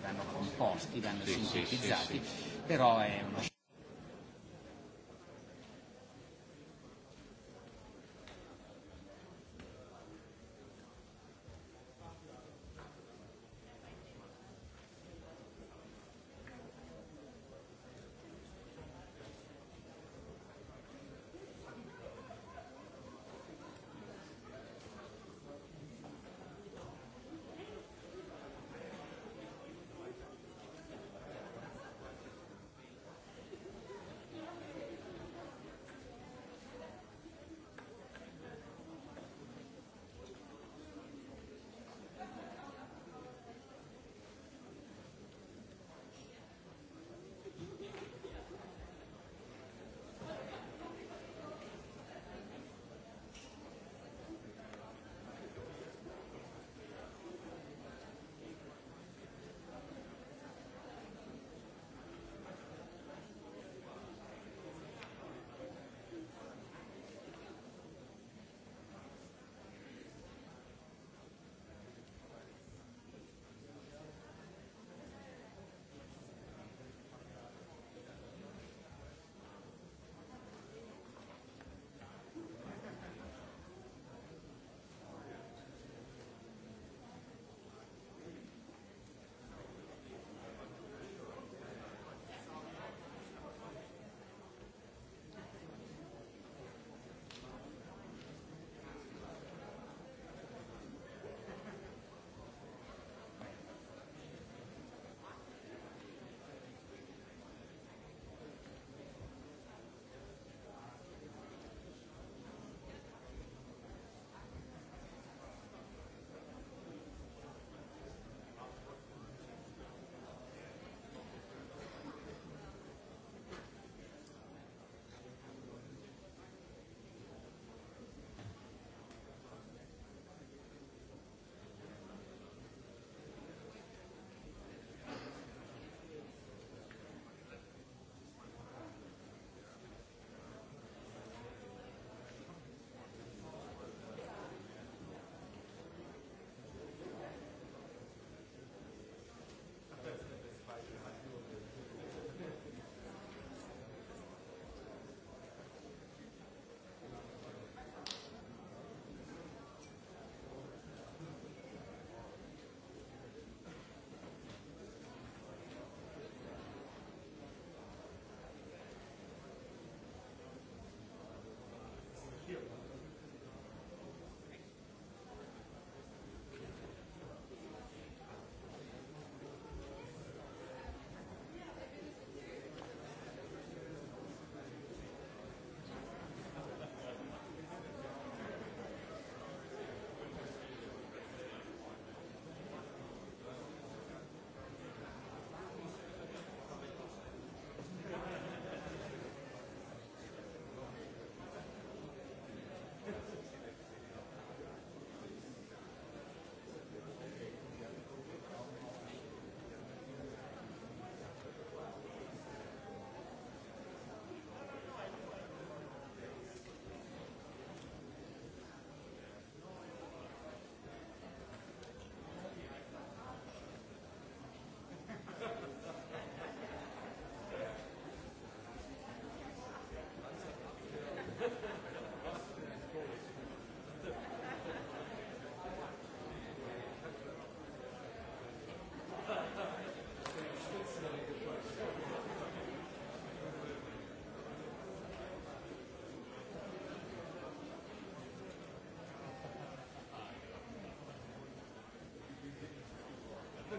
vengono composti, vengono sì, sintetizzati, sì, sì, sì. però è uno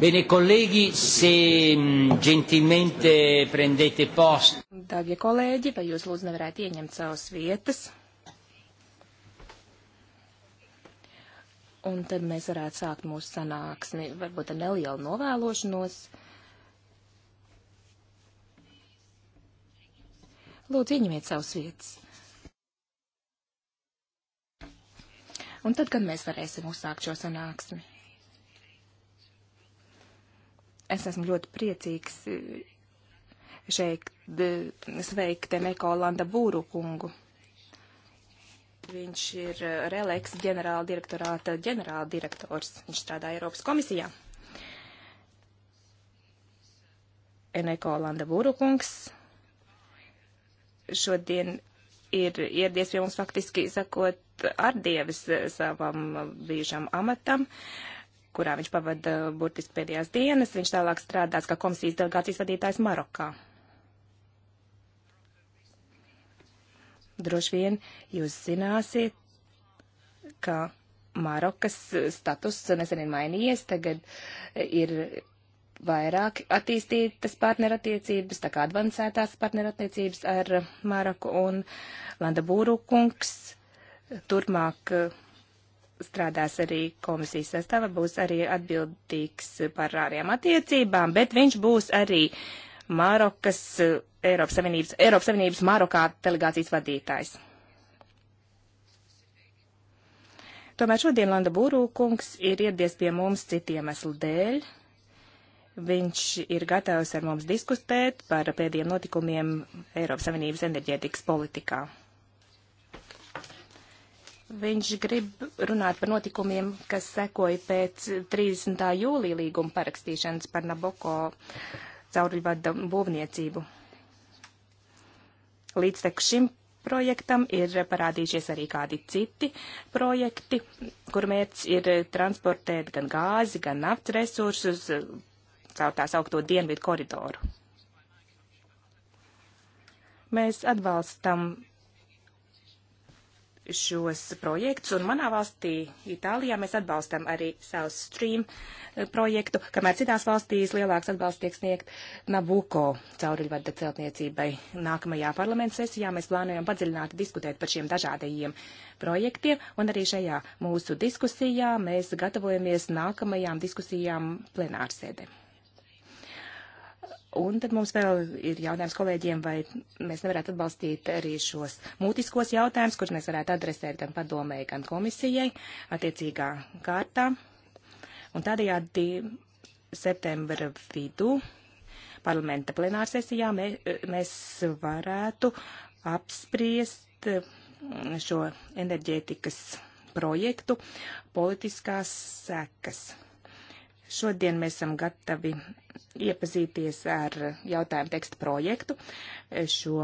Bene, colleghi, se mm, gentilmente prendete posto. Darbie kolēģi, vai jūs lūdzu nevarētu ieņemt savas vietas? Un tad mēs varētu sākt mūsu sanāksmi, varbūt ar nelielu novēlošanos. Lūdzu, ieņemiet savas vietas. Un tad, kad mēs varēsim uzsākt šo sanāksmi? es esmu ļoti priecīgs eh, šeit sveikt Emeko Landa Būru kungu. Viņš ir eh, Releks ģenerāla direktorāta ģenerāla direktors. Viņš strādā Eiropas komisijā. Eneko Landa Būrukungs šodien ir ieradies pie mums faktiski sakot ar dievis eh, savam bijušam amatam. Uh, kurā viņš pavada uh, burtiski pēdējās dienas. Viņš tālāk strādās kā komisijas delegācijas vadītājs Marokā. Droši vien jūs zināsiet, ka Marokas uh, status nesen ir mainījies, tagad uh, ir vairāk attīstītas partnerattiecības, tā kā advancētās partnerattiecības ar Maroku un Landa Būru kungs turpmāk strādās arī komisijas sastāvā, būs arī atbildīgs par ārējām attiecībām, bet viņš būs arī Marokas Eiropas Savienības, Eiropas Savienības Marokā delegācijas vadītājs. Tomēr šodien Landa Būrū kungs ir ieradies pie mums citiem eslu dēļ. Viņš ir gatavs ar mums diskutēt par pēdējiem notikumiem Eiropas Savienības enerģētikas politikā. Viņš grib runāt par notikumiem, kas sekoja pēc 30. jūlija līguma parakstīšanas par Naboko caurļvada būvniecību. Līdz tek šim projektam ir parādījušies arī kādi citi projekti, kur mērķis ir transportēt gan gāzi, gan naftas resursus caur tā saukto dienvidu koridoru. Mēs atbalstam šos projektus, un manā valstī, Itālijā, mēs atbalstam arī South Stream eh, projektu, kamēr citās valstīs lielāks atbalsts tiek sniegt Nabuko cauruļvada celtniecībai. Nākamajā parlamenta sesijā mēs plānojam padziļināt diskutēt par šiem dažādajiem projektiem, un arī šajā mūsu diskusijā mēs gatavojamies nākamajām diskusijām plenārsēdēm. Un tad mums vēl ir jautājums kolēģiem, vai mēs nevarētu atbalstīt arī šos mūtiskos jautājumus, kurus mēs varētu adresēt gan padomēji, gan komisijai attiecīgā kārtā. Un tādējādi septembra vidu parlamenta plenārsesijā mē, mēs varētu apspriest šo enerģētikas projektu politiskās sekas. Šodien mēs esam gatavi iepazīties ar jautājumu tekstu projektu. Šo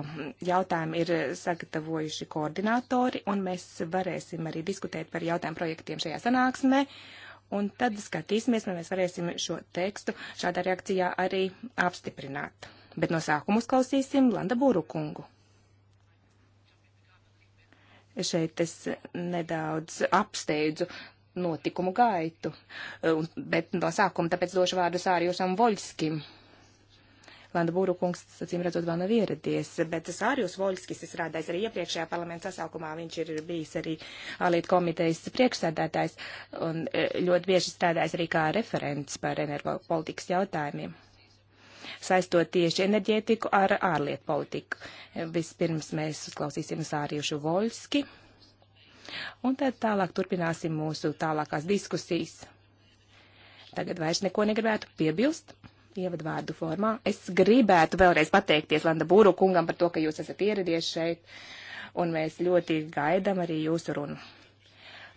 jautājumu ir sagatavojuši koordinātori, un mēs varēsim arī diskutēt par jautājumu projektiem šajā sanāksmē. Un tad skatīsimies, vai mēs varēsim šo tekstu šādā reakcijā arī apstiprināt. Bet no sākuma uzklausīsim Landa Būru kungu. Šeit es nedaudz apsteidzu notikumu gaitu. Eh, un, bet no sākuma tāpēc došu vārdu Sārijusam Voļskim. Landa Būrukungs, acīm redzot, vēl nav ieradies, bet Sārijus Voļskis ir strādājis arī iepriekšējā parlamenta sasaukumā. Viņš ir bijis arī Alīta komitejas priekšsēdētājs un eh, ļoti bieži strādājis arī kā referents par energopolitikas jautājumiem saistot tieši enerģētiku ar ārlietu politiku. Vispirms mēs uzklausīsim Sārijušu Voļski. Un tad tālāk turpināsim mūsu tālākās diskusijas. Tagad vairs neko negribētu piebilst. Ievadvārdu formā. Es gribētu vēlreiz pateikties Landa Būru kungam par to, ka jūs esat ieradies šeit, un mēs ļoti gaidam arī jūsu runu.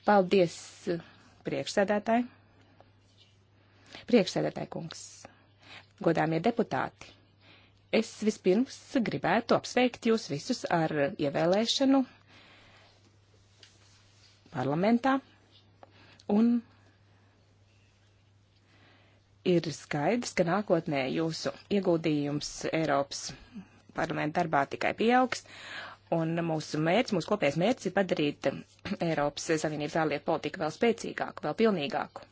Paldies, priekšsēdētāji. Priekšsēdētāji kungs, godāmie deputāti, es vispirms gribētu apsveikt jūs visus ar ievēlēšanu parlamentā, un ir skaidrs, ka nākotnē jūsu ieguldījums Eiropas parlamenta darbā tikai pieaugs, un mūsu mērķis, mūsu kopējais mērķis ir padarīt Eiropas Savienības ārlietu politiku vēl spēcīgāku, vēl pilnīgāku.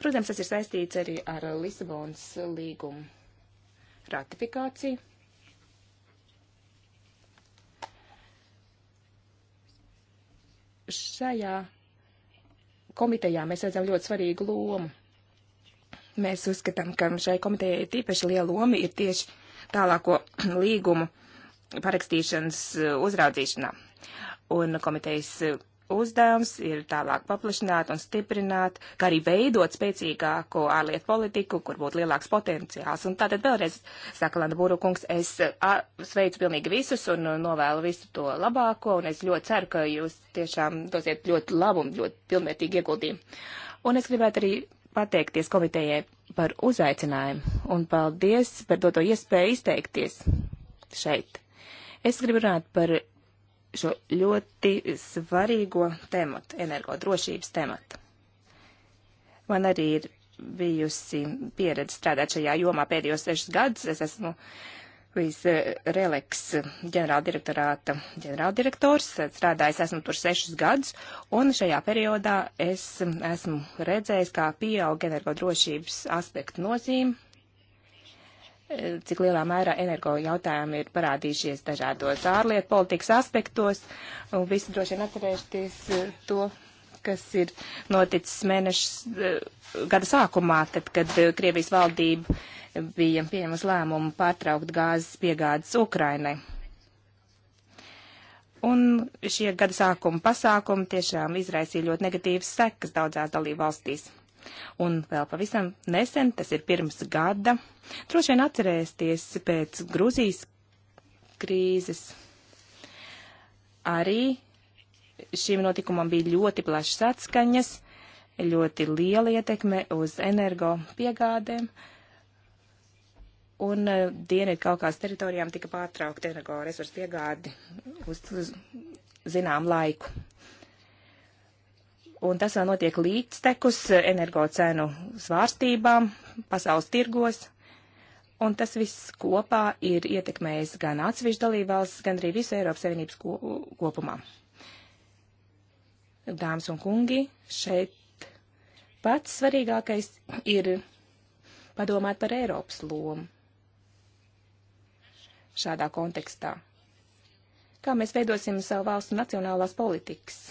Protams, tas ir saistīts arī ar Lisabonas līgumu ratifikāciju. šajā komitejā mēs redzam ļoti svarīgu lomu. Mēs uzskatām, ka šai komitejai tīpaši liela loma ir tieši tālāko līgumu parakstīšanas uh, uzraudzīšanā. Un komitejas uh, uzdevums ir tālāk paplašināt un stiprināt, kā arī veidot spēcīgāku ārlietu politiku, kur būtu lielāks potenciāls. Un tātad vēlreiz, saka Landa Būrukungs, es a, sveicu pilnīgi visus un novēlu visu to labāko, un es ļoti ceru, ka jūs tiešām dosiet ļoti labu un ļoti pilnvērtīgu ieguldījumu. Un es gribētu arī pateikties komitejai par uzaicinājumu un paldies par doto iespēju izteikties šeit. Es gribu runāt par šo ļoti svarīgo tematu, energodrošības tematu. Man arī ir bijusi pieredze strādāt šajā jomā pēdējos sešus gadus. Es esmu bijis eh, Releks ģenerāldirektorāta ģenerāldirektors, strādājis esmu tur sešus gadus, un šajā periodā es esmu redzējis, kā pieaug energodrošības aspektu nozīme cik lielā mērā energo jautājumi ir parādījušies dažādos ārlietu politikas aspektos, un visi droši vien atcerēšties eh, to, kas ir noticis mēnešas eh, gada sākumā, tad, kad eh, Krievijas valdība bija pieņemas lēmumu pārtraukt gāzes piegādes Ukrainai. Un šie gada sākuma pasākumi tiešām izraisīja ļoti negatīvas sekas daudzās dalību valstīs. Un vēl pavisam nesen, tas ir pirms gada, droši vien atcerēsties pēc Gruzijas krīzes. Arī šim notikumam bija ļoti plašas atskaņas, ļoti liela ietekme uz energo piegādēm, un uh, eh, dienvidu Kaukās teritorijām tika pārtraukta energoresursu piegādi uz, uz zinām laiku un tas vēl notiek līdztekus energocenu svārstībām pasaules tirgos, un tas viss kopā ir ietekmējis gan atsevišķu dalībvalsts, gan arī visu Eiropas Savienības ko kopumā. Dāmas un kungi, šeit pats svarīgākais ir padomāt par Eiropas lomu šādā kontekstā. Kā mēs veidosim savu valstu nacionālās politikas?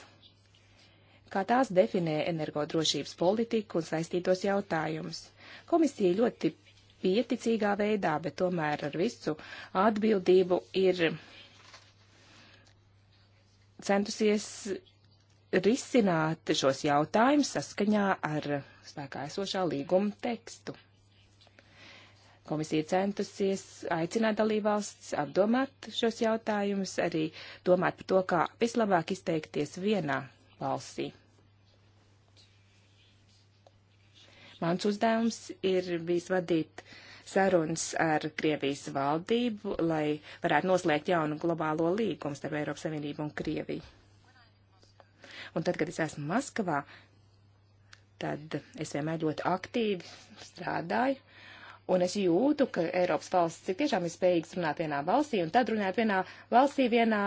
kā tās definē energodrošības politiku un saistītos jautājumus. Komisija ļoti pieticīgā veidā, bet tomēr ar visu atbildību ir centusies risināt šos jautājumus saskaņā ar spēkā esošā līguma tekstu. Komisija centusies aicināt dalībvalsts apdomāt šos jautājumus, arī domāt par to, kā vislabāk izteikties vienā valstī. Mans uzdevums ir bijis vadīt sarunas ar Krievijas valdību, lai varētu noslēgt jaunu globālo līgumu starp Eiropas Savienību un Krieviju. Un tad, kad es esmu Maskavā, tad es vienmēr ļoti aktīvi strādāju, un es jūtu, ka Eiropas valsts ir tiešām ir spējīgas runāt vienā valstī, un tad runāt vienā valstī vienā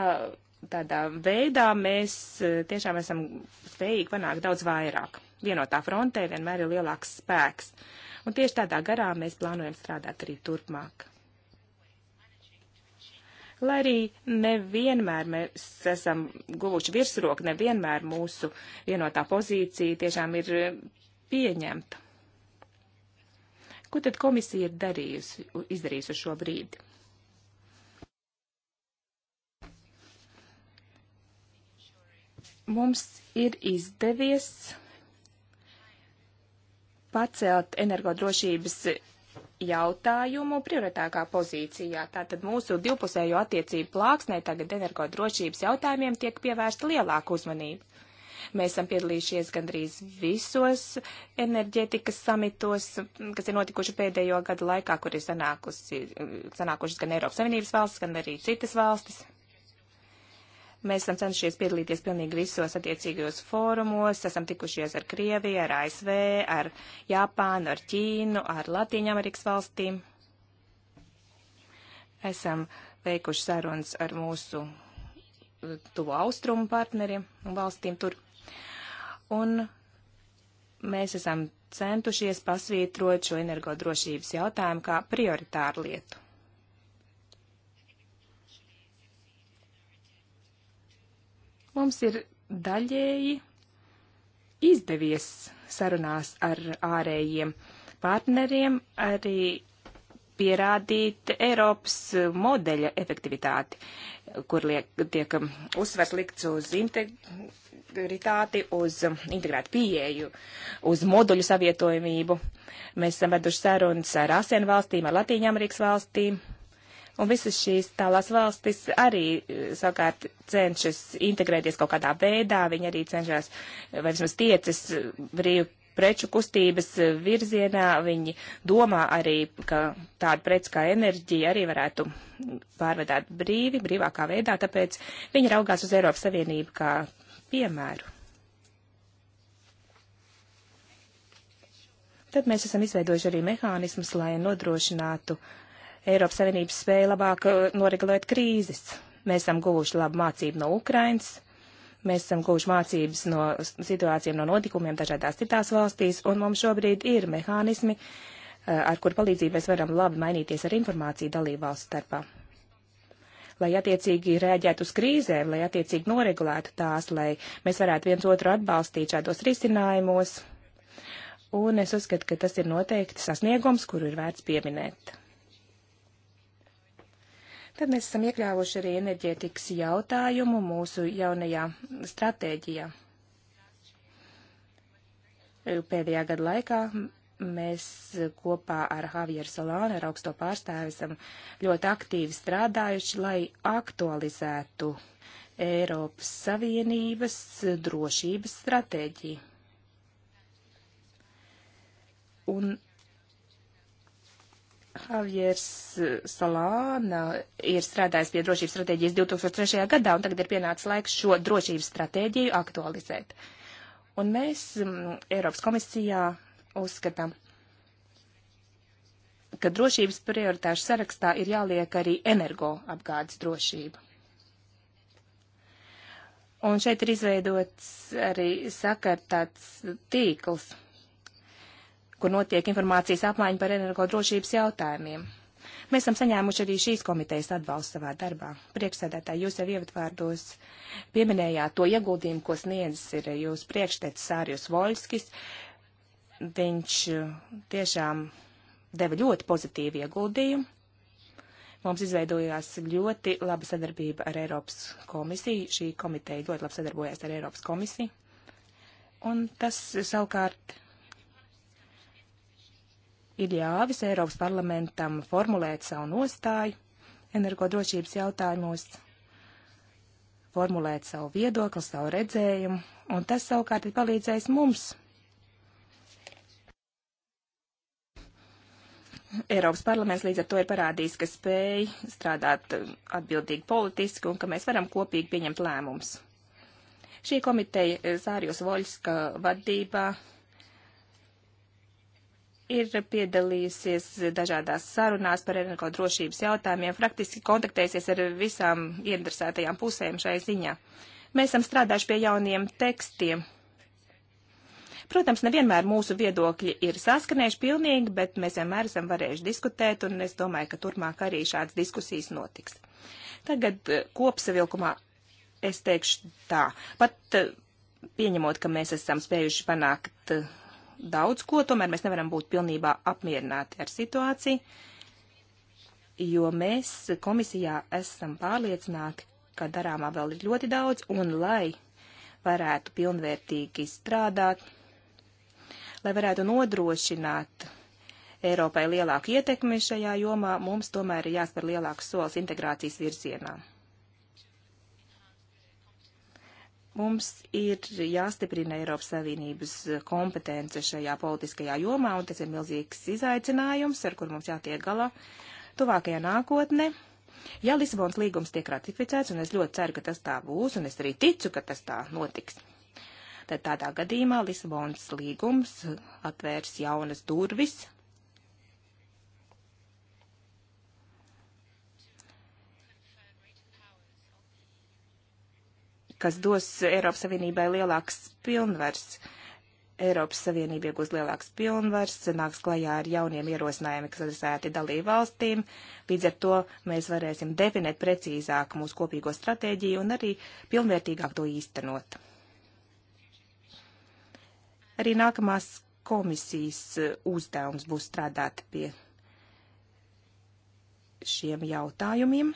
tādā veidā mēs eh, tiešām esam spējīgi panākt daudz vairāk vienotā frontē vienmēr ir lielāks spēks. Un tieši tādā garā mēs plānojam strādāt arī turpmāk. Lai arī nevienmēr mēs esam guvuši virsroku, nevienmēr mūsu vienotā pozīcija tiešām ir pieņemta. Ko tad komisija ir darījusi, izdarījusi šo brīdi? Mums ir izdevies pacelt energodrošības jautājumu prioritākā pozīcijā. Tātad mūsu divpusējo attiecību plāksnē tagad energodrošības jautājumiem tiek pievērsta lielāka uzmanība. Mēs esam piedalījušies gandrīz visos enerģētikas samitos, kas ir notikuši pēdējo gadu laikā, kur ir sanākusi, sanākušas gan Eiropas Savienības valstis, gan arī citas valstis. Mēs esam cenšies piedalīties pilnīgi visos attiecīgajos fórumos, esam tikušies ar Krieviju, ar ASV, ar Japānu, ar Ķīnu, ar Latīņamerikas valstīm. Esam veikuši sarunas ar mūsu uh, tuvo austrumu partneriem un valstīm tur. Un mēs esam centušies pasvītrot šo energodrošības jautājumu kā prioritāru lietu. Mums ir daļēji izdevies sarunās ar ārējiem partneriem arī pierādīt Eiropas modeļa efektivitāti, kur liek, tiek um, uzsvers likts uz integritāti, uz integrētu pieeju, uz moduļu savietojamību. Mēs esam veduši sarunas ar ASEAN valstīm, ar Latīņamerikas valstīm, Un visas šīs tālās valstis arī eh, savukārt cenšas integrēties kaut kādā veidā, viņi arī cenšas, vai vismaz tiecas eh, brīvu preču kustības eh, virzienā, viņi domā arī, ka tāda preci kā enerģija arī varētu pārvedāt brīvi, brīvākā veidā, tāpēc viņi raugās uz Eiropas Savienību kā piemēru. Tad mēs esam izveidojuši arī mehānismus, lai nodrošinātu uh, Eiropas Savienības spēja labāk uh, noregulēt krīzes. Mēs esam guvuši labu mācību no Ukrainas, mēs esam guvuši mācības no situācijām, no notikumiem dažādās citās valstīs, un mums šobrīd ir mehānismi, uh, ar kur palīdzību mēs varam labi mainīties ar informāciju dalībvalstu starpā. Lai attiecīgi rēģētu uz krīzēm, lai attiecīgi noregulētu tās, lai mēs varētu viens otru atbalstīt šādos risinājumos. Un es uzskatu, ka tas ir noteikti sasniegums, kuru ir vērts pieminēt. Tad mēs esam iekļāvuši arī enerģētikas jautājumu mūsu jaunajā stratēģijā. Pēdējā gada laikā mēs kopā ar Javieru Solānu, ar augsto pārstāvi, esam ļoti aktīvi strādājuši, lai aktualizētu Eiropas Savienības drošības stratēģiju. Un Javiers eh, Solāna ir strādājis pie drošības stratēģijas 2003. gadā, un tagad ir pienācis laiks šo drošības stratēģiju aktualizēt. Un mēs m, mm, Eiropas komisijā uzskatām, ka drošības prioritāšu sarakstā ir jāliek arī energoapgādes drošība. Un šeit ir izveidots arī sakartāts tīkls kur notiek informācijas apmaiņa par energodrošības jautājumiem. Mēs esam saņēmuši arī šīs komitejas atbalstu savā darbā. Priekšsēdētāji, jūs jau ievadvārdos pieminējāt to ieguldījumu, ko sniedzis ir jūsu priekštecis Sārijus Voļskis. Viņš eh, tiešām deva ļoti pozitīvu ieguldījumu. Mums izveidojās ļoti laba sadarbība ar Eiropas komisiju. Šī komiteja ļoti labi sadarbojas ar Eiropas komisiju. Un tas savukārt ir ļāvis Eiropas parlamentam formulēt savu nostāju energodrošības jautājumos, formulēt savu viedokli, savu redzējumu, un tas savukārt ir palīdzējis mums. Eiropas parlaments līdz ar to ir parādījis, ka spēj strādāt uh, atbildīgi politiski un ka mēs varam kopīgi pieņemt lēmumus. Šī komiteja Zārijos uh, Voļska vadībā ir piedalījusies dažādās sarunās par energodrošības jautājumiem, praktiski kontaktējusies ar visām ieinteresētajām pusēm šai ziņā. Mēs esam strādājuši pie jauniem tekstiem. Protams, nevienmēr mūsu viedokļi ir saskanējuši pilnīgi, bet mēs vienmēr esam varējuši diskutēt, un es domāju, ka turpmāk arī šādas diskusijas notiks. Tagad eh, kopsavilkumā es teikšu tā. Pat eh, pieņemot, ka mēs esam spējuši panākt eh, daudz ko, tomēr mēs nevaram būt pilnībā apmierināti ar situāciju, jo mēs komisijā esam pārliecināti, ka darāmā vēl ir ļoti daudz, un lai varētu pilnvērtīgi strādāt, lai varētu nodrošināt Eiropai lielāku ietekmi šajā jomā, mums tomēr ir jāspēr lielāks solis integrācijas virzienā. Mums ir jāstiprina Eiropas Savienības kompetence šajā politiskajā jomā, un tas ir milzīgs izaicinājums, ar kur mums jātiek galā tuvākajā nākotnē. Ja Lisabons līgums tiek ratificēts, un es ļoti ceru, ka tas tā būs, un es arī ticu, ka tas tā notiks, tad tādā gadījumā Lisabons līgums atvērs jaunas durvis kas dos Eiropas Savienībai lielāks pilnvars. Eiropas Savienība iegūs lielāks pilnvars, nāks klajā ar jauniem ierosinājumiem, kas adresēti dalību valstīm. Līdz ar to mēs varēsim definēt precīzāk mūsu kopīgo stratēģiju un arī pilnvērtīgāk to īstenot. Arī nākamās komisijas uzdevums būs strādāt pie šiem jautājumiem.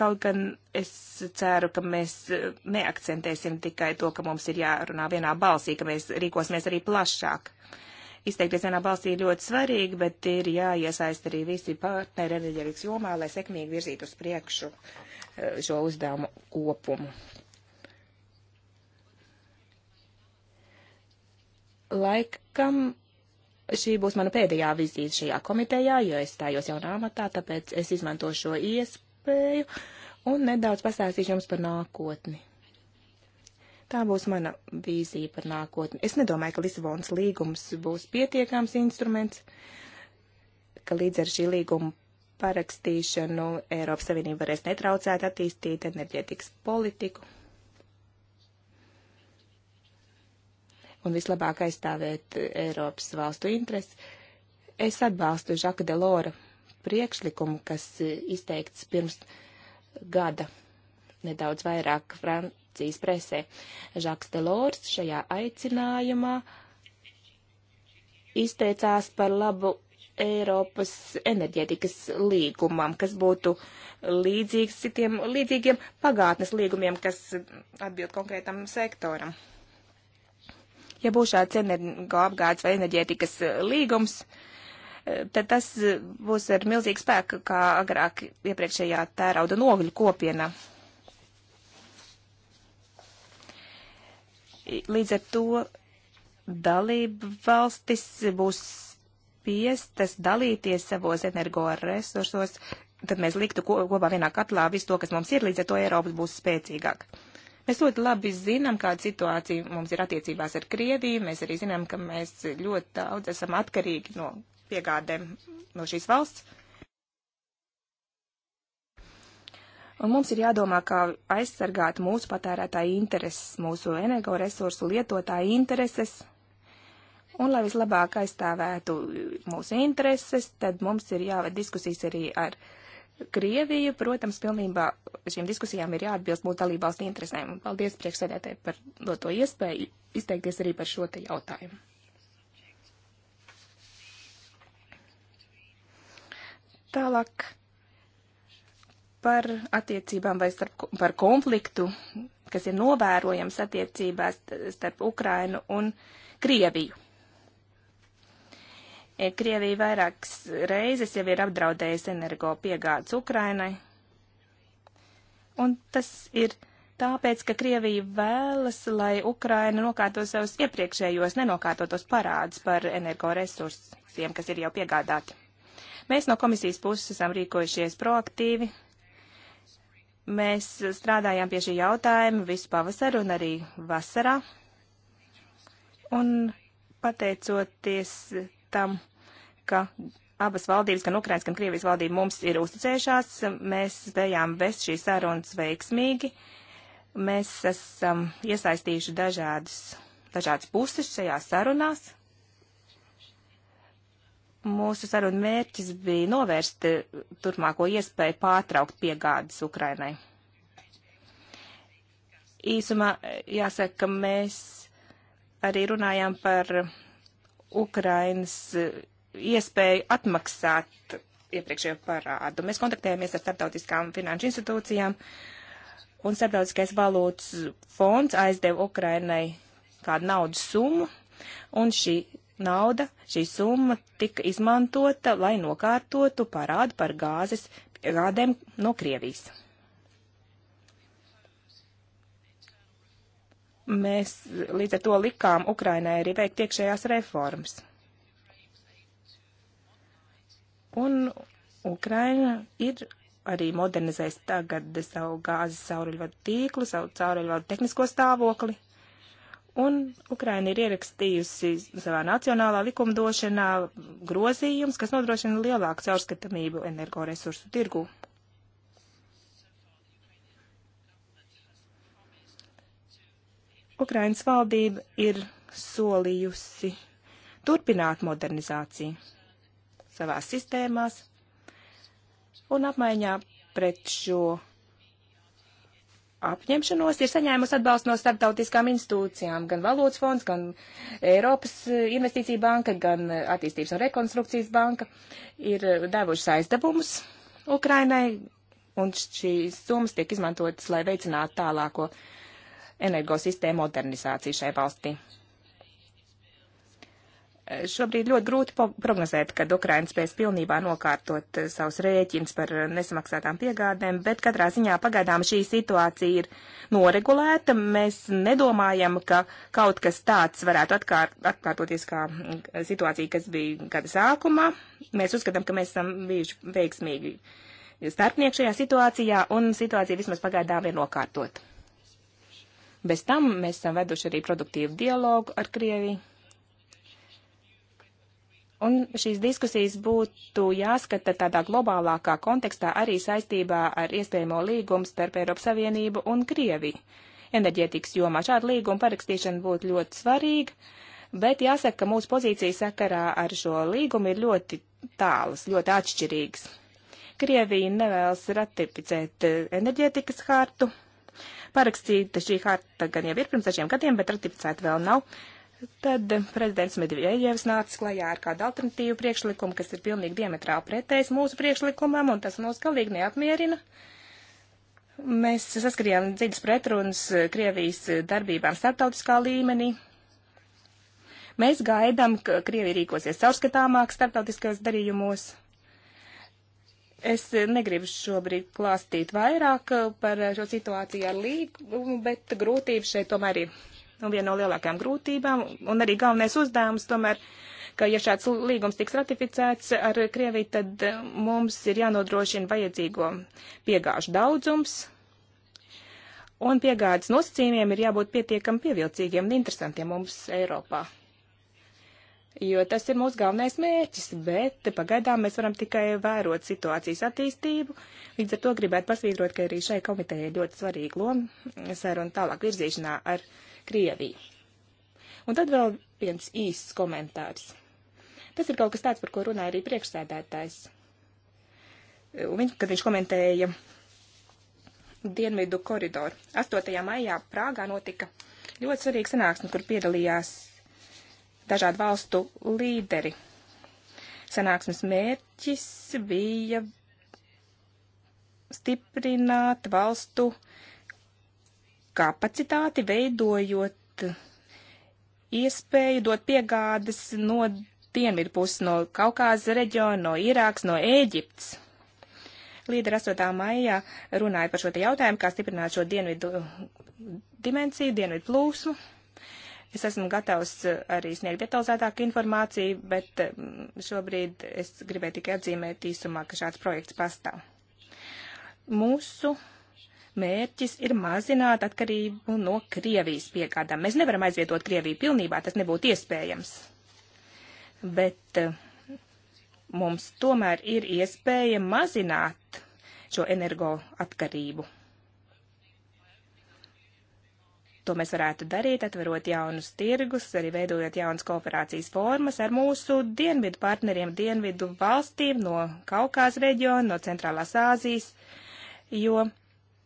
Kaut gan es ceru, ka mēs e, neakcentēsim tikai to, ka mums ir jārunā vienā balsī, ka mēs rīkosimies arī plašāk. Izteikties vienā balsī ir ļoti svarīgi, bet ir jāiesaist arī visi partneri enerģētikas jomā, lai sekmīgi virzītu uz priekšu e, šo uzdevumu kopumu. Laikam šī būs mana pēdējā vizīte šajā komitejā, jo es stājos jaunā amatā, tāpēc es izmantošu šo iespēju iespēju un nedaudz pastāstīšu jums par nākotni. Tā būs mana vīzija par nākotni. Es nedomāju, ka Lisabonas līgums būs pietiekams instruments, ka līdz ar šī līguma parakstīšanu Eiropas Savienība varēs netraucēt attīstīt enerģētikas politiku un vislabāk aizstāvēt Eiropas valstu intereses. Es atbalstu Žaka Delora priekšlikumu, kas izteikts pirms gada, nedaudz vairāk Francijas presē. Žaks Delors šajā aicinājumā izteicās par labu Eiropas enerģētikas līgumam, kas būtu līdzīgs citiem līdzīgiem pagātnes līgumiem, kas atbild konkrētam sektoram. Ja būs šāds energo apgādes vai enerģētikas līgums, uh, tad tas būs ar milzīgu spēku, kā agrāk iepriekšējā tērauda un ogļu kopienā. Līdz ar to dalību valstis būs spiestas dalīties savos energoresursos, tad mēs liktu kopā vienā katlā visu to, kas mums ir, līdz ar to Eiropas būs spēcīgāk. Mēs ļoti labi zinām, kāda situācija mums ir attiecībās ar Krieviju. Mēs arī zinām, ka mēs ļoti daudz esam atkarīgi no piegādēm no šīs valsts. Un mums ir jādomā, kā aizsargāt mūsu patērētāju intereses, mūsu energoresursu lietotāju intereses. Un, lai vislabāk aizstāvētu mūsu intereses, tad mums ir jāved diskusijas arī ar Krieviju. Protams, pilnībā šīm diskusijām ir jāatbilst mūsu dalībvalstu interesēm. Paldies priekšsēdētāji par doto iespēju izteikties arī par šo te jautājumu. Tālāk par attiecībām vai starp, par konfliktu, kas ir novērojams attiecībās starp Ukrainu un Krieviju. E, Krievija vairākas reizes jau ir apdraudējusi energo piegādes Ukrainai. Un tas ir tāpēc, ka Krievija vēlas, lai Ukraina nokārto savus iepriekšējos nenokārtotos parādus par energoresursiem, kas ir jau piegādāti. Mēs no komisijas puses esam rīkojušies proaktīvi. Mēs strādājām pie šī jautājuma visu pavasaru un arī vasarā. Un pateicoties tam, ka abas valdības, gan Ukrainas, gan Krievijas valdība mums ir uzticējušās, mēs spējām vest šīs sarunas veiksmīgi. Mēs esam iesaistījuši dažādas, dažādas puses šajās sarunās. Mūsu saruna mērķis bija novērst eh, turpmāko iespēju pārtraukt piegādes Ukrainai. Īsumā eh, jāsaka, ka mēs arī runājām par Ukrainas eh, iespēju atmaksāt iepriekšējo parādu. Mēs kontaktējāmies ar starptautiskām finanšu institūcijām, un starptautiskais valūtas fonds aizdeva Ukrainai kādu naudas summu, un šī nauda, šī summa tika izmantota, lai nokārtotu parādu par gāzes piegādēm no Krievijas. Mēs līdz ar to likām Ukrainai arī veikt iekšējās reformas. Un Ukraina ir arī modernizēs tagad savu gāzes sauruļvadu tīklu, savu sauruļvadu tehnisko stāvokli, Un Ukraina ir ierakstījusi savā nacionālā likumdošanā grozījums, kas nodrošina lielāku caurskatamību energoresursu tirgu. Ukrainas valdība ir solījusi turpināt modernizāciju savās sistēmās un apmaiņā pret šo apņemšanos ir saņēmusi atbalstu no starptautiskām institūcijām, gan Valūtas fonds, gan Eiropas eh, investīcija banka, gan eh, attīstības un rekonstrukcijas banka ir eh, devušas aizdevumus Ukrainai, un šīs summas tiek izmantotas, lai veicinātu tālāko energosistēmu modernizāciju šai valstī. Šobrīd ļoti grūti prognozēt, kad Ukraina spēs pilnībā nokārtot eh, savus rēķins par eh, nesamaksātām piegādēm, bet katrā ziņā pagaidām šī situācija ir noregulēta. Mēs nedomājam, ka kaut kas tāds varētu atkārt, atkārtoties kā mm, situācija, kas bija gada sākumā. Mēs uzskatām, ka mēs esam bijuši veiksmīgi starpnieki šajā situācijā, un situācija vismaz pagaidām ir nokārtot. Bez tam mēs esam veduši arī produktīvu dialogu ar Krieviju Un šīs diskusijas būtu jāskata tādā globālākā kontekstā arī saistībā ar iespējamo līgumu starp Eiropas Savienību un Krieviju. Enerģētikas jomā šāda līguma parakstīšana būtu ļoti svarīga, bet jāsaka, ka mūsu pozīcija sakarā ar šo līgumu ir ļoti tālas, ļoti atšķirīgas. Krievija nevēlas ratificēt eh, enerģētikas hartu. Parakstīta šī harta gan jau ir pirms dažiem gadiem, bet ratificēta vēl nav. Tad prezidents Medvedevs nāca klajā ar kādu alternatīvu priekšlikumu, kas ir pilnīgi diametrāli pretējs mūsu priekšlikumam, un tas mūs galīgi neapmierina. Mēs saskarījām dziļas pretrunas Krievijas darbībām starptautiskā līmenī. Mēs gaidām, ka Krievija rīkosies caurskatāmāk starptautiskajos darījumos. Es negribu šobrīd klāstīt vairāk par šo situāciju ar līgumu, bet grūtības šeit tomēr ir nu, viena no lielākajām grūtībām un arī galvenais uzdevums tomēr ka, ja šāds līgums tiks ratificēts ar Krieviju, tad eh, mums ir jānodrošina vajadzīgo piegāžu daudzums, un piegādes nosacījumiem ir jābūt pietiekami pievilcīgiem un interesantiem mums Eiropā. Jo tas ir mūsu galvenais mērķis, bet pagaidām mēs varam tikai vērot situācijas attīstību. Līdz ar to gribētu pasvītrot, ka arī šai komitejai ļoti svarīga loma saruna tālāk virzīšanā ar Krieviju Krieviju. Un tad vēl viens īsts komentārs. Tas ir kaut kas tāds, par ko runāja arī priekšsēdētājs. Un viņš, kad viņš komentēja Dienvidu koridoru. 8. maijā Prāgā notika ļoti svarīga sanāksme, kur piedalījās dažādu valstu līderi. Sanāksmes mērķis bija stiprināt valstu uh, kapacitāti, veidojot iespēju dot piegādes no dienvidu puses, no Kaukāza reģiona, no Irāks, no Ēģiptes. Līdera 8. maijā runāja par šo te jautājumu, kā stiprināt šo dienvidu dimensiju, dienvidu plūsmu. Es esmu gatavs arī sniegt detalizētāku informāciju, bet mm, šobrīd es gribēju tikai atzīmēt īsumā, ka šāds projekts pastāv. Mūsu mērķis ir mazināt atkarību no Krievijas piegādām. Mēs nevaram aizvietot Krieviju pilnībā, tas nebūtu iespējams. Bet eh, mums tomēr ir iespēja mazināt šo energo atkarību. To mēs varētu darīt, atverot jaunus tirgus, arī veidojot jaunas kooperācijas formas ar mūsu dienvidu partneriem, dienvidu valstīm no Kaukās reģiona, no Centrālās Āzijas, jo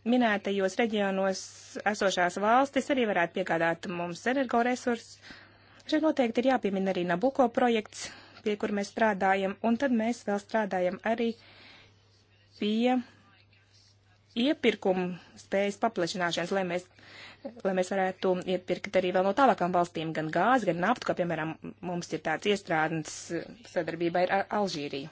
minētajos reģionos esošās valstis arī varētu piegādāt mums energoresursus. Šeit noteikti ir jāpiemina arī Nabuko projekts, pie kur mēs strādājam, un tad mēs vēl strādājam arī pie iepirkumu spējas paplašināšanas, lai mēs, lai mēs varētu iepirkt arī vēl no tālākām valstīm gan gāzi, gan naftu, kā piemēram mums ir tāds iestrādnes sadarbībā ar Alžīriju.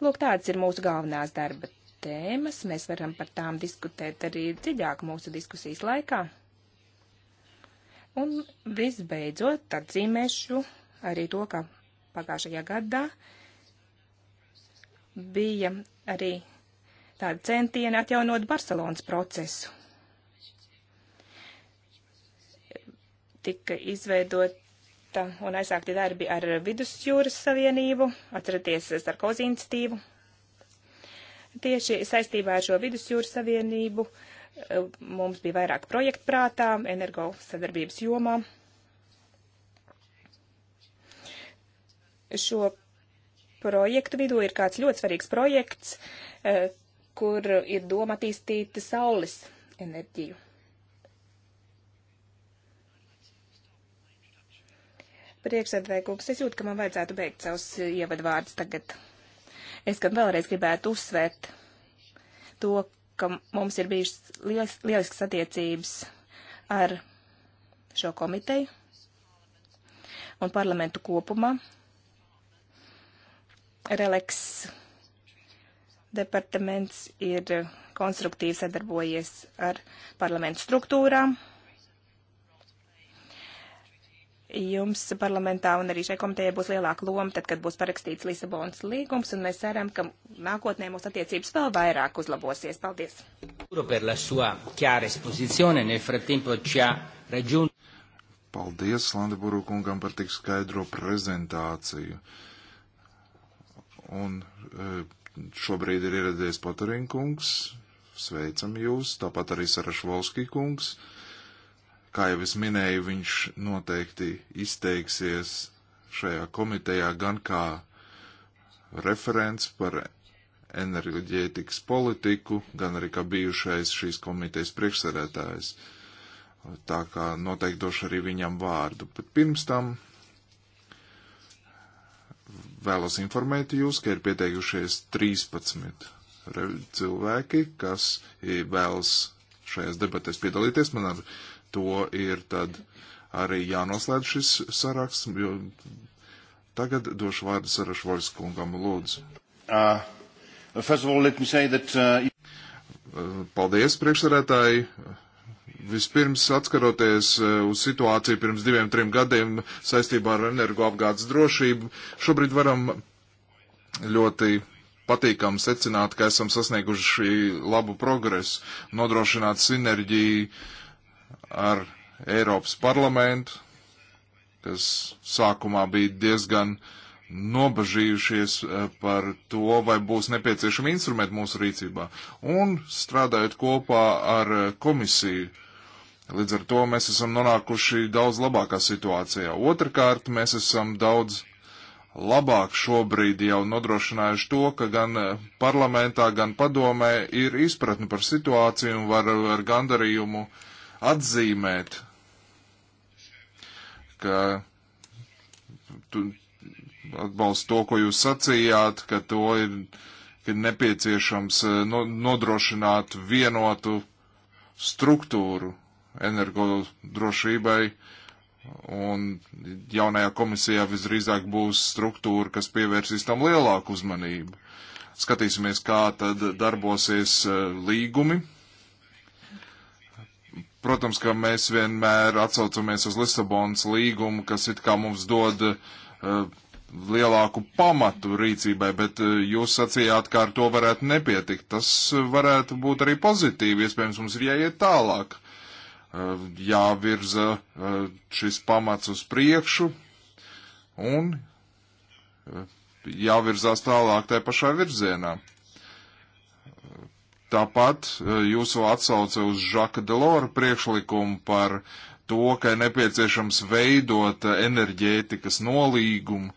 Lūk, tāds ir mūsu galvenās darba tēmas. Mēs varam par tām diskutēt arī dziļāk mūsu diskusijas laikā. Un visbeidzot, atzīmēšu arī to, ka pagājušajā gadā bija arī tāda centiena atjaunot Barcelonas procesu. Tika izveidota un aizsākti darbi ar Vidusjūras Savienību, atceraties Sarkozi institīvu Tieši saistībā ar šo vidusjūras savienību e, mums bija vairāk projektu prātā energo sadarbības jomā. Šo projektu vidū ir kāds ļoti svarīgs projekts, e, kur ir doma attīstīt saules enerģiju. Priekšsēdētāji kungs, es jūtu, ka man vajadzētu beigt savus ievadvārdus tagad. Es gan vēlreiz gribētu uzsvērt to, ka mums ir bijušas lielis, lieliskas attiecības ar šo komiteju un parlamentu kopumā. Releks departaments ir konstruktīvi sadarbojies ar parlamentu struktūrām jums parlamentā un arī šai komitejai būs lielāka loma, tad, kad būs parakstīts Lisabonas līgums, un mēs ceram, ka nākotnē mūsu attiecības vēl vairāk uzlabosies. Paldies! Paldies Landeburu kungam par tik skaidro prezentāciju. Un e, šobrīd ir ieradies Patariņkungs, sveicam jūs, tāpat arī Sarašvalskī kungs. Kā jau es minēju, viņš noteikti izteiksies šajā komitejā gan kā referents par enerģētikas politiku, gan arī kā bijušais šīs komitejas priekšsēdētājs. Tā kā noteikti došu arī viņam vārdu. Bet pirms tam vēlos informēt jūs, ka ir pieteikušies 13 cilvēki, kas eh, vēlas šajās debatēs piedalīties. Man ar to ir tad arī jānoslēdz šis saraksts. Tagad došu vārdu Sarašvoļs kungam lūdzu. Uh, all, that, uh, uh... Paldies, priekšsarētāji. Vispirms, atskaroties uh, uz situāciju pirms diviem, trim gadiem saistībā ar energoapgādes drošību, šobrīd varam ļoti patīkami secināt, ka esam sasnieguši labu progresu, nodrošināt sinerģiju ar Eiropas parlamentu, kas sākumā bija diezgan nobažījušies eh, par to, vai būs nepieciešami instrumenti mūsu rīcībā, un strādājot kopā ar eh, komisiju. Līdz ar to mēs esam nonākuši daudz labākā situācijā. Otrakārt, mēs esam daudz labāk šobrīd jau nodrošinājuši to, ka gan eh, parlamentā, gan padomē ir izpratni par situāciju un var ar gandarījumu uh, atzīmēt, ka atbalstu to, ko jūs sacījāt, ka to ir, ka ir nepieciešams eh, no, nodrošināt vienotu struktūru energodrošībai. Un jaunajā komisijā visdrīzāk būs struktūra, kas pievērsīs tam lielāku uzmanību. Skatīsimies, kā tad darbosies eh, līgumi Protams, ka mēs vienmēr atsaucamies uz Lisabonas līgumu, kas it kā mums dod uh, lielāku pamatu rīcībai, bet uh, jūs sacījāt, ka ar to varētu nepietikt. Tas varētu būt arī pozitīvi, iespējams, mums ir jāiet tālāk, uh, jāvirza šis pamats uz priekšu un jāvirzās tālāk tajā pašā virzienā. Tāpat e, jūsu atsauce uz Žaka Delora priekšlikumu par to, ka ir nepieciešams veidot e, enerģētikas nolīgumu.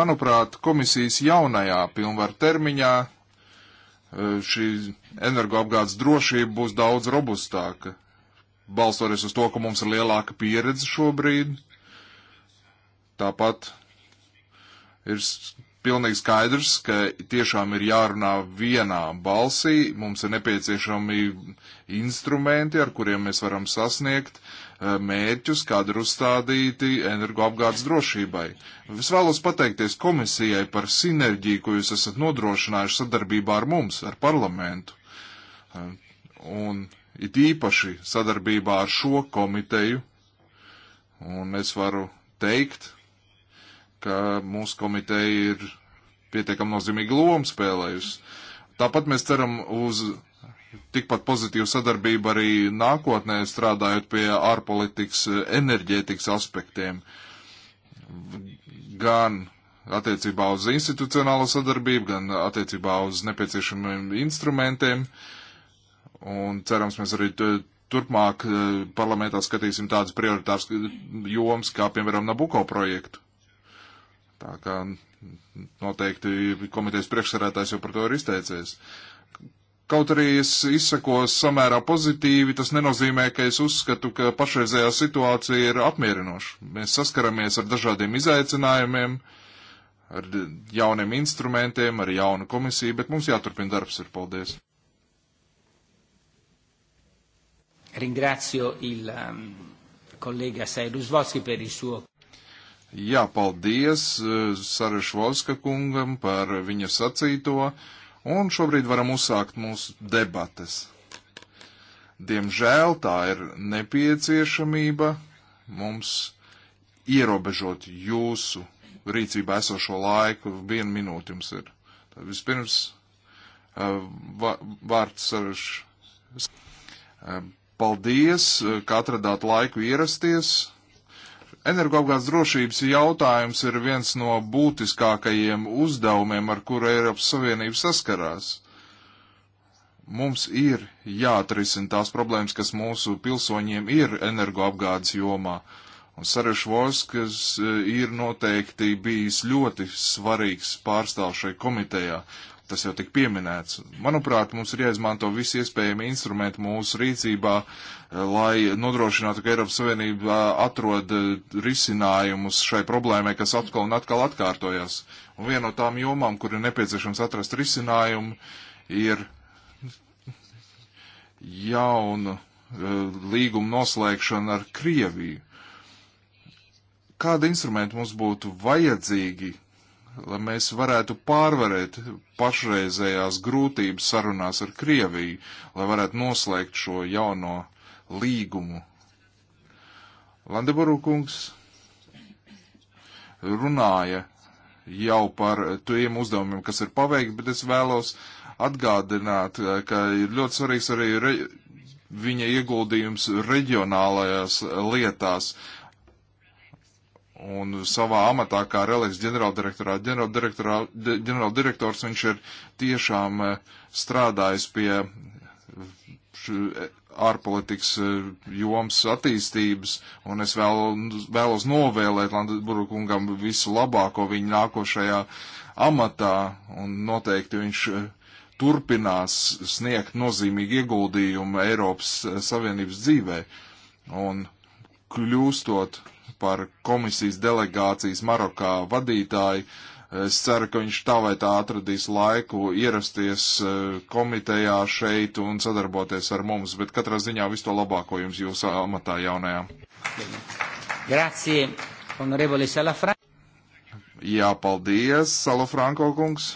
Manuprāt, komisijas jaunajā pilnvar termiņā e, šī energoapgādes drošība būs daudz robustāka, balstoties uz to, ka mums ir lielāka pieredze šobrīd. Tāpat ir pilnīgi skaidrs, ka tiešām ir jārunā vienā balsī, mums ir nepieciešami instrumenti, ar kuriem mēs varam sasniegt eh, mērķus, kādi ir uzstādīti energoapgādes drošībai. Es vēlos pateikties komisijai par sinerģiju, ko jūs esat nodrošinājuši sadarbībā ar mums, ar parlamentu. Eh, un it īpaši sadarbībā ar šo komiteju. Un es varu teikt, ka mūsu komiteja ir pietiekami nozīmīga loma spēlējusi. Tāpat mēs ceram uz tikpat pozitīvu sadarbību arī nākotnē, strādājot pie ārpolitikas, enerģētikas aspektiem. Gan attiecībā uz institucionālo sadarbību, gan attiecībā uz nepieciešamiem instrumentiem. Un cerams, mēs arī turpmāk eh, parlamentā skatīsim tādas prioritāras jomas, kā piemēram Nabuko projektu. Tā kā noteikti komitejas priekšsarētājs jau par to ir izteicies. Kaut arī es izsakos samērā pozitīvi, tas nenozīmē, ka es uzskatu, ka pašreizējā situācija ir apmierinoša. Mēs saskaramies ar dažādiem izaicinājumiem, ar jauniem instrumentiem, ar jaunu komisiju, bet mums jāturpina darbs ir paldies. Ringrazio il um, collega Sairus Vossi per il suo. Jā, paldies eh, Sarešvalska kungam par viņa sacīto, un šobrīd varam uzsākt mūsu debates. Diemžēl tā ir nepieciešamība mums ierobežot jūsu rīcībā esošo laiku. Vienu minūti jums ir. Tad vispirms eh, vārds Sareš. Eh, paldies, ka atradāt laiku ierasties Energoapgādes drošības jautājums ir viens no būtiskākajiem uzdevumiem, ar kuru Eiropas Savienība saskarās. Mums ir jāatrisina tās problēmas, kas mūsu pilsoņiem ir energoapgādes jomā. Un Sarešvoskas eh, ir noteikti bijis ļoti svarīgs pārstāvšai komitejā. Tas jau tik pieminēts. Manuprāt, mums ir jāizmanto visi iespējami instrumenti mūsu rīcībā, eh, lai nodrošinātu, ka Eiropas Savienība eh, atrod eh, risinājumus šai problēmai, kas atkal un atkal atkārtojas. Un viena no tām jomām, kur ir nepieciešams atrast risinājumu, ir jaunu līgumu noslēgšana ar Krieviju. Kādi instrumenti mums būtu vajadzīgi, lai mēs varētu pārvarēt pašreizējās grūtības sarunās ar Krieviju, lai varētu noslēgt šo jauno līgumu. Landeburu kungs runāja jau par tiem uzdevumiem, kas ir paveikti, bet es vēlos atgādināt, ka ir ļoti svarīgs arī re, viņa ieguldījums reģionālajās lietās, uh, Un savā amatā, kā Reliks ģenerāldirektorā, ģenerāldirektors, viņš ir tiešām eh, strādājis pie eh, eh, ārpolitikas joms attīstības, un es vēl, vēlos novēlēt Landesburu kungam visu labāko viņa nākošajā amatā, un noteikti viņš turpinās sniegt nozīmīgu ieguldījumu Eiropas Savienības dzīvē. Un kļūstot par komisijas delegācijas Marokā vadītāju. Es ceru, ka viņš tā vai tā atradīs laiku ierasties eh, komitejā šeit un sadarboties ar mums, bet katrā ziņā visu to labāko jums jūsu amatā jaunajā. Grazie, honorevoli Salafranko. Jā, paldies, Salafranko kungs.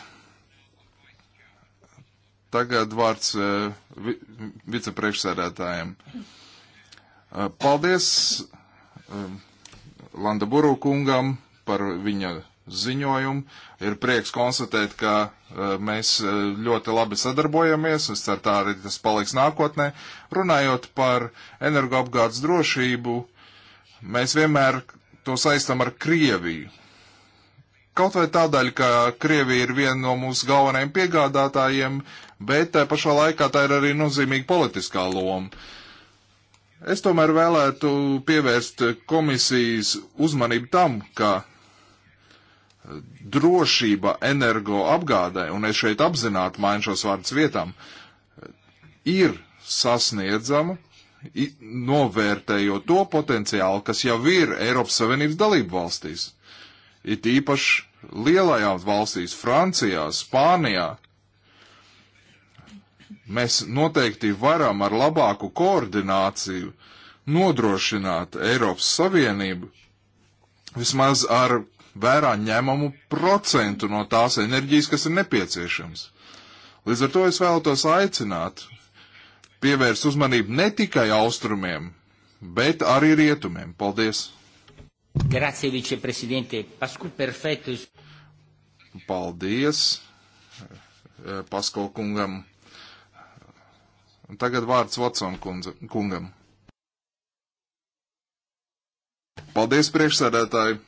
Tagad vārds eh, vi, vicepriekšsēdētājiem. Eh, paldies Landa Buru kungam par viņa ziņojumu. Ir prieks konstatēt, ka uh, mēs e, ļoti labi sadarbojamies, un ceru, tā arī tas paliks nākotnē. Runājot par energoapgādes drošību, mēs vienmēr to saistam ar Krieviju. Kaut vai tādēļ, ka Krievija ir viena no mūsu galvenajiem piegādātājiem, bet tā pašā laikā tā ir arī nozīmīga politiskā loma. Uh, Es tomēr vēlētu pievērst komisijas uzmanību tam, ka eh, drošība energo apgādē, un es šeit apzināti mainu šos vārdus vietām, ir sasniedzama, novērtējot to potenciālu, kas jau ir Eiropas Savienības dalību valstīs. It īpaši lielajās valstīs, Francijā, Spānijā, Mēs noteikti varam ar labāku koordināciju nodrošināt Eiropas Savienību vismaz ar vērā ņemamu procentu no tās enerģijas, kas ir nepieciešams. Līdz ar to es vēlētos aicināt pievērst uzmanību ne tikai austrumiem, bet arī rietumiem. Paldies! Grazie, viceprezidente. Pasku perfektus. Paldies eh, Pasko kungam Tagad vārds Vatsona kungam. Paldies priekšsēdētāji!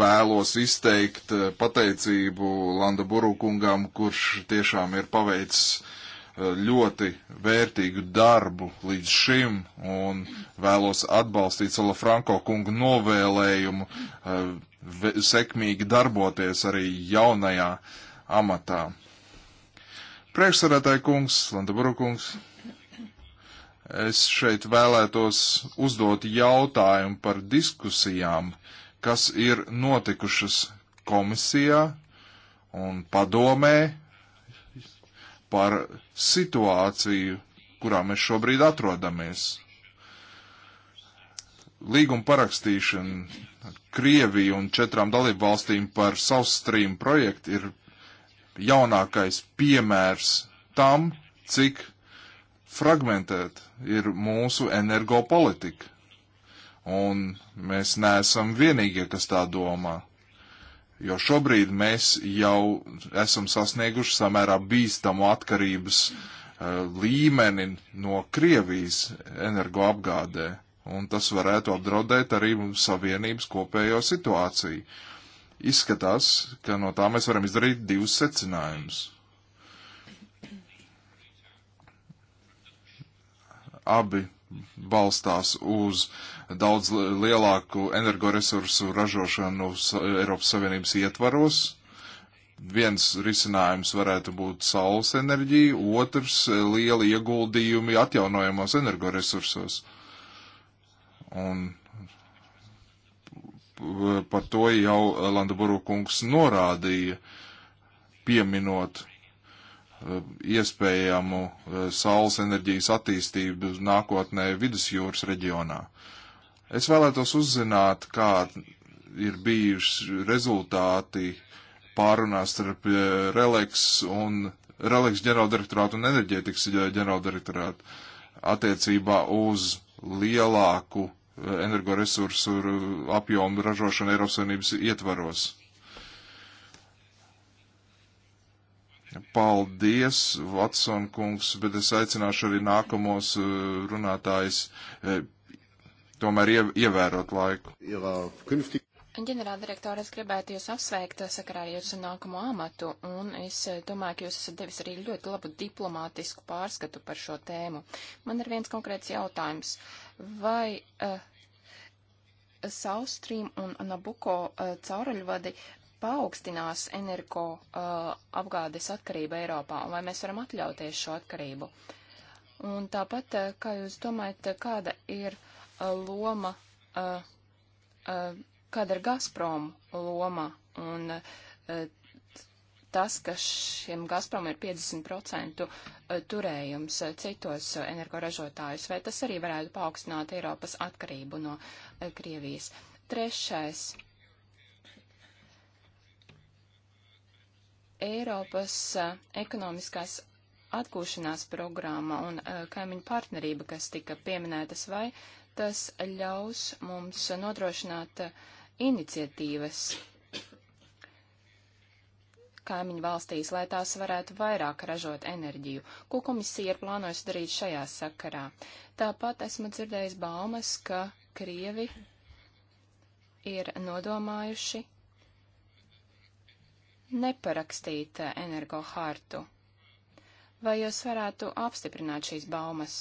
Vēlos izteikt pateicību Landa Burukungam, kurš tiešām ir paveicis ļoti vērtīgu darbu līdz šim un vēlos atbalstīt Sala Franko kungu novēlējumu sekmīgi darboties arī jaunajā amatā. Priekšsarētāji kungs, Lantaburu kungs, es šeit vēlētos uzdot jautājumu par diskusijām, kas ir notikušas komisijā un padomē par situāciju, kurā mēs šobrīd atrodamies. Līguma parakstīšana Krieviju un četrām dalību valstīm par South Stream projektu ir jaunākais piemērs tam, cik fragmentēt ir mūsu energopolitika. Un mēs neesam vienīgie, kas tā domā. Jo šobrīd mēs jau esam sasnieguši samērā bīstamu atkarības uh, līmeni no Krievijas energoapgādē. Un tas varētu apdraudēt arī savienības kopējo situāciju. Uh, Izskatās, ka no tā mēs varam izdarīt divus secinājumus. Abi balstās uz daudz lielāku energoresursu ražošanu Eiropas Savienības ietvaros. Viens risinājums varētu būt saules enerģija, otrs liela ieguldījumi atjaunojamos energoresursos. Un par to jau Landaburu kungs norādīja, pieminot eh, iespējamu eh, saules enerģijas attīstību nākotnē vidusjūras reģionā. Es vēlētos uzzināt, kā ir bijuši rezultāti pārunās starp eh, Releks un Releks ģenerāldirektorātu un enerģētikas ģenerāldirektorātu attiecībā uz lielāku energoresursu apjomu ražošanu Eiropas Savienības ietvaros. Paldies, Vatson kungs, bet es aicināšu arī nākamos uh, runātājs uh, tomēr ievērot laiku. Ģenerāldirektori, es gribētu jūs apsveikt uh, sakarā ar jūsu nākamo amatu, un es domāju, ka jūs esat devis arī ļoti labu diplomātisku pārskatu par šo tēmu. Man ir viens konkrēts jautājums. Uh, vai uh, South Stream un Nabuko uh, eh, cauruļvadi paaugstinās energo uh, apgādes atkarību Eiropā, un vai mēs varam atļauties šo atkarību. Un tāpat, uh, kā jūs domājat, kāda ir uh, loma, uh, uh, kāda ir Gazprom loma un uh, tas, ka šiem Gazprom ir 50% e, turējums e, citos e, energoražotājus, vai tas arī varētu paaugstināt Eiropas atkarību no Krievijas? Trešais. Eiropas ekonomiskās atgūšanās programma un kaimiņu partnerība, kas tika pieminētas, vai tas ļaus mums nodrošināt iniciatīvas kaimiņu valstīs, lai tās varētu vairāk ražot enerģiju. Ko komisija ir plānojusi darīt šajā sakarā? Tāpat esmu dzirdējis baumas, ka Krievi ir nodomājuši neparakstīt energohartu. Vai jūs varētu apstiprināt šīs baumas,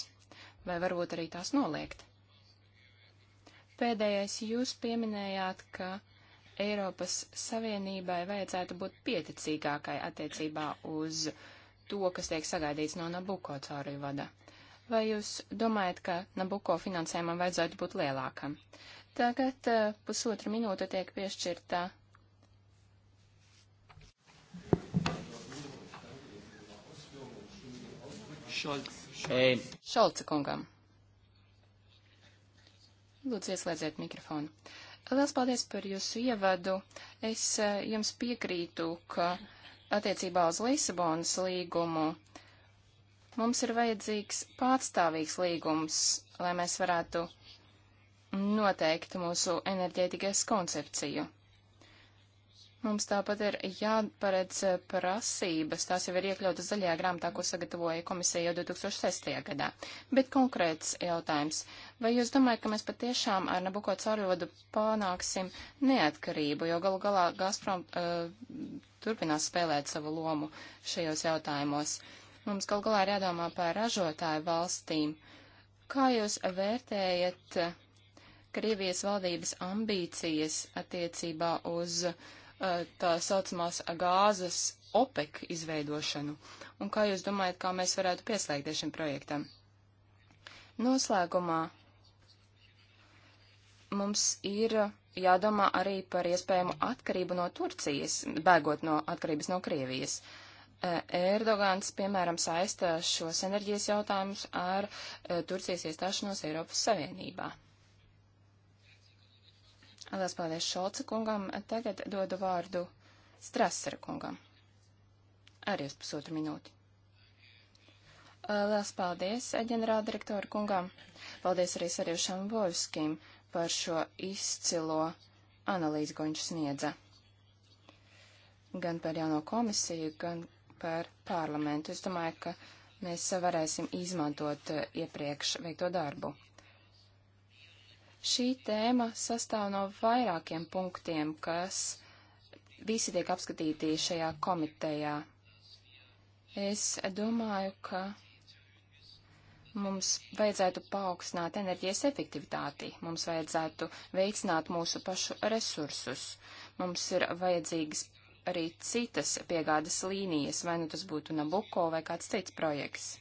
vai varbūt arī tās noliegt? Pēdējais jūs pieminējāt, ka Eiropas Savienībai vajadzētu būt pieticīgākai attiecībā uz to, kas tiek sagaidīts no Nabuko caurvada. Vai jūs domājat, ka Nabuko finansējumam vajadzētu būt lielākam? Tagad uh, pusotra minūte tiek piešķirta. Šolca kungam. Lūdzu, ieslēdziet mikrofonu. Uh, Liels paldies par jūsu ievadu. Es e, jums piekrītu, ka attiecībā uz Lisabonas līgumu mums ir vajadzīgs pārstāvīgs līgums, lai mēs varētu noteikt mūsu enerģētikas koncepciju. Mums tāpat ir jāparedz eh, prasības, tās jau ir iekļautas zaļajā grāmatā, ko sagatavoja komisija jau 2006. gadā. Bet konkrēts jautājums. Vai jūs domājat, ka mēs patiešām ar Nabuko caurvodu panāksim neatkarību, jo galu galā Gazprom uh, turpinās spēlēt savu lomu šajos jautājumos? Mums galu galā ir jādomā par ražotāju valstīm. Kā jūs vērtējat Krievijas valdības ambīcijas attiecībā uz uh, Eh, tā saucamās gāzes OPEC izveidošanu, un kā jūs domājat, kā mēs varētu pieslēgties šim projektam? Noslēgumā mums ir jādomā arī par iespējamu atkarību no Turcijas, bēgot no atkarības no Krievijas. Eh, Erdogans, piemēram, saista šos enerģijas jautājumus ar eh, Turcijas iestāšanos Eiropas Savienībā. Lielas paldies Šolca kungam. Tagad dodu vārdu Strasera kungam. Arī uz pusotru minūti. Lielas paldies ģenerāldirektoru kungam. Paldies arī Sarjušam Vojskim par šo izcilo analīzi, ko viņš sniedza. Gan par jauno komisiju, gan par parlamentu. Es domāju, ka mēs varēsim izmantot uh, iepriekš veikto darbu. Šī tēma sastāv no vairākiem punktiem, kas visi tiek apskatīti šajā komitejā. Es domāju, ka mums vajadzētu paaugstināt enerģijas efektivitāti, mums vajadzētu veicināt mūsu pašu resursus, mums ir vajadzīgas arī citas piegādes līnijas, vai nu tas būtu Nabuko vai kāds cits projekts.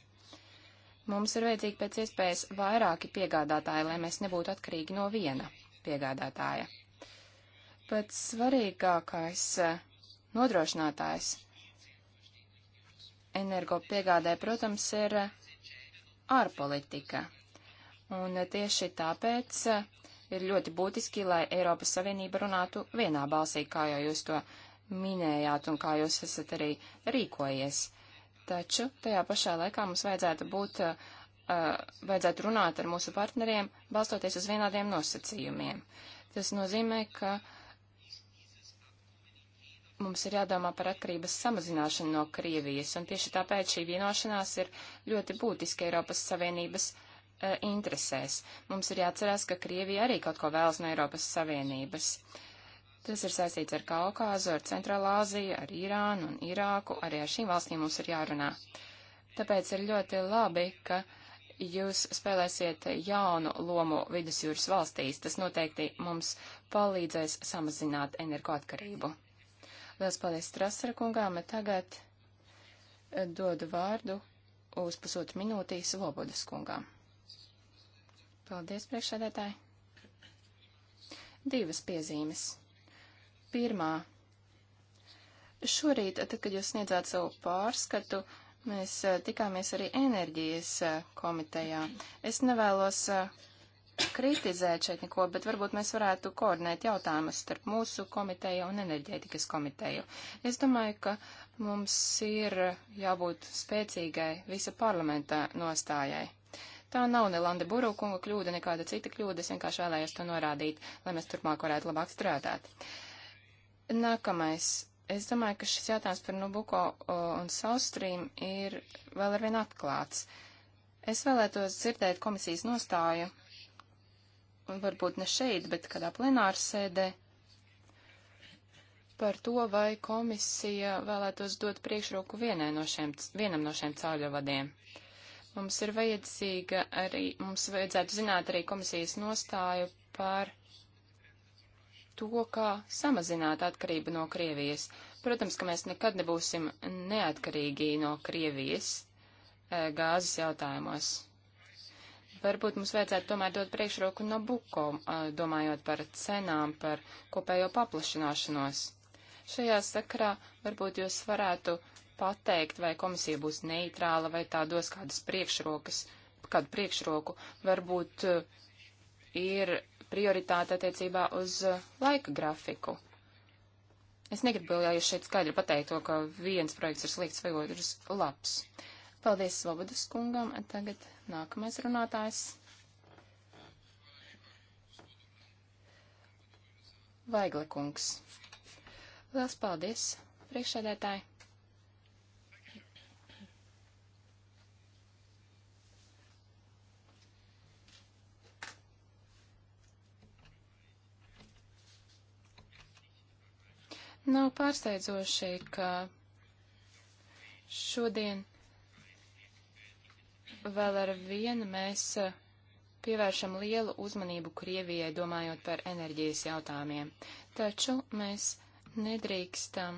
Mums ir vajadzīgi pēc iespējas vairāki piegādātāji, lai mēs nebūtu atkarīgi no viena piegādātāja. Pats svarīgākais eh, nodrošinātājs energo piegādē, protams, ir eh, ārpolitika. Un eh, tieši tāpēc ir ļoti būtiski, lai Eiropas Savienība runātu vienā balsī, kā jau jūs to minējāt un kā jūs esat arī rīkojies. Taču tajā pašā laikā mums vajadzētu būt, eh, eh, vajadzētu runāt ar mūsu partneriem, balstoties uz vienādiem nosacījumiem. Tas nozīmē, ka mums ir jādomā par atkarības samazināšanu no Krievijas, un tieši tāpēc šī vienošanās ir ļoti būtiska Eiropas Savienības e, interesēs. Mums ir jāatcerās, ka Krievija arī kaut ko vēlas no Eiropas Savienības. Uh, Tas ir saistīts ar Kaukāzu, ar Centrālā Āziju, ar Irānu un Irāku. Arī ar šīm valstīm mums ir jārunā. Tāpēc ir ļoti labi, ka jūs spēlēsiet jaunu lomu vidusjūras valstīs. Tas noteikti mums palīdzēs samazināt energoatkarību. Lielas paldies Strasara kungām, bet tagad eh, dodu vārdu uz pusotru minūtī Svobodas kungām. Paldies, priekšsēdētāji! Divas piezīmes. Pirmā. Šorīt, tad, kad jūs sniedzāt savu pārskatu, mēs eh, tikāmies arī enerģijas eh, komitejā. Es nevēlos eh, kritizēt šeit neko, bet varbūt mēs varētu koordinēt jautājumus starp mūsu komiteju un enerģētikas komiteju. Es domāju, ka mums ir jābūt spēcīgai visa parlamenta nostājai. Tā nav ne Landa Burūkunga kļūda, nekāda cita kļūda, es vienkārši vēlējos to norādīt, lai mēs turpmāk varētu labāk strādāt. Uh, Nākamais. Es domāju, ka šis jautājums par Nabuko un South Stream ir vēl arvien atklāts. Es vēlētos dzirdēt komisijas nostāju, un varbūt ne šeit, bet kādā plenāra sēdē, par to, vai komisija vēlētos dot priekšroku vienai no šiem, vienam no šiem cauļavadiem. Mums ir vajadzīga arī, mums vajadzētu zināt arī komisijas nostāju par to, kā samazināt atkarību no Krievijas. Protams, ka mēs nekad nebūsim neatkarīgi no Krievijas e, gāzes jautājumos. Varbūt mums vajadzētu tomēr dot priekšroku Nabuko, e, domājot par cenām, par kopējo paplašināšanos. Šajā sakarā varbūt jūs varētu pateikt, vai komisija būs neitrāla, vai tā dos kādas priekšrokas, kādu priekšroku. Varbūt e, ir prioritāte attiecībā uz uh, laika grafiku. Es negribu, lai jūs šeit skaidri pateiktu, ka viens projekts ir slikts vai otrs labs. Paldies Svobodas kungam. Tagad nākamais runātājs. Vaigle kungs. Lielas paldies, priekšsēdētāji. Nav pārsteidzoši, ka šodien vēl ar vienu mēs eh, pievēršam lielu uzmanību Krievijai, domājot par enerģijas jautājumiem. Taču mēs nedrīkstam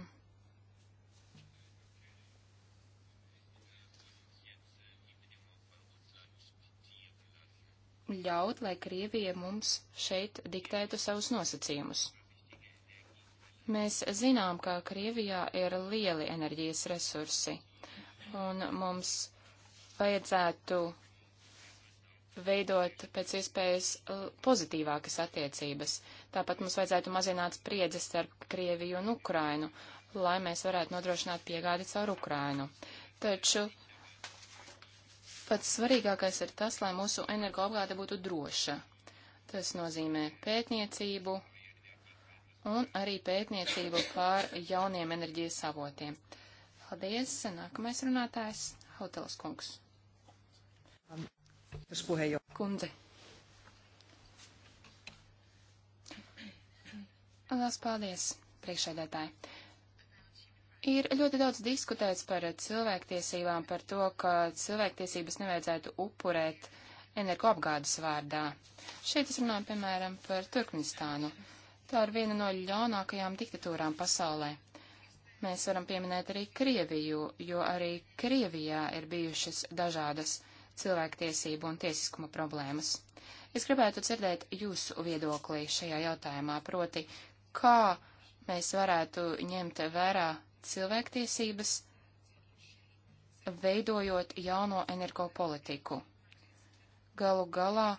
ļaut, lai Krievija mums šeit diktētu savus nosacījumus. Mēs zinām, ka Krievijā ir lieli enerģijas resursi, un mums vajadzētu veidot pēc iespējas pozitīvākas attiecības. Tāpat mums vajadzētu mazināt spriedzi starp Krieviju un Ukrainu, lai mēs varētu nodrošināt piegādi caur Ukrainu. Taču pats svarīgākais ir tas, lai mūsu energoapgāde būtu droša. Tas nozīmē pētniecību, un arī pētniecību pār jauniem enerģijas avotiem. Paldies! Nākamais runātājs - Hautels kungs. Kundze. Lielas paldies, priekšēdētāji. Ir ļoti daudz diskutēts par cilvēktiesībām, par to, ka cilvēktiesības nevajadzētu upurēt energoapgādes vārdā. Šeit es runāju, piemēram, par Turkmenistānu. Uh, Tā ir viena no ļaunākajām diktatūrām pasaulē. Mēs varam pieminēt arī Krieviju, jo arī Krievijā ir bijušas dažādas cilvēktiesību un tiesiskuma problēmas. Es gribētu dzirdēt jūsu viedoklī šajā jautājumā, proti, kā mēs varētu ņemt vērā cilvēktiesības, veidojot jauno energopolitiku. Galu galā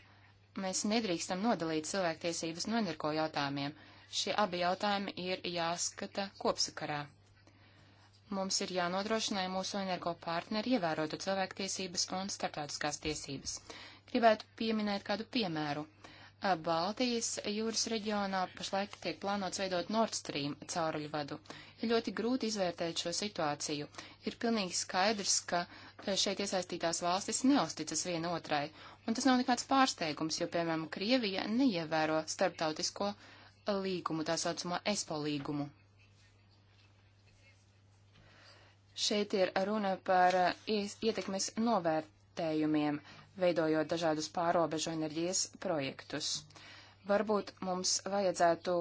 Mēs nedrīkstam nodalīt cilvēktiesības no energo jautājumiem. Šie abi jautājumi ir jāskata kopsakarā. Mums ir jānodrošina, lai mūsu energo partneri ievērotu cilvēktiesības un starptautiskās tiesības. Gribētu pieminēt kādu piemēru. Baltijas jūras reģionā pašlaik tiek plānots veidot Nord Stream cauruļvadu ir ļoti grūti izvērtēt šo situāciju. Ir pilnīgi skaidrs, ka e, šeit iesaistītās valstis neusticas viena otrai, un tas nav nekāds pārsteigums, jo, piemēram, Krievija neievēro starptautisko līgumu, tā saucamo ESPO līgumu. Šeit ir runa par e, ietekmes novērtējumiem, veidojot dažādus pārobežu enerģijas projektus. Varbūt mums vajadzētu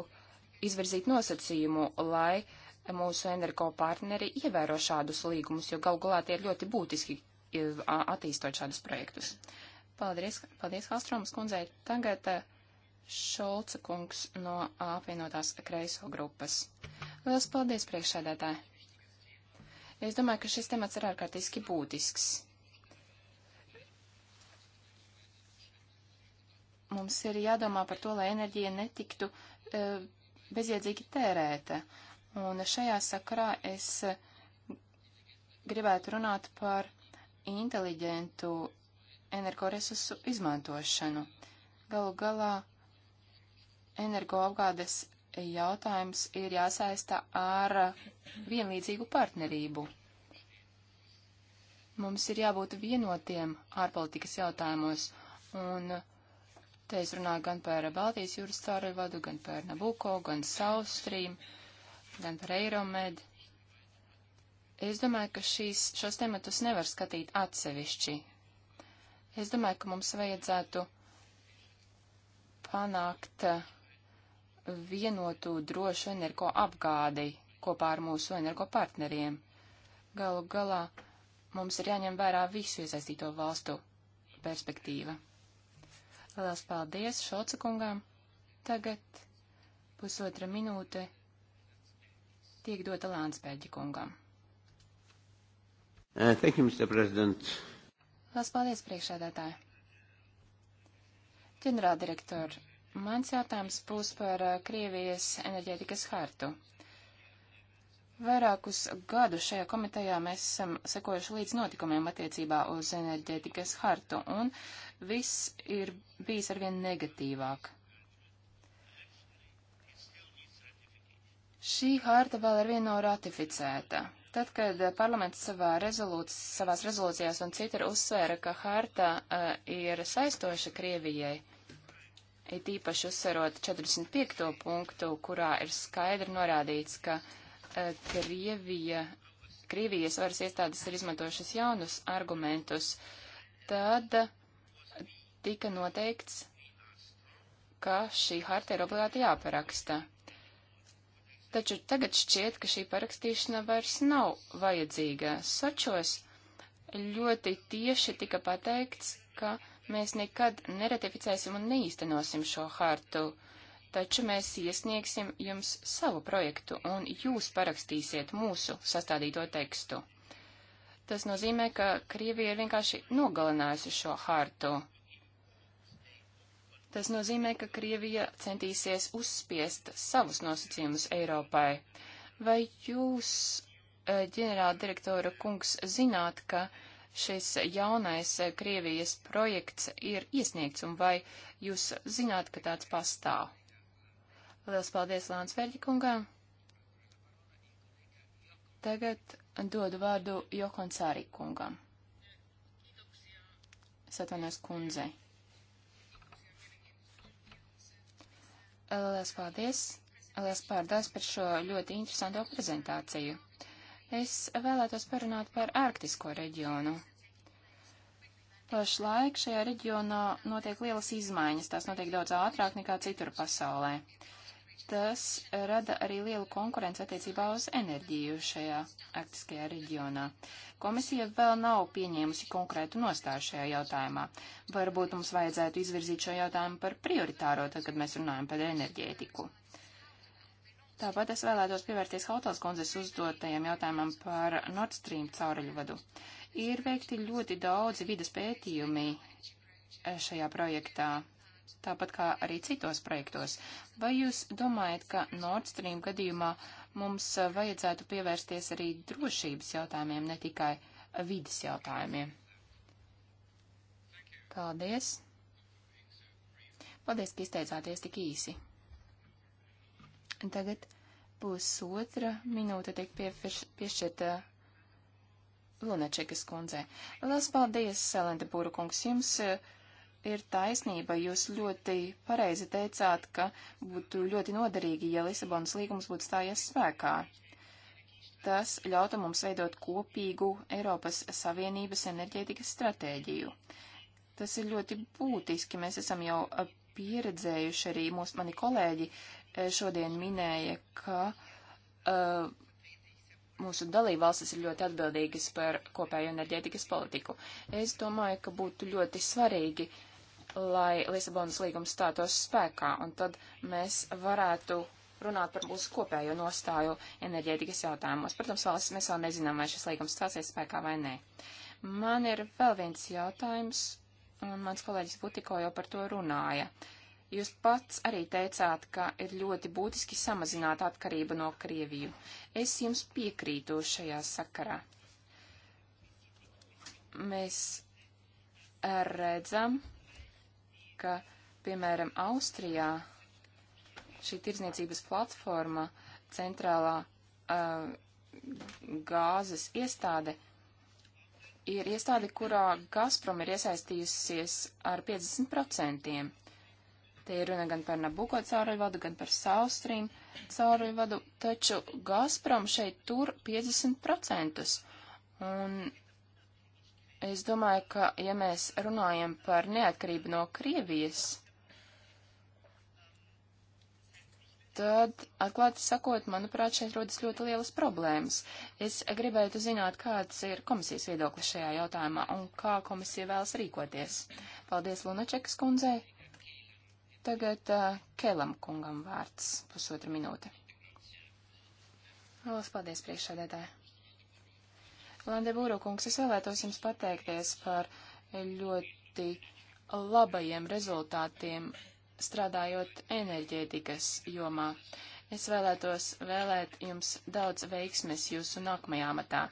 izvirzīt nosacījumu, lai uh, mūsu energo partneri ievēro šādus līgumus, jo gal galā tie ir ļoti būtiski attīstot šādus projektus. Paldies, paldies Halstromas kundzei. Tagad eh, Šolca kungs no apvienotās kreiso grupas. Lielas paldies priekšsēdētāji. Es domāju, ka šis temats ir ārkārtīgi būtisks. Mums ir jādomā par to, lai enerģija netiktu e, bezjēdzīgi tērēta. E, Un šajā sakarā es gribētu runāt par inteliģentu energoresursu izmantošanu. Galu galā energoapgādes jautājums ir jāsaista ar vienlīdzīgu partnerību. Mums ir jābūt vienotiem ārpolitikas jautājumos, un te es runāju gan par Baltijas jūras caurvadu, gan par Nabuko, gan South Stream. Uh, gan par Eiromed. Es domāju, ka šīs, šos tematus nevar skatīt atsevišķi. Es domāju, ka mums vajadzētu panākt eh, vienotu drošu energo apgādi kopā ar mūsu energo partneriem. Galu galā mums ir jāņem vērā visu iesaistīto valstu perspektīva. Liels paldies Šolca kungām. Tagad pusotra minūte tiek dota Lānsbērģi kungam. Uh, thank you, Mr. President. Lās paldies, priekšādātāji. Ģenerāldirektor, mans jautājums būs par uh, Krievijas enerģētikas hartu. Vairākus gadus šajā komitejā mēs esam sekojuši līdz notikumiem attiecībā uz enerģētikas hartu, un viss ir bijis arvien negatīvāk. Šī harta vēl ar vienu nav ratificēta. Tad, kad eh, parlaments savā rezolūci, savās rezolūcijās un citur uzsvēra, ka harta uh, ir saistoša Krievijai, it īpaši uzsverot 45. punktu, kurā ir skaidri norādīts, ka uh, Krievija, Krievijas varas iestādes ir izmantojušas jaunus argumentus, tad tika noteikts, ka šī harta ir obligāti jāparaksta taču tagad šķiet, ka šī parakstīšana vairs nav vajadzīga. Sočos ļoti tieši tika pateikts, ka mēs nekad neratificēsim un neīstenosim šo hartu, taču mēs iesniegsim jums savu projektu un jūs parakstīsiet mūsu sastādīto tekstu. Tas nozīmē, ka Krievija ir vienkārši nogalinājusi šo hartu. Tas nozīmē, ka Krievija centīsies uzspiest savus nosacījumus Eiropai. Vai jūs, eh, ģenerāla direktora kungs, zināt, ka šis jaunais eh, Krievijas projekts ir iesniegts un vai jūs zināt, ka tāds pastāv? Lielas paldies Lāns Verģikungam. Tagad dodu vārdu Jokonsārī kungam. Satvanās kundzei. Lielas paldies! Lielas paldies par šo ļoti interesanto prezentāciju. Es vēlētos parunāt par ārktisko reģionu. Pašlaik šajā reģionā notiek lielas izmaiņas, tās notiek daudz ātrāk nekā citur pasaulē. Uh, tas rada arī lielu konkurenci attiecībā uz enerģiju šajā arktiskajā reģionā. Komisija vēl nav pieņēmusi konkrētu nostāju šajā jautājumā. Varbūt mums vajadzētu izvirzīt šo jautājumu par prioritāro, tad, kad mēs runājam par enerģētiku. Tāpat es vēlētos pievērties Hautals kundzes uzdotajam jautājumam par Nord Stream cauruļu vadu. Ir veikti ļoti daudzi vidas pētījumi šajā projektā tāpat kā arī citos projektos. Vai jūs domājat, ka Nord Stream gadījumā mums vajadzētu pievērsties arī drošības jautājumiem, ne tikai vidas jautājumiem? Paldies! Paldies, ka izteicāties tik īsi. Tagad pusotra minūte tiek piešķirta Lunačekas kundzē. Lielas paldies, Salenta Būru kungs, jums! Uh, ir taisnība. Jūs ļoti pareizi teicāt, ka būtu ļoti noderīgi, ja Lisabonas līgums būtu stājies spēkā. Tas ļautu mums veidot kopīgu Eiropas Savienības enerģētikas stratēģiju. Tas ir ļoti būtiski. Mēs esam jau pieredzējuši arī mūsu mani kolēģi e, šodien minēja, ka uh, mūsu dalībvalstis ir ļoti atbildīgas par kopēju enerģētikas politiku. Es domāju, ka būtu ļoti svarīgi lai Lisabonas līgums stātos spēkā, un tad mēs varētu runāt par mūsu kopējo nostāju enerģētikas jautājumos. Protams, valsts mēs vēl nezinām, vai šis līgums stāsies spēkā vai nē. Man ir vēl viens jautājums, un mans kolēģis Butiko jau par to runāja. Jūs pats arī teicāt, ka ir ļoti būtiski samazināt atkarību no Krieviju. Es jums piekrītu šajā sakarā. Mēs redzam, ka, piemēram, Austrijā šī tirdzniecības platforma, centrālā uh, gāzes iestāde, ir iestāde, kurā Gazprom ir iesaistījusies ar 50%. Te ir runa gan par Nabuko cauruļvadu, gan par South Stream cauruļvadu, taču Gazprom šeit tur 50%. Un Es domāju, ka ja mēs runājam par neatkarību no Krievijas, tad, atklāti sakot, manuprāt, šeit rodas ļoti lielas problēmas. Es gribētu zināt, kāds ir komisijas viedoklis šajā jautājumā un kā komisija vēlas rīkoties. Paldies Lunačekas kundzei. Tagad uh, Kelam kungam vārds pusotra minūte. Lielas paldies priekšsēdētāji. Lande Būrokungs, es vēlētos jums pateikties par ļoti labajiem rezultātiem strādājot enerģētikas jomā. Es vēlētos vēlēt jums daudz veiksmes jūsu nākamajā matā.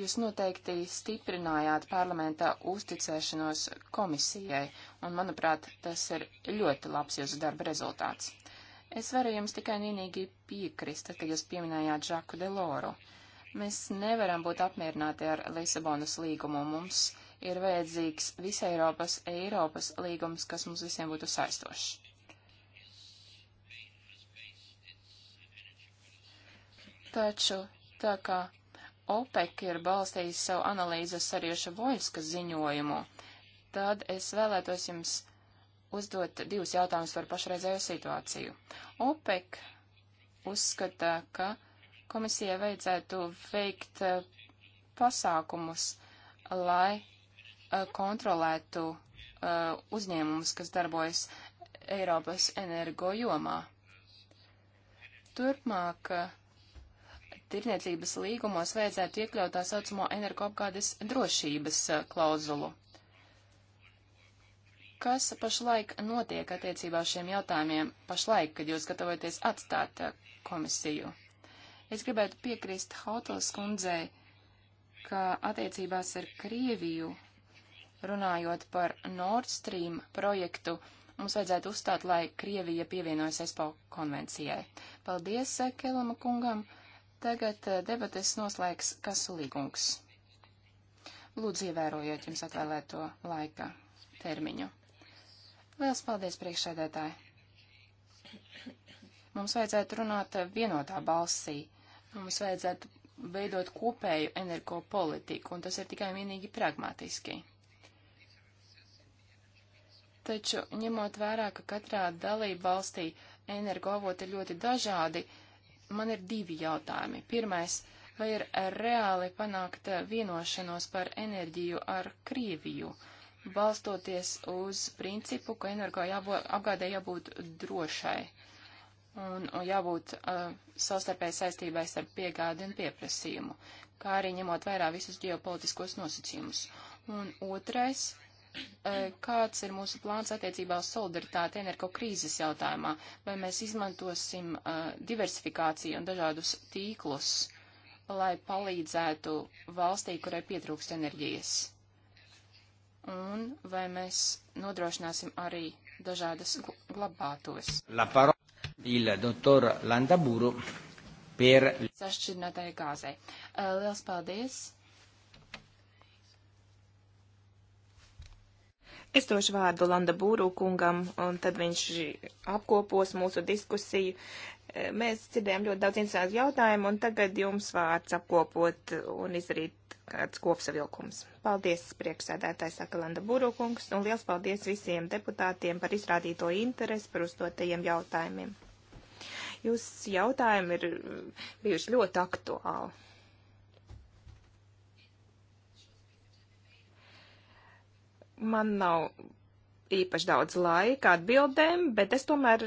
Jūs noteikti stiprinājāt parlamentā uzticēšanos komisijai, un, manuprāt, tas ir ļoti labs jūsu darba rezultāts. Es varu jums tikai un vienīgi piekrist, tad, kad jūs pieminējāt Žaku Deloru. Mēs nevaram būt apmierināti ar Lisabonas līgumu. Mums ir vajadzīgs visa Eiropas, Eiropas līgums, kas mums visiem būtu saistošs. Taču tā kā OPEC ir balstījis savu analīzi uz Sarieša Voļska ziņojumu, tad es vēlētos jums uzdot divus jautājumus par pašreizējo situāciju. OPEC uzskata, ka komisijai vajadzētu veikt eh, pasākumus, lai eh, kontrolētu eh, uzņēmumus, kas darbojas Eiropas energo jomā. Turpmāk tirniecības līgumos vajadzētu iekļaut tā saucamo energoapgādes drošības klauzulu. Kas pašlaik notiek attiecībā uz šiem jautājumiem pašlaik, kad jūs gatavojaties atstāt eh, komisiju? Es gribētu piekrist Hautals kundzei, ka attiecībās ar Krieviju, runājot par Nord Stream projektu, mums vajadzētu uzstāt, lai Krievija pievienojas ESPO konvencijai. Paldies eh, Kelama kungam. Tagad eh, debates noslēgs Kasulīgungs. Lūdzu, ievērojiet jums atvēlēto laika termiņu. Liels paldies, priekšsēdētāji! Mums vajadzētu runāt vienotā balsī. Mums vajadzētu veidot kopēju energo politiku, un tas ir tikai vienīgi pragmatiski. Taču, ņemot vērā, ka katrā dalība valstī energoavoti ir ļoti dažādi, man ir divi jautājumi. Pirmais, vai ir reāli panākt vienošanos par enerģiju ar Krieviju? Uh, balstoties uz principu, ka energo jābo, apgādē jābūt drošai un, un jābūt uh, savstarpēji saistībai starp piegādi un pieprasījumu, kā arī ņemot vērā visus ģeopolitiskos nosacījumus. Un otrais, uh, kāds ir mūsu plāns attiecībā uz solidaritāti energo krīzes jautājumā, vai mēs izmantosim uh, diversifikāciju un dažādus tīklus, lai palīdzētu valstī, kurai pietrūkst enerģijas un vai mēs nodrošināsim arī dažādas glabātos. La parola il dottor Landaburu per... Sašķirinātāja gāzē. Liels paldies! Es došu vārdu Landa Būrū kungam, un tad viņš apkopos mūsu diskusiju. Mēs dzirdējām ļoti daudz interesantu jautājumu, un tagad jums vārds apkopot un izdarīt kāds kopsavilkums. Paldies, priekšsēdētājs Akalanda Burukungs, un liels paldies visiem deputātiem par izrādīto interesi par uzdotajiem jautājumiem. Jūs jautājumi ir bijuši ļoti aktuāli. Man nav īpaši daudz laika atbildēm, bet es tomēr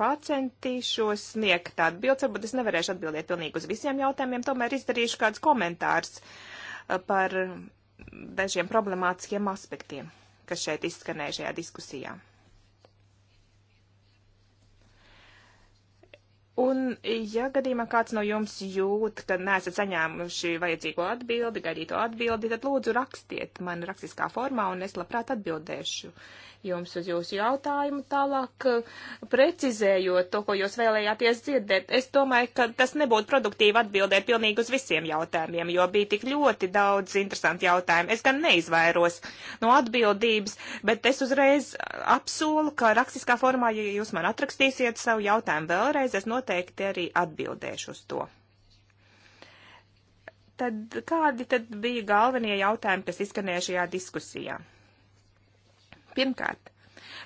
pacentīšos sniegt atbildes. Varbūt es nevarēšu atbildēt pilnīgi uz visiem jautājumiem, tomēr izdarīšu kāds komentārs. Uh, Eh, par eh, dažiem problemātiskiem aspektiem, kas šeit izskanēja šajā diskusijā. Un, ja gadījumā kāds no jums jūt, ka neesat saņēmuši vajadzīgo atbildi, gaidīto atbildi, tad lūdzu rakstiet man rakstiskā formā, un es labprāt atbildēšu jums uz jūsu jautājumu tālāk, precizējot to, ko jūs vēlējāties dzirdēt. Es domāju, ka tas nebūtu produktīvi atbildēt pilnīgi uz visiem jautājumiem, jo bija tik ļoti daudz interesanti jautājumi. Es gan neizvairos no atbildības, bet es uzreiz apsolu, ka rakstiskā formā, ja jūs man atrakstīsiet savu jautājumu vēlreiz, es noteikti noteikti arī atbildēšu uz to. Tad kādi tad bija galvenie jautājumi, kas izskanēja šajā diskusijā? Pirmkārt,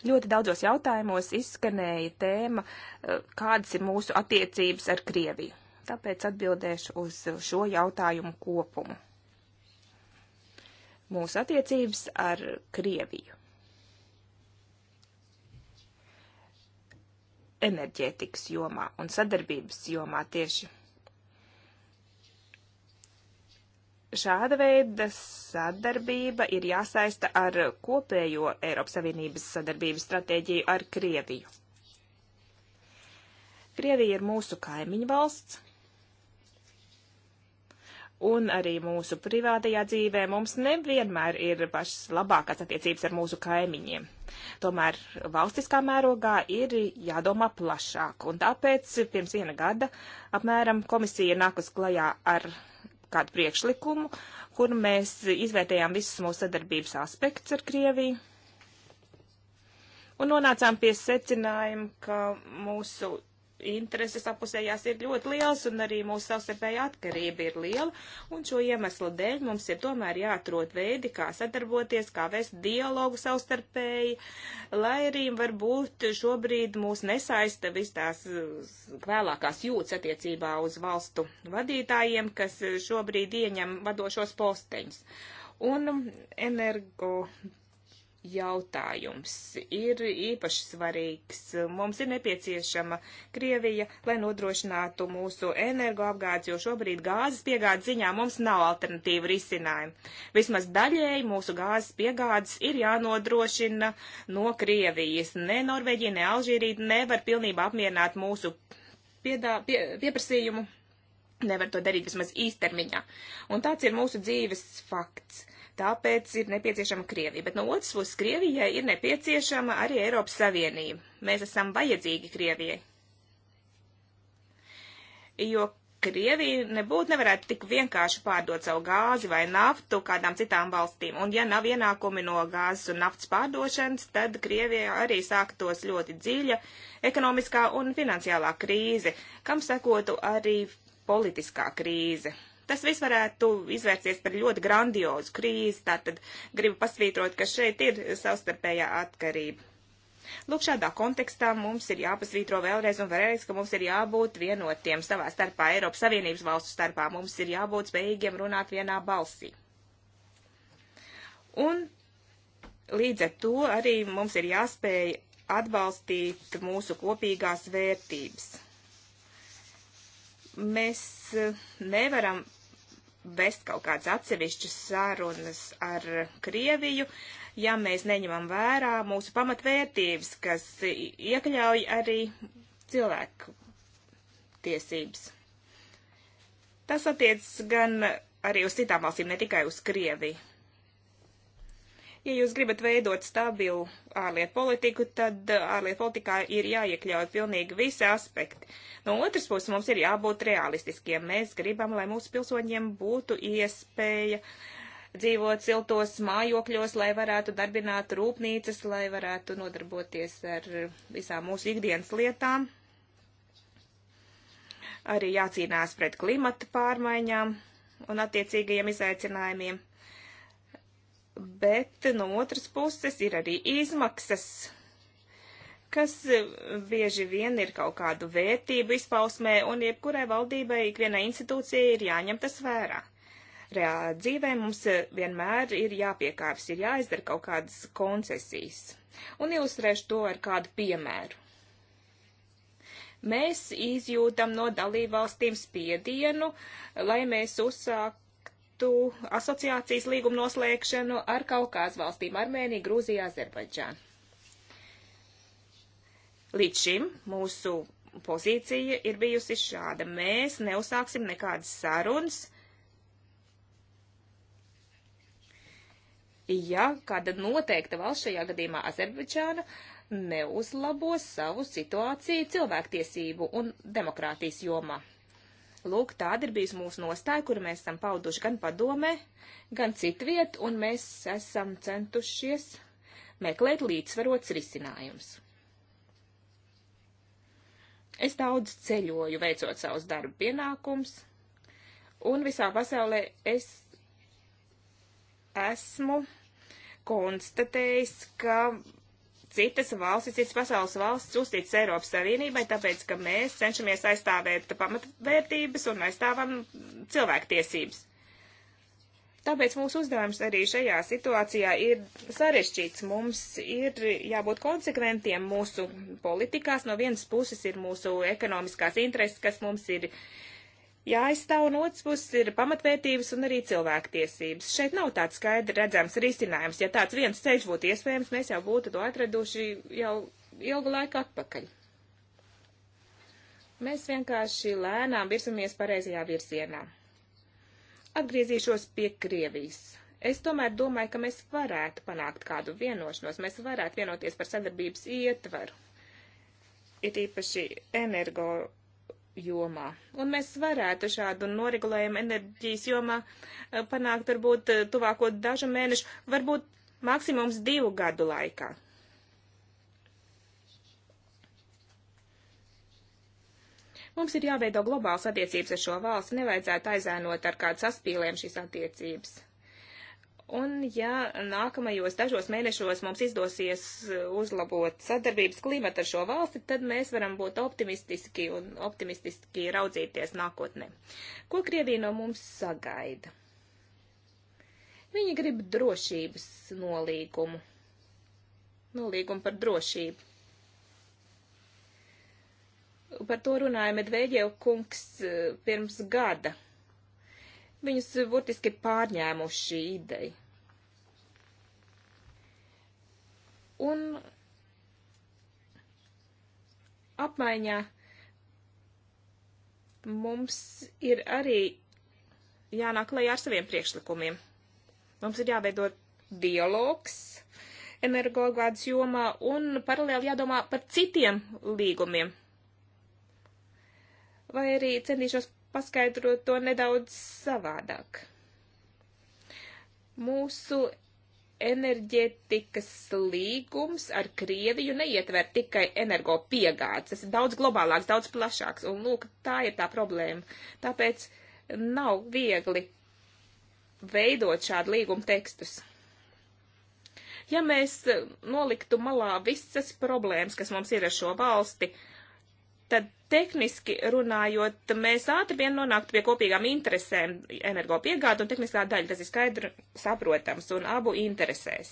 ļoti daudzos jautājumos izskanēja tēma, eh, kādas ir mūsu attiecības ar Krieviju. Tāpēc atbildēšu uz šo jautājumu kopumu. Mūsu attiecības ar Krieviju. enerģētikas jomā un sadarbības jomā tieši. Šāda veida sadarbība ir jāsaista ar kopējo Eiropas Savienības sadarbības stratēģiju ar Krieviju. Krievija ir mūsu kaimiņu valsts, un arī mūsu privātajā dzīvē mums nevienmēr ir pašas labākās attiecības ar mūsu kaimiņiem. Tomēr valstiskā mērogā ir jādomā plašāk, un tāpēc pirms viena gada apmēram komisija nākus klajā ar kādu priekšlikumu, kur mēs izvērtējām visus mūsu sadarbības aspektus ar Krieviju. Un nonācām pie secinājuma, ka mūsu intereses apusējās ir ļoti liels un arī mūsu savstarpēja atkarība ir liela, un šo iemeslu dēļ mums ir tomēr jāatrod veidi, kā sadarboties, kā vēst dialogu savstarpēji, lai arī varbūt šobrīd mūs nesaista vis tās vēlākās jūtas attiecībā uz valstu vadītājiem, kas šobrīd ieņem vadošos posteņus. Un energo jautājums ir īpaši svarīgs. Mums ir nepieciešama Krievija, lai nodrošinātu mūsu energoapgādes, jo šobrīd gāzes piegādes ziņā mums nav alternatīva risinājuma. Vismaz daļēji mūsu gāzes piegādes ir jānodrošina no Krievijas. Ne Norvēģija, ne Alžīrija nevar pilnībā apmierināt mūsu piedā, pie, pieprasījumu. Nevar to darīt vismaz īstermiņā. Un tāds ir mūsu dzīves fakts. Uh, Tāpēc ir nepieciešama Krievija. Bet no otras puses, Krievijai ir nepieciešama arī Eiropas Savienība. Mēs esam vajadzīgi Krievijai. Jo Krievija nebūtu nevarētu tik vienkārši pārdot savu gāzi vai naftu kādām citām valstīm. Un ja nav ienākumi no gāzes un naftas pārdošanas, tad Krievijā arī sāktos ļoti dziļa ekonomiskā un finansiālā krīze, kam sekotu arī politiskā krīze. Tas viss varētu izvērsties par ļoti grandiozu krīzi, tātad gribu pasvītrot, ka šeit ir savstarpējā atkarība. Lūk, šādā kontekstā mums ir jāpasvītro vēlreiz un vēlreiz, ka mums ir jābūt vienotiem savā starpā, Eiropas Savienības valstu starpā. Mums ir jābūt spējīgiem runāt vienā balsī. Un līdz ar to arī mums ir jāspēj atbalstīt mūsu kopīgās vērtības. Mēs nevaram vest kaut kādas atsevišķas sarunas ar Krieviju, ja mēs neņemam vērā mūsu pamatvērtības, kas iekļauj arī cilvēku tiesības. Tas attiec gan arī uz citām valstīm, ne tikai uz Krieviju. Ja jūs gribat veidot stabilu ārlietu politiku, tad eh, ārlietu politikā ir jāiekļauj pilnīgi visi aspekti. No otras puses, mums ir jābūt realistiskiem. Mēs gribam, lai mūsu pilsoņiem būtu iespēja dzīvot siltos mājokļos, lai varētu darbināt rūpnīcas, lai varētu nodarboties ar visām mūsu ikdienas lietām. Arī jācīnās pret klimata pārmaiņām un attiecīgajiem izaicinājumiem bet no otras puses ir arī izmaksas, kas bieži vien ir kaut kādu vērtību izpausmē, un jebkurai valdībai, ikvienai institūcijai ir jāņem tas vērā. Reālā dzīvē mums vienmēr ir jāpiekāpjas, ir jāizdara kaut kādas koncesijas. Un ilustrēšu to ar kādu piemēru. Mēs izjūtam no dalībvalstīm spiedienu, lai mēs uzsāktu citu asociācijas līgumu noslēgšanu ar Kaukās valstīm - Armēniju, Grūziju, Azerbaidžānu. Līdz šim mūsu pozīcija ir bijusi šāda. Mēs neuzsāksim nekādas sarunas. Ja kāda noteikta valsts šajā gadījumā Azerbaidžāna neuzlabos savu situāciju cilvēktiesību un demokrātijas jomā. Lūk, tāda ir bijusi mūsu nostāja, kuru mēs esam pauduši gan padomē, gan citviet, un mēs esam centušies meklēt līdzsvarots risinājums. Es daudz ceļoju, veicot savus darba pienākums, un visā pasaulē es esmu konstatējis, ka citas valstis, citas pasaules valsts uzticas Eiropas Savienībai, tāpēc, ka mēs cenšamies aizstāvēt pamatvērtības un aizstāvam cilvēktiesības. Tāpēc mūsu uzdevums arī šajā situācijā ir sarežģīts. Mums ir jābūt konsekventiem mūsu politikās. No vienas puses ir mūsu ekonomiskās intereses, kas mums ir jāaizstāv, un otrs puses ir pamatvērtības un arī cilvēktiesības. Šeit nav tāds skaidri redzams risinājums. Ja tāds viens ceļš būtu iespējams, mēs jau būtu to atraduši jau ilgu laiku atpakaļ. Mēs vienkārši lēnām virsamies pareizajā virzienā. Atgriezīšos pie Krievijas. Es tomēr domāju, ka mēs varētu panākt kādu vienošanos, mēs varētu vienoties par sadarbības ietvaru. Ir īpaši energo jomā. Un mēs varētu šādu noregulējumu enerģijas jomā eh, panākt varbūt eh, tuvāko dažu mēnešu, varbūt maksimums divu gadu laikā. Mums ir jāveido globāls attiecības ar šo valsti, nevajadzētu aizēnot ar kādu saspīlēm šīs attiecības. Un ja nākamajos dažos mēnešos mums izdosies uh, uzlabot sadarbības klimatu ar šo valsti, tad mēs varam būt optimistiski un optimistiski raudzīties nākotnē. Ko Krievija no mums sagaida? Viņi grib drošības nolīgumu. Nolīgumu par drošību. Par to runāja Medveģev kungs uh, pirms gada Viņus burtiski pārņēmuši šī ideja. Un apmaiņā mums ir arī jānāk lejā ar saviem priekšlikumiem. Mums ir jāveido dialogs energoapgādes jomā un paralēli jādomā par citiem līgumiem. Vai arī centīšos paskaidrot to nedaudz savādāk. Mūsu enerģētikas līgums ar Krieviju neietver tikai energo piegādes. Tas ir daudz globālāks, daudz plašāks. Un lūk, tā ir tā problēma. Tāpēc nav viegli veidot šādu līgumu tekstus. Ja mēs noliktu malā visas problēmas, kas mums ir ar šo valsti, uh, tad tehniski runājot, mēs ātri vien nonāktu pie kopīgām interesēm energopiegāda un tehniskā daļa, tas ir skaidri saprotams un abu interesēs.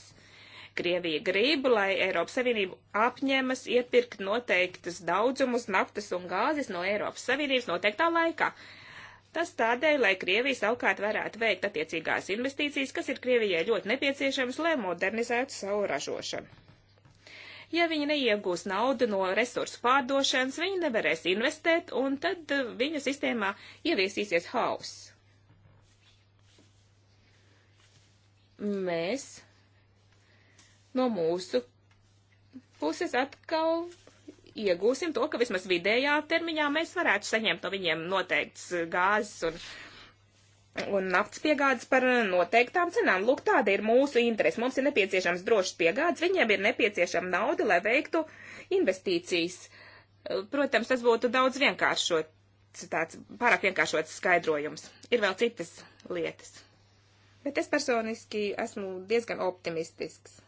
Krievija grib, lai Eiropas Savienība apņemas iepirkt noteiktas daudzumus naftas un gāzes no Eiropas Savienības noteiktā laikā. Tas tādēļ, lai Krievija savukārt varētu veikt attiecīgās investīcijas, kas ir Krievijai ļoti nepieciešams, lai modernizētu savu ražošanu. Ja viņi neiegūs naudu no resursu pārdošanas, viņi nevarēs investēt, un tad uh, viņu sistēmā ieviesīsies hauss. Mēs no mūsu puses atkal iegūsim to, ka vismaz vidējā termiņā mēs varētu saņemt no viņiem noteikts uh, gāzes un un naftas piegādes par noteiktām cenām. Lūk, tāda ir mūsu interese. Mums ir nepieciešams drošs piegādes, viņiem ir nepieciešama nauda, lai veiktu investīcijas. Protams, tas būtu daudz vienkāršots, tāds pārāk vienkāršots skaidrojums. Ir vēl citas lietas. Bet es personiski esmu diezgan optimistisks.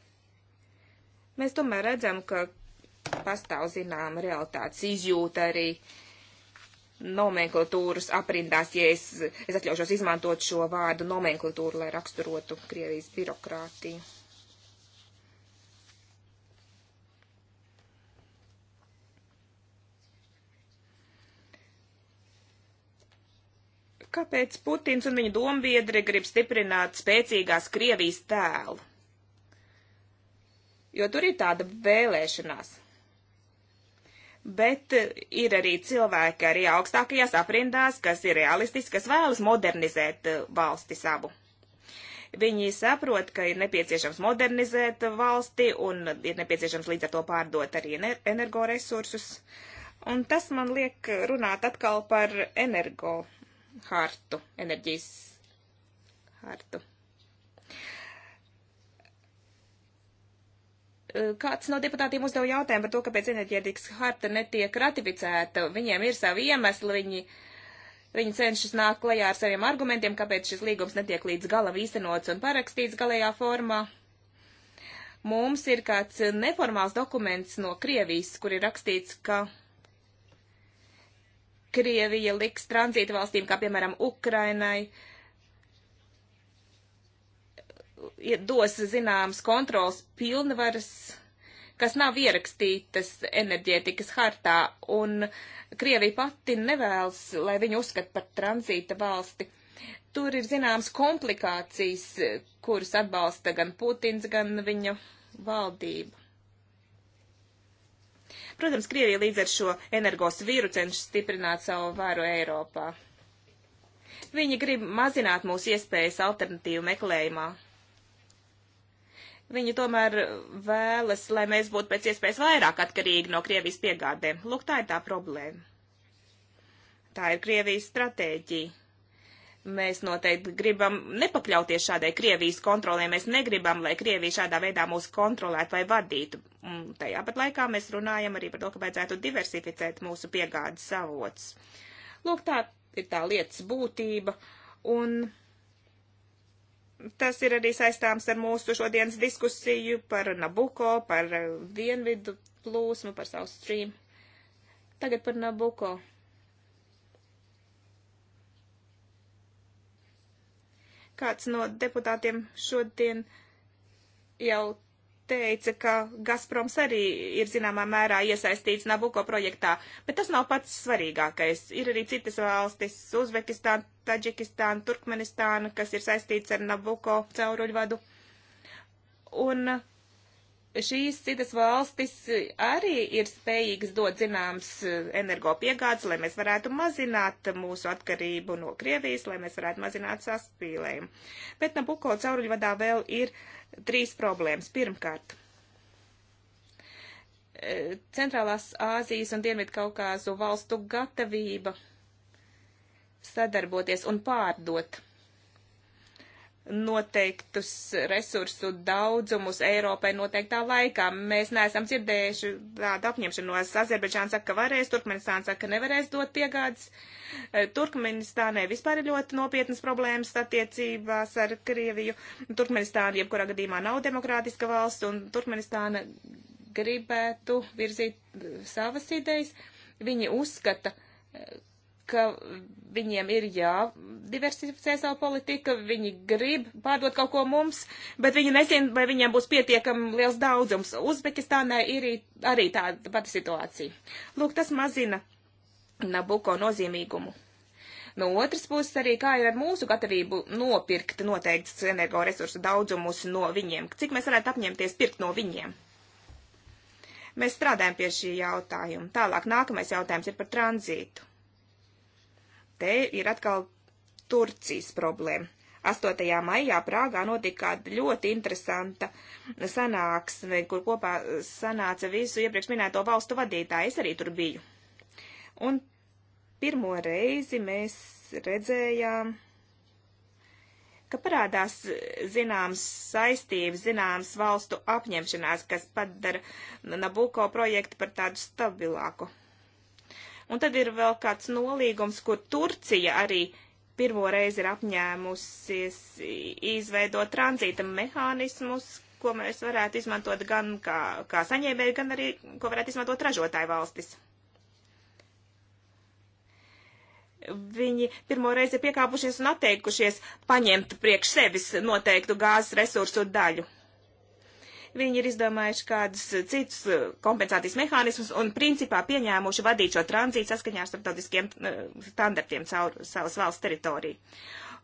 Mēs tomēr redzam, ka pastāv zināma realitātes izjūta arī uh, nomenklatūras aprindās, ja es, es atļaušos izmantot šo vārdu nomenklatūru, lai raksturotu Krievijas birokrātiju. Kāpēc Putins un viņa dombiedri grib stiprināt spēcīgās Krievijas tēlu? Jo tur ir tāda vēlēšanās bet eh, ir arī cilvēki arī augstākajās aprindās, kas ir realistiski, kas vēlas modernizēt eh, valsti savu. Viņi saprot, ka ir nepieciešams modernizēt valsti un ir nepieciešams līdz ar to pārdot arī energoresursus. Un tas man liek runāt atkal par energo hartu, enerģijas hartu. Eh, kāds no deputātiem uzdeva jautājumu par to, kāpēc enerģētikas harta netiek ratificēta. Viņiem ir savi iemesli, viņi, viņi cenšas nākt klajā ar saviem argumentiem, kāpēc šis līgums netiek līdz galam īstenots un parakstīts galējā formā. Mums ir kāds neformāls dokuments no Krievijas, kur ir rakstīts, ka Krievija liks tranzītu valstīm, kā piemēram Ukrainai, uh, dos zināmas kontrols pilnvaras, kas nav ierakstītas enerģētikas hartā, un Krievija pati nevēlas, lai viņu uzskat par tranzīta valsti tur ir zināmas komplikācijas, kuras atbalsta gan Putins, gan viņa valdība. Protams, Krievija līdz ar šo energos vīru cenšas stiprināt savu varu Eiropā. Viņi grib mazināt mūsu iespējas alternatīvu meklējumā. Viņi tomēr vēlas, lai mēs būtu pēc iespējas vairāk atkarīgi no Krievijas piegādēm. Lūk, tā ir tā problēma. Tā ir Krievijas stratēģija. Mēs noteikti gribam nepakļauties šādai Krievijas kontrolē. Mēs negribam, lai Krievija šādā veidā mūs kontrolētu vai vadītu. Un tajā pat laikā mēs runājam arī par to, ka vajadzētu diversificēt mūsu piegādes avots. Lūk, tā ir tā lietas būtība. Un tas ir arī saistāms ar mūsu šodienas diskusiju par Nabuko, par dienvidu plūsmu, par South Stream. Tagad par Nabuko. Kāds no deputātiem šodien jau teica, ka Gazproms arī ir zināmā mērā iesaistīts Nabuko projektā, bet tas nav pats svarīgākais. Ir arī citas valstis - Uzbekistāna, Taģikistāna, Turkmenistāna, kas ir saistīts ar Nabuko cauruļvadu. Un šīs citas valstis arī ir spējīgas dot zināms eh, energopiegādes, lai mēs varētu mazināt mūsu atkarību no Krievijas, lai mēs varētu mazināt saspīlējumu. Bet Nabuko cauruļvadā vēl ir trīs problēmas. Pirmkārt, eh, Centrālās Āzijas un Dienvidkaukāzu valstu gatavība sadarboties un pārdot noteiktus resursu daudzumus Eiropai noteiktā laikā. Mēs neesam dzirdējuši tādu apņemšanos. Azerbaidžāns saka, ka varēs, Turkmenistāns saka, ka nevarēs dot piegādes. Eh, Turkmenistānai vispār ir ļoti nopietnas problēmas attiecībās ar Krieviju. Turkmenistāna jebkurā gadījumā nav demokrātiska valsts, un Turkmenistāna gribētu virzīt eh, savas idejas. Viņi uzskata, eh, ka viņiem ir jādiversificē savu politiku, viņi grib pārdot kaut ko mums, bet viņi nezin, vai viņiem būs pietiekami liels daudzums. Uzbekistānai ir arī tāda pati situācija. Lūk, tas mazina Nabuko nozīmīgumu. No otras puses, arī kā ir ar mūsu gatavību nopirkt noteikts energoresursu daudzumus no viņiem, cik mēs varētu apņemties pirkt no viņiem. Mēs strādājam pie šī jautājuma. Tālāk nākamais jautājums ir par tranzītu te ir atkal Turcijas problēma. 8. maijā Prāgā notika kāda ļoti interesanta sanāksme, kur kopā sanāca visu iepriekš minēto valstu vadītāji. Es arī tur biju. Un pirmo reizi mēs redzējām, ka parādās zināms saistības, zināms valstu apņemšanās, kas padara Nabuko projektu par tādu stabilāku. Un tad ir vēl kāds nolīgums, kur Turcija arī pirmo reizi ir apņēmusies izveidot tranzīta mehānismus, ko mēs varētu izmantot gan kā, kā saņēmēji, gan arī, ko varētu izmantot ražotāju valstis. Viņi pirmo reizi ir piekāpušies un atteikušies paņemt priekš sevis noteiktu gāzes resursu daļu. Viņi ir izdomājuši kādus eh, citus eh, kompensācijas mehānismus un principā pieņēmuši vadīt šo tranzītu saskaņā ar starptautiskiem eh, standartiem caur savas valsts teritoriju.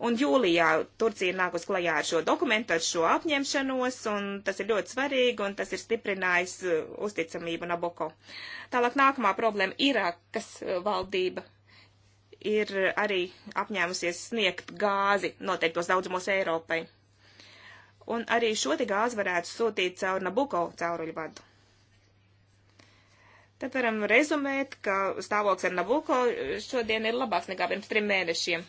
Un jūlijā Turcija nāk uz klajā ar šo dokumentu, ar šo apņemšanos, un tas ir ļoti svarīgi, un tas ir stiprinājis uzticamību Naboko. Tālāk nākamā problēma - Irākas valdība ir arī apņēmusies sniegt gāzi noteiktos daudzumos Eiropai un arī šo te gāzi varētu sūtīt caur Nabuko cauruļvadu. Tad varam rezumēt, ka stāvoklis ar Nabuko šodien ir labāks nekā pirms trim mēnešiem.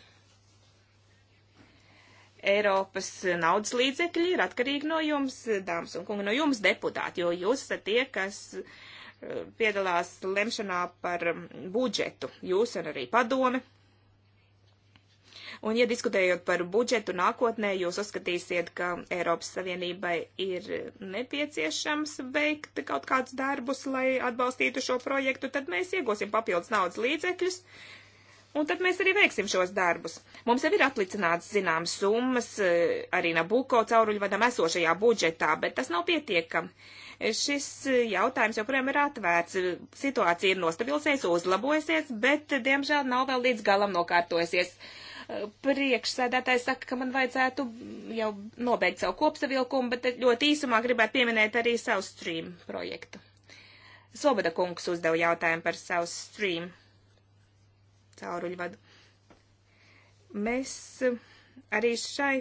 Eiropas naudas līdzekļi ir atkarīgi no jums, dāmas un kungi, no jums deputāti, jo jūs esat tie, kas eh, piedalās lemšanā par budžetu. Jūs un arī padome. Un, ja diskutējot par budžetu nākotnē, jūs uzskatīsiet, ka Eiropas Savienībai ir nepieciešams veikt kaut kādus darbus, lai atbalstītu šo projektu, tad mēs iegūsim papildus naudas līdzekļus. Un tad mēs arī veiksim šos darbus. Mums jau ir atlicināts zināmas summas eh, arī Nabuko cauruļvadam esošajā budžetā, bet tas nav pietiekami. Šis jautājums joprojām ir atvērts. Situācija ir nostabilisies, uzlabojusies, bet, diemžēl, nav vēl līdz galam nokārtojusies. Uh, Priekšsēdētājs saka, ka man vajadzētu jau nobeigt savu kopsavilkumu, bet ļoti īsumā gribētu pieminēt arī South Stream projektu. Svoboda kungs uzdeva jautājumu par South Stream cauruļvadu. Mēs arī šai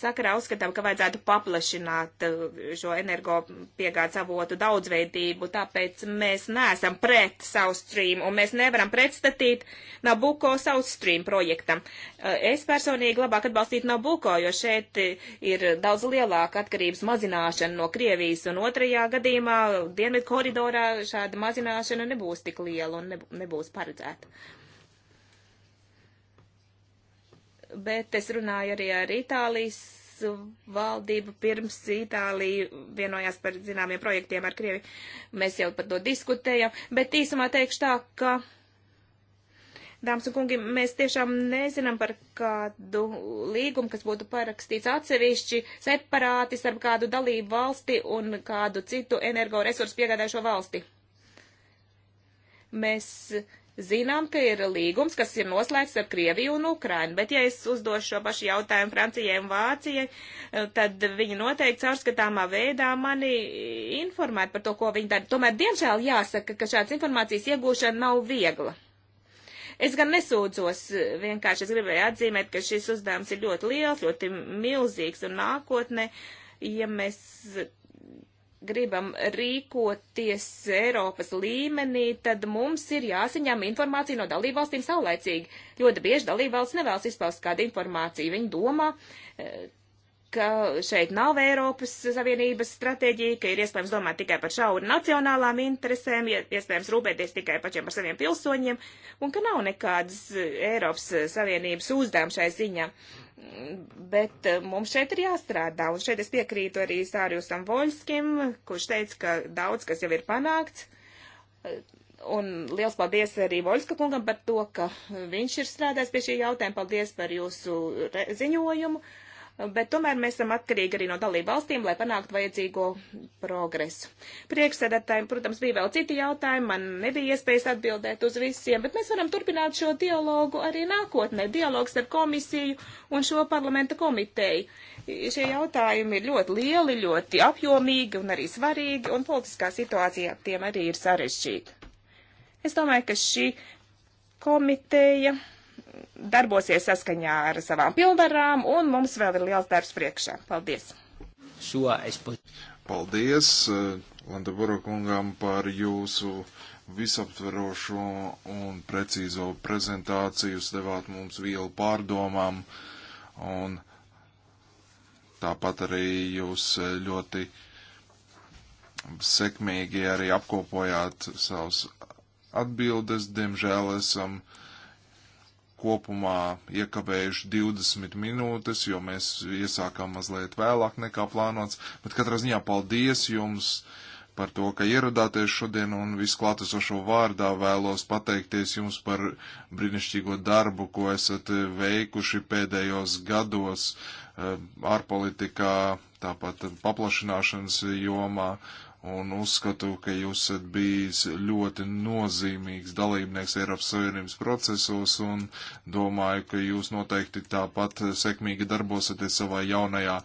sakarā uzskatām, ka vajadzētu paplašināt eh, šo energopiegādes avotu daudzveidību, tāpēc mēs neesam pret South Stream un mēs nevaram pretstatīt Nabuko South Stream projektam. Eh, es personīgi labāk atbalstītu Nabuko, jo šeit ir daudz lielāka atkarības mazināšana no Krievijas un otrajā gadījumā Dienvidu koridorā šāda mazināšana nebūs tik liela un nebūs paredzēta. bet es runāju arī ar Itālijas valdību pirms Itālija vienojās par zināmiem projektiem ar Krieviju. Mēs jau par to diskutējam, bet īsumā teikšu tā, ka, dāmas un kungi, mēs tiešām nezinām par kādu līgumu, kas būtu parakstīts atsevišķi separāti starp kādu dalību valsti un kādu citu energoresursu piegādājušo valsti. Mēs uh, Zinām, ka ir līgums, kas ir noslēgts ar Krieviju un Ukrainu, bet ja es uzdošu šo pašu jautājumu Francijai un Vācijai, eh, tad viņi noteikti caurskatāmā veidā mani informētu par to, ko viņi dara. Tomēr, diemžēl, jāsaka, ka šāds informācijas iegūšana nav viegla. Es gan nesūdzos, vienkārši es gribēju atzīmēt, ka šis uzdevums ir ļoti liels, ļoti milzīgs un nākotne, ja mēs gribam rīkoties Eiropas līmenī, tad mums ir jāsaņem informācija no dalībvalstīm saulēcīgi. Ļoti bieži dalībvalsts nevēlas izpaust kādu informāciju. Viņi domā, eh, ka šeit nav Eiropas Savienības stratēģija, ka ir iespējams domāt tikai par šauri nacionālām interesēm, iespējams rūpēties tikai pašiem par saviem pilsoņiem, un ka nav nekādas Eiropas Savienības uzdevuma šai ziņā. Bet eh, mums šeit ir jāstrādā, un šeit es piekrītu arī Sāriusam Voļskim, kurš teica, ka daudz kas jau ir panākts. Un liels paldies arī Voļska kungam par to, ka viņš ir strādājis pie šī jautājuma. Paldies par jūsu ziņojumu. Uh, bet tomēr mēs esam atkarīgi arī no dalību valstīm, lai panāktu vajadzīgo progresu. Priekšsēdētājiem, protams, bija vēl citi jautājumi, man nebija iespējas atbildēt uz visiem, bet mēs varam turpināt šo dialogu arī nākotnē, dialogs ar komisiju un šo parlamenta komiteju. Šie jautājumi ir ļoti lieli, ļoti apjomīgi un arī svarīgi, un politiskā situācijā tiem arī ir sarežģīti. Es domāju, ka šī komiteja darbosies saskaņā ar savām pilnvarām, un mums vēl ir liels darbs priekšā. Paldies! Paldies eh, Landaburo kungam par jūsu visaptverošo un precīzo prezentāciju. Jūs devāt mums vielu pārdomām, un tāpat arī jūs eh, ļoti sekmīgi arī apkopojāt savus atbildes. Diemžēl esam. Um, kopumā iekavējuši 20 minūtes, jo mēs iesākām mazliet vēlāk nekā plānots. Bet katrā ziņā paldies jums par to, ka ieradāties šodien un visklātesošo vārdā vēlos pateikties jums par brīnišķīgo darbu, ko esat veikuši pēdējos gados eh, ārpolitikā, tāpat paplašināšanas jomā un uzskatu, ka jūs esat bijis ļoti nozīmīgs dalībnieks Eiropas Savienības procesos un domāju, ka jūs noteikti tāpat sekmīgi darbosieties savā jaunajā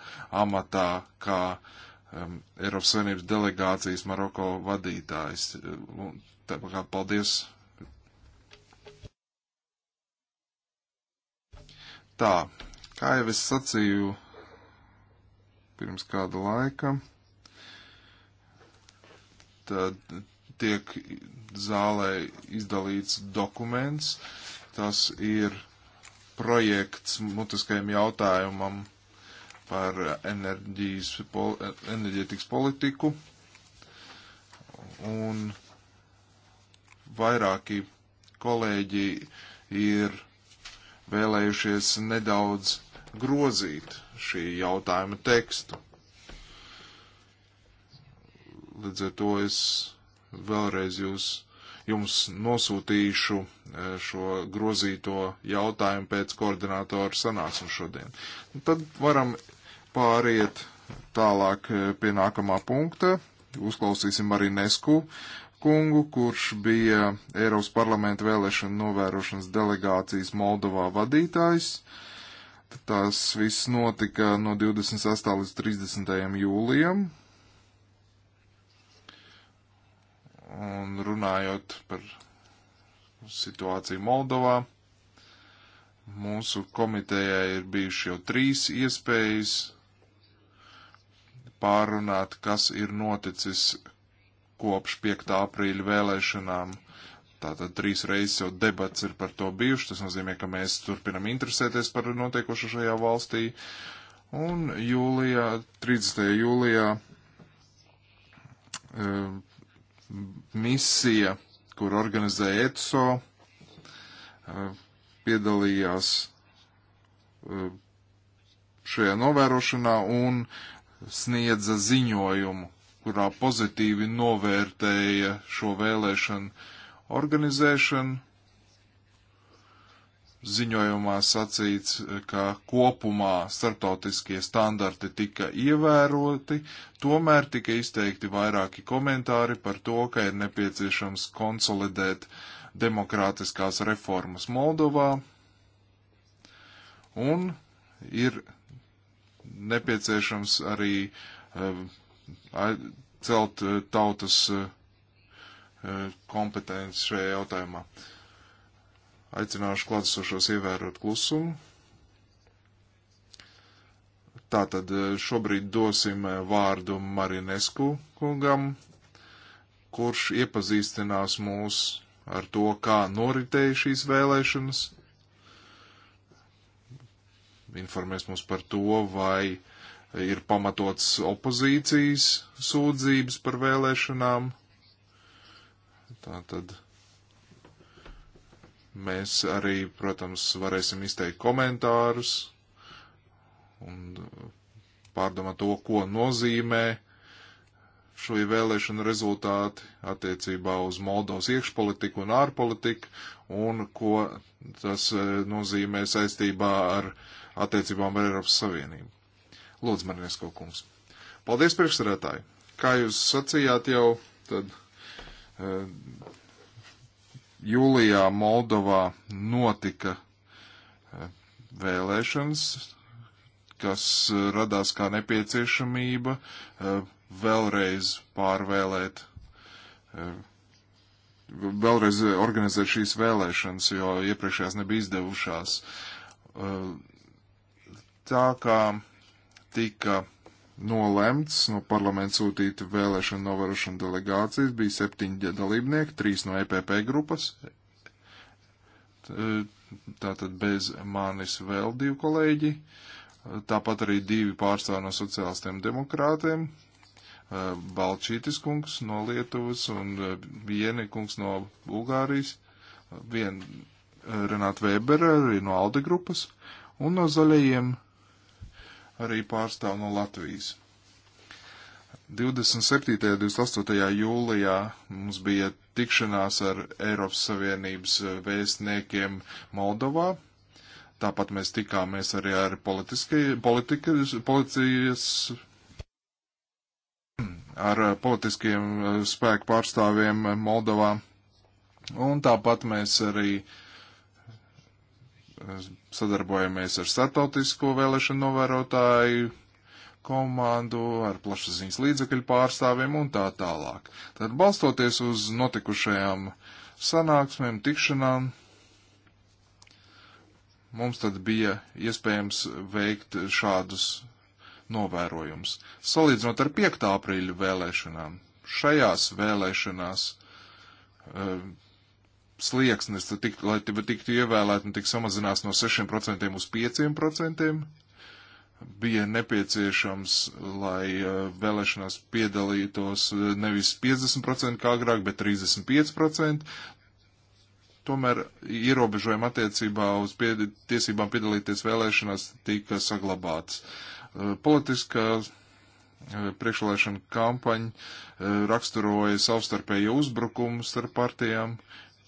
amatā, kā um, Eiropas Savienības delegācijas Maroko vadītājs. Tāpēc paldies. Tā, kā jau es sacīju pirms kāda laika. Tad tiek zālē izdalīts dokuments. Tas ir projekts mutiskajam jautājumam par enerģijas, pol, enerģētikas politiku. Un vairāki kolēģi ir vēlējušies nedaudz grozīt šī jautājuma tekstu. Līdz ar to es vēlreiz jūs, jums nosūtīšu e, šo grozīto jautājumu pēc koordinātoru sanāksmu šodien. Nu, tad varam pāriet tālāk e, pie nākamā punkta. Uzklausīsim arī Nesku kungu, kurš bija Eiropas parlamenta vēlēšana novērošanas delegācijas Moldovā vadītājs. Tas viss notika no 28. līdz 30. jūlijam Un runājot par situāciju Moldovā, mūsu komitejā ir bijuši jau trīs iespējas pārunāt, kas ir noticis kopš 5. aprīļa vēlēšanām. Tātad trīs reizes jau debats ir par to bijuši, tas nozīmē, ka mēs turpinam interesēties par notiekošo šajā valstī. Un jūlijā, 30. jūlijā, um, misija, kur organizēja ETSO, eh, piedalījās eh, šajā novērošanā un sniedza ziņojumu, kurā pozitīvi novērtēja šo vēlēšanu organizēšanu ziņojumā sacīts, ka kopumā starptautiskie standarti tika ievēroti, tomēr tika izteikti vairāki komentāri par to, ka ir nepieciešams konsolidēt demokrātiskās reformas Moldovā un ir nepieciešams arī uh, celt eh, tautas uh, kompetenci šajā jautājumā. Uh, Aicināšu klātesošos ievērot klusumu. Tātad eh, šobrīd dosim eh, vārdu Marinesku kungam, kurš iepazīstinās mūs ar to, kā noritēja šīs vēlēšanas, informēs mūs par to, vai ir pamatots opozīcijas sūdzības par vēlēšanām. Tātad Mēs arī, protams, varēsim izteikt komentārus un pārdomāt to, ko nozīmē šo vēlēšanu rezultāti attiecībā uz Moldovas iekšpolitiku un ārpolitiku un ko tas e, nozīmē saistībā ar attiecībām ar Eiropas Savienību. Lūdzu, Marinesko kungs. Paldies, priekšsarētāji! Kā jūs sacījāt jau, tad. Uh, Jūlijā Moldovā notika eh, vēlēšanas, kas eh, radās kā nepieciešamība eh, vēlreiz pārvēlēt, vēlreiz organizēt šīs vēlēšanas, jo iepriekšējās nebija izdevušās. Tā kā tika nolemts no parlamenta sūtīt vēlēšanu novērošanu delegācijas. Bija septiņi dalībnieki, trīs no EPP grupas. Tātad bez manis vēl divi kolēģi. Tāpat arī divi pārstāvi no sociālistiem demokrātiem. Balčītis kungs no Lietuvas un Vieni kungs no Bulgārijas. Vien Renāta Vēbera arī no Alde grupas. Un no zaļajiem arī pārstāv no Latvijas. 27. un 28. jūlijā mums bija tikšanās ar Eiropas Savienības eh, vēstniekiem Moldovā. Tāpat mēs tikāmies arī ar politikas, policijas, ar eh, politiskiem eh, spēku pārstāvjiem Moldovā. Un tāpat mēs arī uh, sadarbojamies ar startautisko vēlēšanu novērotāju komandu, ar plašsaziņas līdzekļu pārstāvjiem un tā tālāk. Tad balstoties uz notikušajām sanāksmēm, tikšanām, mums tad bija iespējams veikt šādus novērojumus. Salīdzinot ar 5. aprīļa vēlēšanām, šajās vēlēšanās eh, slieksnis, tik, lai tiktu ievēlēti, tika samazinās no 6% uz 5%. Bija nepieciešams, lai uh, vēlēšanās piedalītos uh, nevis 50% kā agrāk, bet 35%. Tomēr ierobežojumi attiecībā uz pie, tiesībām piedalīties vēlēšanās tika saglabāts. Uh, Politiskā priekšvēlēšana kampaņa raksturoja savstarpēju uzbrukumu starp partijām,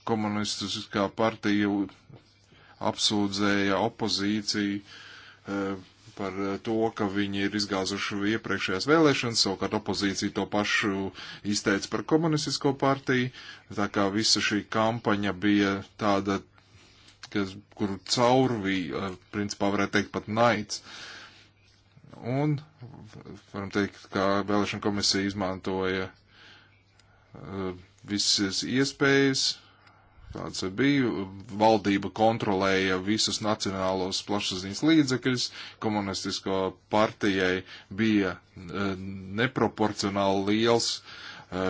komunistiskā partija apsūdzēja opozīciju eh, par to, ka viņi ir izgāzuši iepriekšējās vēlēšanas, savukārt opozīcija to pašu izteica par komunistisko partiju. Tā kā visa šī kampaņa bija tāda, kas, kuru caurvīja, principā varētu teikt pat naids. Un varam teikt, ka vēlēšana komisija izmantoja uh, visas iespējas, tāds bija. Valdība kontrolēja visus nacionālos plašsaziņas līdzekļus, komunistisko partijai bija e, neproporcionāli liels e,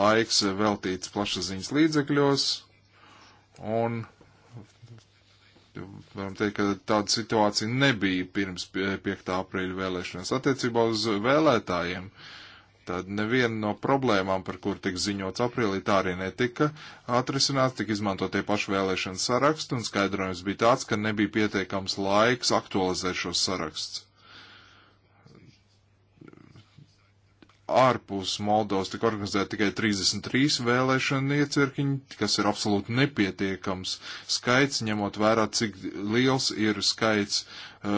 laiks veltīts plašsaziņas līdzekļos, un varam teikt, ka tāda situācija nebija pirms 5. aprīļa vēlēšanas attiecībā uz vēlētājiem. Uh, Tad neviena no problēmām, par kur tika ziņots aprīlī, tā arī netika atrisināta, tika izmantot tie paši vēlēšanu saraksti, un skaidrojums bija tāds, ka nebija pietiekams laiks aktualizēt šos sarakstus. Ārpus Moldovas tika organizēta tikai 33 vēlēšana iecirkņi, kas ir absolūti nepietiekams skaits, ņemot vērā, cik liels ir skaits uh,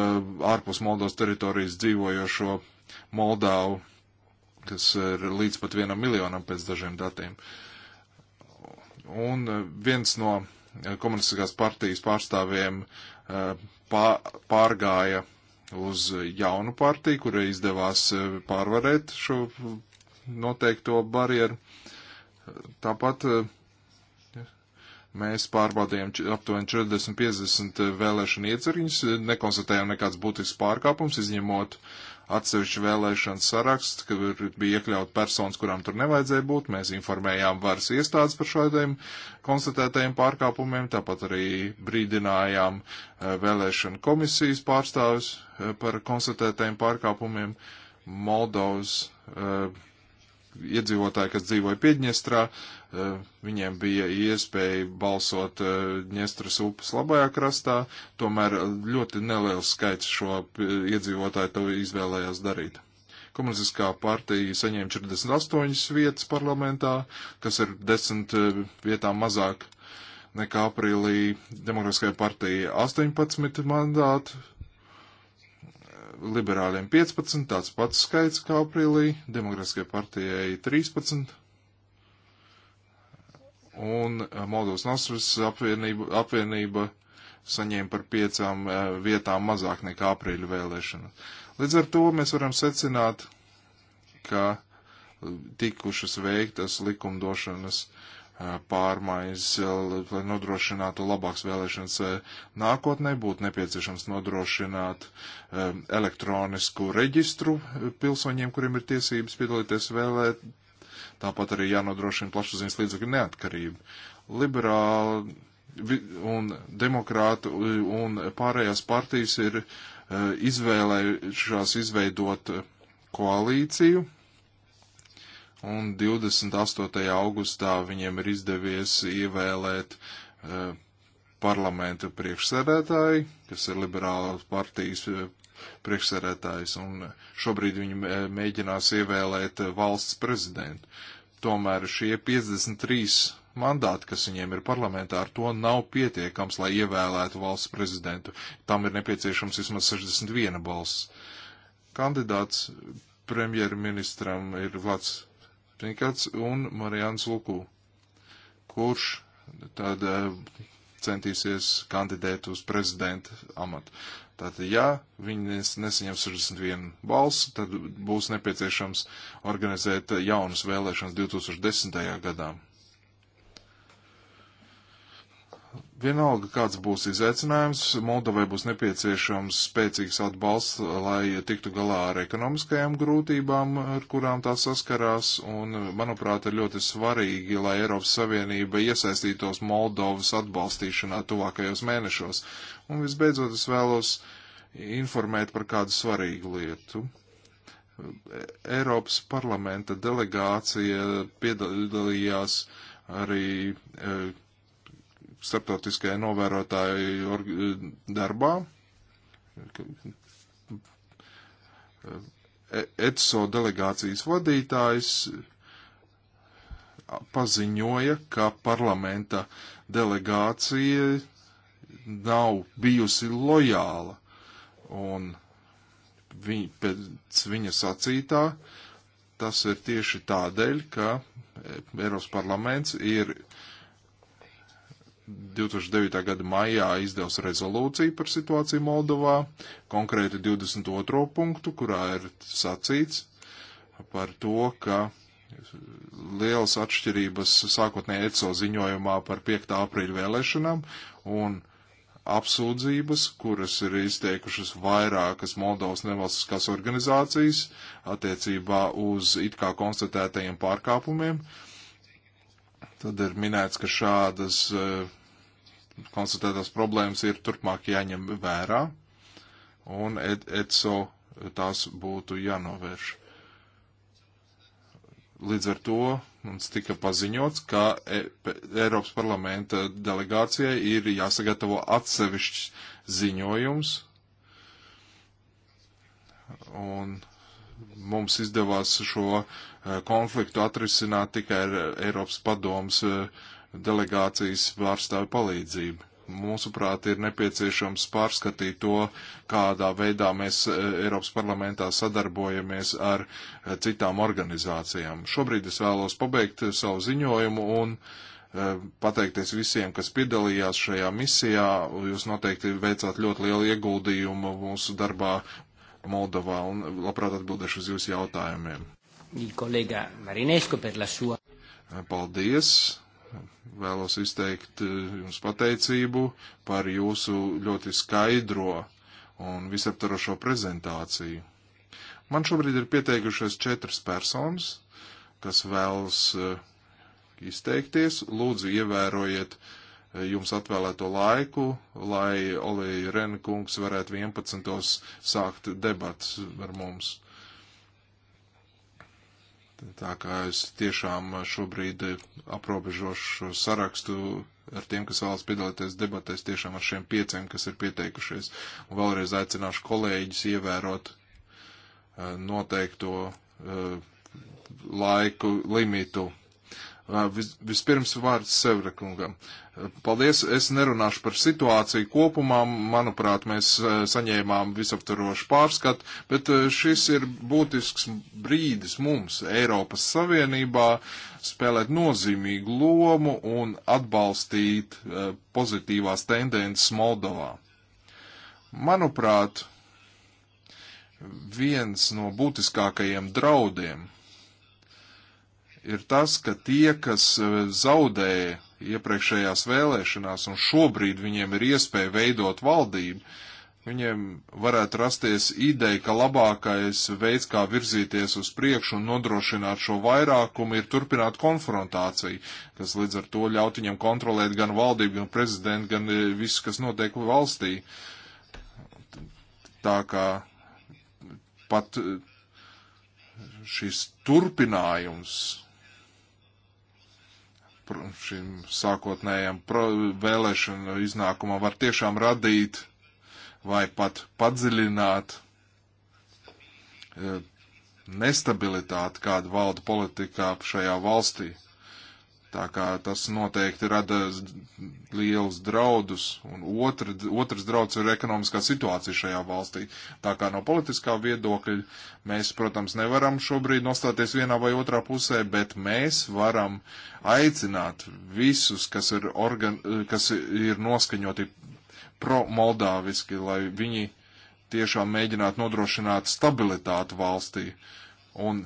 ārpus Moldovas teritorijas dzīvojošo Moldāvu kas ir līdz pat vienam miljonam pēc dažiem datiem. Un eh, viens no eh, komunistiskās partijas pārstāvjiem eh, pārgāja uz jaunu partiju, kurai izdevās pārvarēt šo noteikto barjeru. Tāpat mēs pārbaudījām aptuveni 40-50 vēlēšanu ieceriņus, nekonstatējām nekāds būtisks pārkāpums, izņemot uh, atsevišķu vēlēšanu saraksts, kur bija iekļaut personas, kurām tur nevajadzēja būt. Mēs informējām varas iestādes par šādiem konstatētajiem pārkāpumiem, tāpat arī brīdinājām eh, vēlēšanu komisijas pārstāvis eh, par konstatētajiem pārkāpumiem. Moldovas uh, iedzīvotāji, kas dzīvoja Piedņestrā, eh, viņiem bija iespēja balsot eh, Dņestras upes labajā krastā, tomēr ļoti neliels skaits šo eh, iedzīvotāju to izvēlējās darīt. Komunistiskā partija saņēma 48 vietas parlamentā, kas ir 10 vietām mazāk nekā aprīlī. Demokrātiskajā partija 18 mandātu, liberāļiem 15, tāds pats skaits kā aprīlī, demokrātiskajai partijai 13, un eh, Moldovas Nasras apvienība, apvienība saņēma par piecām eh, vietām mazāk nekā aprīļa vēlēšana. Līdz ar to mēs varam secināt, ka eh, tikušas veiktas likumdošanas uh, pārmaiņas, eh, lai nodrošinātu labāks vēlēšanas eh, nākotnē, būtu nepieciešams nodrošināt eh, elektronisku reģistru pilsoņiem, kuriem ir tiesības piedalīties vēlēt. Tāpat arī jānodrošina plašsaziņas līdzekļu neatkarību. Liberāli un demokrāti un pārējās partijas ir izvēlējušās izveidot koalīciju un 28. augustā viņiem ir izdevies ievēlēt uh, eh, parlamentu priekšsēdētāju, kas ir liberālās partijas eh, priekšsēdētājs, un šobrīd viņi mēģinās ievēlēt eh, valsts prezidentu. Tomēr šie 53 mandāti, kas viņiem ir parlamentā, ar to nav pietiekams, lai ievēlētu valsts prezidentu. Tam ir nepieciešams vismaz 61 balss. Kandidāts premjerministram ir Vlads Pinkats un Marijāns Luku, kurš tad eh, centīsies kandidēt uz prezidenta amatu. Tātad, ja viņi nesaņem 61 balsu, tad būs nepieciešams organizēt jaunas vēlēšanas 2010. gadā. Vienalga, kāds būs izaicinājums, Moldovai būs nepieciešams spēcīgs atbalsts, lai tiktu galā ar ekonomiskajām grūtībām, ar kurām tā saskarās, un, manuprāt, ir ļoti svarīgi, lai Eiropas Savienība iesaistītos Moldovas atbalstīšanā tuvākajos mēnešos. Un visbeidzot, es vēlos informēt par kādu svarīgu lietu. Eiropas parlamenta delegācija piedalījās arī. E, starptautiskajā novērotāju eh, darbā. E, ETSO delegācijas vadītājs paziņoja, ka parlamenta delegācija nav bijusi lojāla. Un viņ, pēc viņa sacītā tas ir tieši tādēļ, ka Eiropas parlaments ir 2009. gada maijā izdevusi rezolūciju par situāciju Moldovā, konkrēti 22. punktu, kurā ir sacīts par to, ka lielas atšķirības sākotnēji ECO ziņojumā par 5. aprīļa vēlēšanām un apsūdzības, kuras ir izteikušas vairākas Moldovas nevalstiskās organizācijas attiecībā uz it kā konstatētajiem pārkāpumiem. Tad ir minēts, ka šādas uh, konstatētās problēmas ir turpmāk jāņem vērā, un ECO tās būtu jānovērš. Līdz ar to mums tika paziņots, ka e Eiropas parlamenta delegācijai ir jāsagatavo atsevišķs ziņojums, un mums izdevās šo e, konfliktu atrisināt tikai ar Eiropas padomus e, delegācijas pārstāvi palīdzību. Mūsuprāt, ir nepieciešams pārskatīt to, kādā veidā mēs e, Eiropas parlamentā sadarbojamies ar e, citām organizācijām. Šobrīd es vēlos pabeigt savu ziņojumu un e, pateikties visiem, kas piedalījās šajā misijā. Jūs noteikti veicāt ļoti lielu ieguldījumu mūsu darbā Moldovā un labprāt atbildēšu uz jūsu jautājumiem. Kolēģa Marinesko par la sua. Paldies vēlos izteikt eh, jums pateicību par jūsu ļoti skaidro un visaptarošo prezentāciju. Man šobrīd ir pieteikušies četras personas, kas vēlas eh, izteikties. Lūdzu, ievērojiet eh, jums atvēlēto laiku, lai Olija Renkungs varētu 11. sākt debats ar mums. Tā kā es tiešām šobrīd aprobežošu sarakstu ar tiem, kas vēlas piedalīties debatēs, tiešām ar šiem pieciem, kas ir pieteikušies. Un vēlreiz aicināšu kolēģis ievērot eh, noteikto eh, laiku limitu Vis, vispirms vārds Sevra kungam. Paldies, es nerunāšu par situāciju kopumā, manuprāt, mēs saņēmām visaptarošu pārskatu, bet šis ir būtisks brīdis mums Eiropas Savienībā spēlēt nozīmīgu lomu un atbalstīt pozitīvās tendences Moldovā. Manuprāt, viens no būtiskākajiem draudiem ir tas, ka tie, kas e, zaudēja iepriekšējās vēlēšanās un šobrīd viņiem ir iespēja veidot valdību, viņiem varētu rasties ideja, ka labākais veids, kā virzīties uz priekšu un nodrošināt šo vairākumu, ir turpināt konfrontāciju, kas līdz ar to ļaut viņam kontrolēt gan valdību, gan prezidentu, gan e, visu, kas notiek valstī. Tā kā pat e, šis turpinājums šim sākotnējam vēlēšanu iznākumam var tiešām radīt vai pat padziļināt eh, nestabilitāti, kāda valda politikā šajā valstī. Tā kā tas noteikti rada liels draudus, un otra, otrs drauds ir ekonomiskā situācija šajā valstī. Tā kā no politiskā viedokļa mēs, protams, nevaram šobrīd nostāties vienā vai otrā pusē, bet mēs varam aicināt visus, kas ir, organ, kas ir noskaņoti pro-moldāviski, lai viņi tiešām mēģinātu nodrošināt stabilitātu valstī un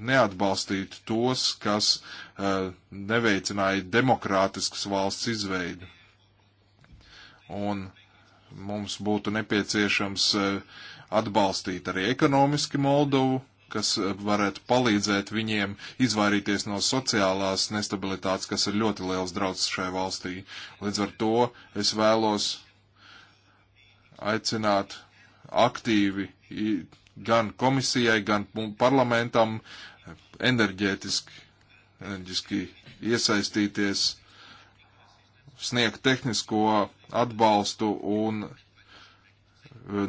neatbalstītu tos, kas uh, neveicināja demokrātiskas valsts izveidi. Un mums būtu nepieciešams uh, atbalstīt arī ekonomiski Moldovu, kas eh, varētu palīdzēt viņiem izvairīties no sociālās nestabilitātes, kas ir ļoti liels draudz šai valstī. Līdz ar to es vēlos aicināt aktīvi gan komisijai, gan parlamentam enerģētiski, enerģiski iesaistīties, sniegt tehnisko atbalstu un e,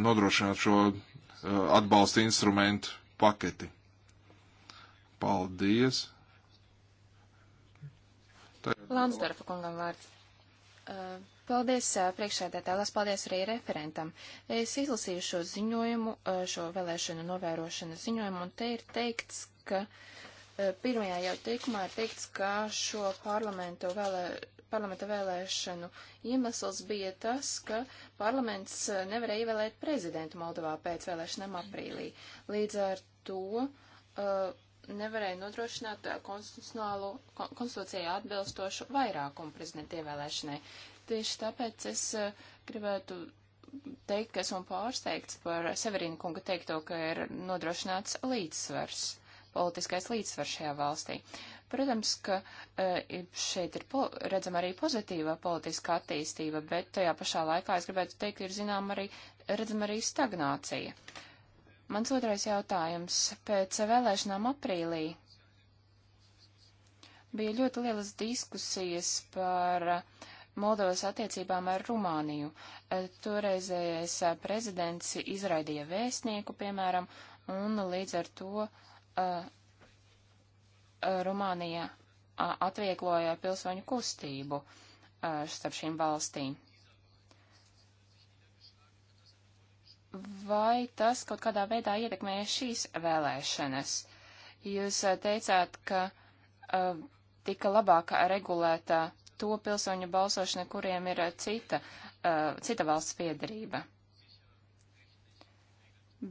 nodrošināt šo e, atbalsta instrumentu paketi. Paldies! Lansdorfa kungam vārds. Eh, paldies eh, priekšsēdētāji, lās paldies arī referentam. Es izlasīju šo ziņojumu, eh, šo vēlēšanu novērošanas ziņojumu, un te ir teikts, ka pirmajā jau teikumā ir teikts, ka šo parlamentu vēlē, parlamenta vēlēšanu iemesls bija tas, ka parlaments nevarēja ievēlēt prezidentu Moldovā pēc vēlēšanām aprīlī. Līdz ar to uh, nevarēja nodrošināt uh, konstitūcijai atbilstošu vairākumu prezidenta ievēlēšanai. Tieši tāpēc es uh, gribētu teikt, ka esmu pārsteigts par Severīnu kunga teikto, ka ir nodrošināts līdzsvars, politiskais līdzsvars šajā valstī. Protams, ka uh, šeit ir redzama arī pozitīva politiska attīstība, bet tajā pašā laikā es gribētu teikt, ir zinām arī, redzama arī stagnācija. Uh, Mans otrais jautājums. Pēc vēlēšanām aprīlī bija ļoti lielas diskusijas par Moldovas attiecībām ar Rumāniju. E, toreizējais e, prezidents izraidīja vēstnieku, piemēram, un līdz ar to uh, Rumānija atviegloja pilsoņu kustību uh, starp šīm valstīm. vai tas kaut kādā veidā ietekmē šīs vēlēšanas? Jūs eh, teicāt, ka uh, tika labāk regulēta to pilsoņu balsošana, kuriem ir eh, cita, uh, cita valsts piedarība.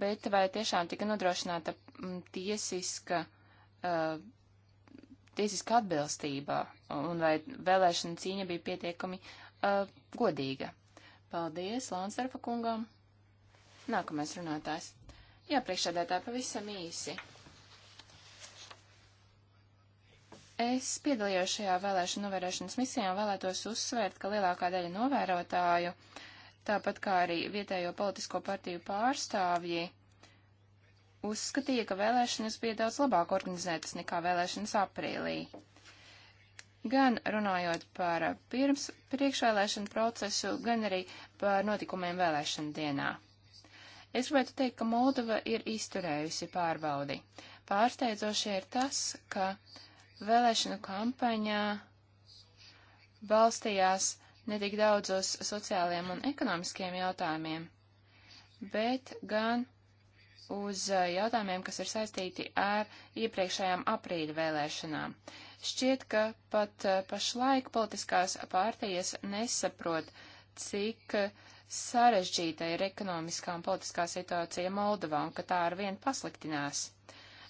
Bet vai tiešām tika nodrošināta mm, tiesiska, uh, tiesiska atbilstība un vai vēlēšana cīņa bija pietiekami uh, godīga? Paldies Lānsarfa kungam! Nākamais runātājs. Jā, priekšādētāji pavisam īsi. Es piedalījos šajā vēlēšanu novērēšanas misijā un vēlētos uzsvērt, ka lielākā daļa novērotāju, tāpat kā arī vietējo politisko partiju pārstāvji, uzskatīja, ka vēlēšanas bija daudz labāk organizētas nekā vēlēšanas aprīlī. Gan runājot par pirms priekšvēlēšanu procesu, gan arī par notikumiem vēlēšanu dienā. Es gribētu teikt, ka Moldova ir izturējusi pārbaudi. Pārsteidzošie ir tas, ka vēlēšanu kampaņā balstījās netik daudz uz sociāliem un ekonomiskiem jautājumiem, bet gan uz eh, jautājumiem, kas ir saistīti ar iepriekšējām aprīļa vēlēšanām. Šķiet, ka pat eh, pašlaik politiskās pārtījas nesaprot, cik uh, sarežģīta ir ekonomiskā un politiskā situācija Moldovā un ka tā ar vien pasliktinās.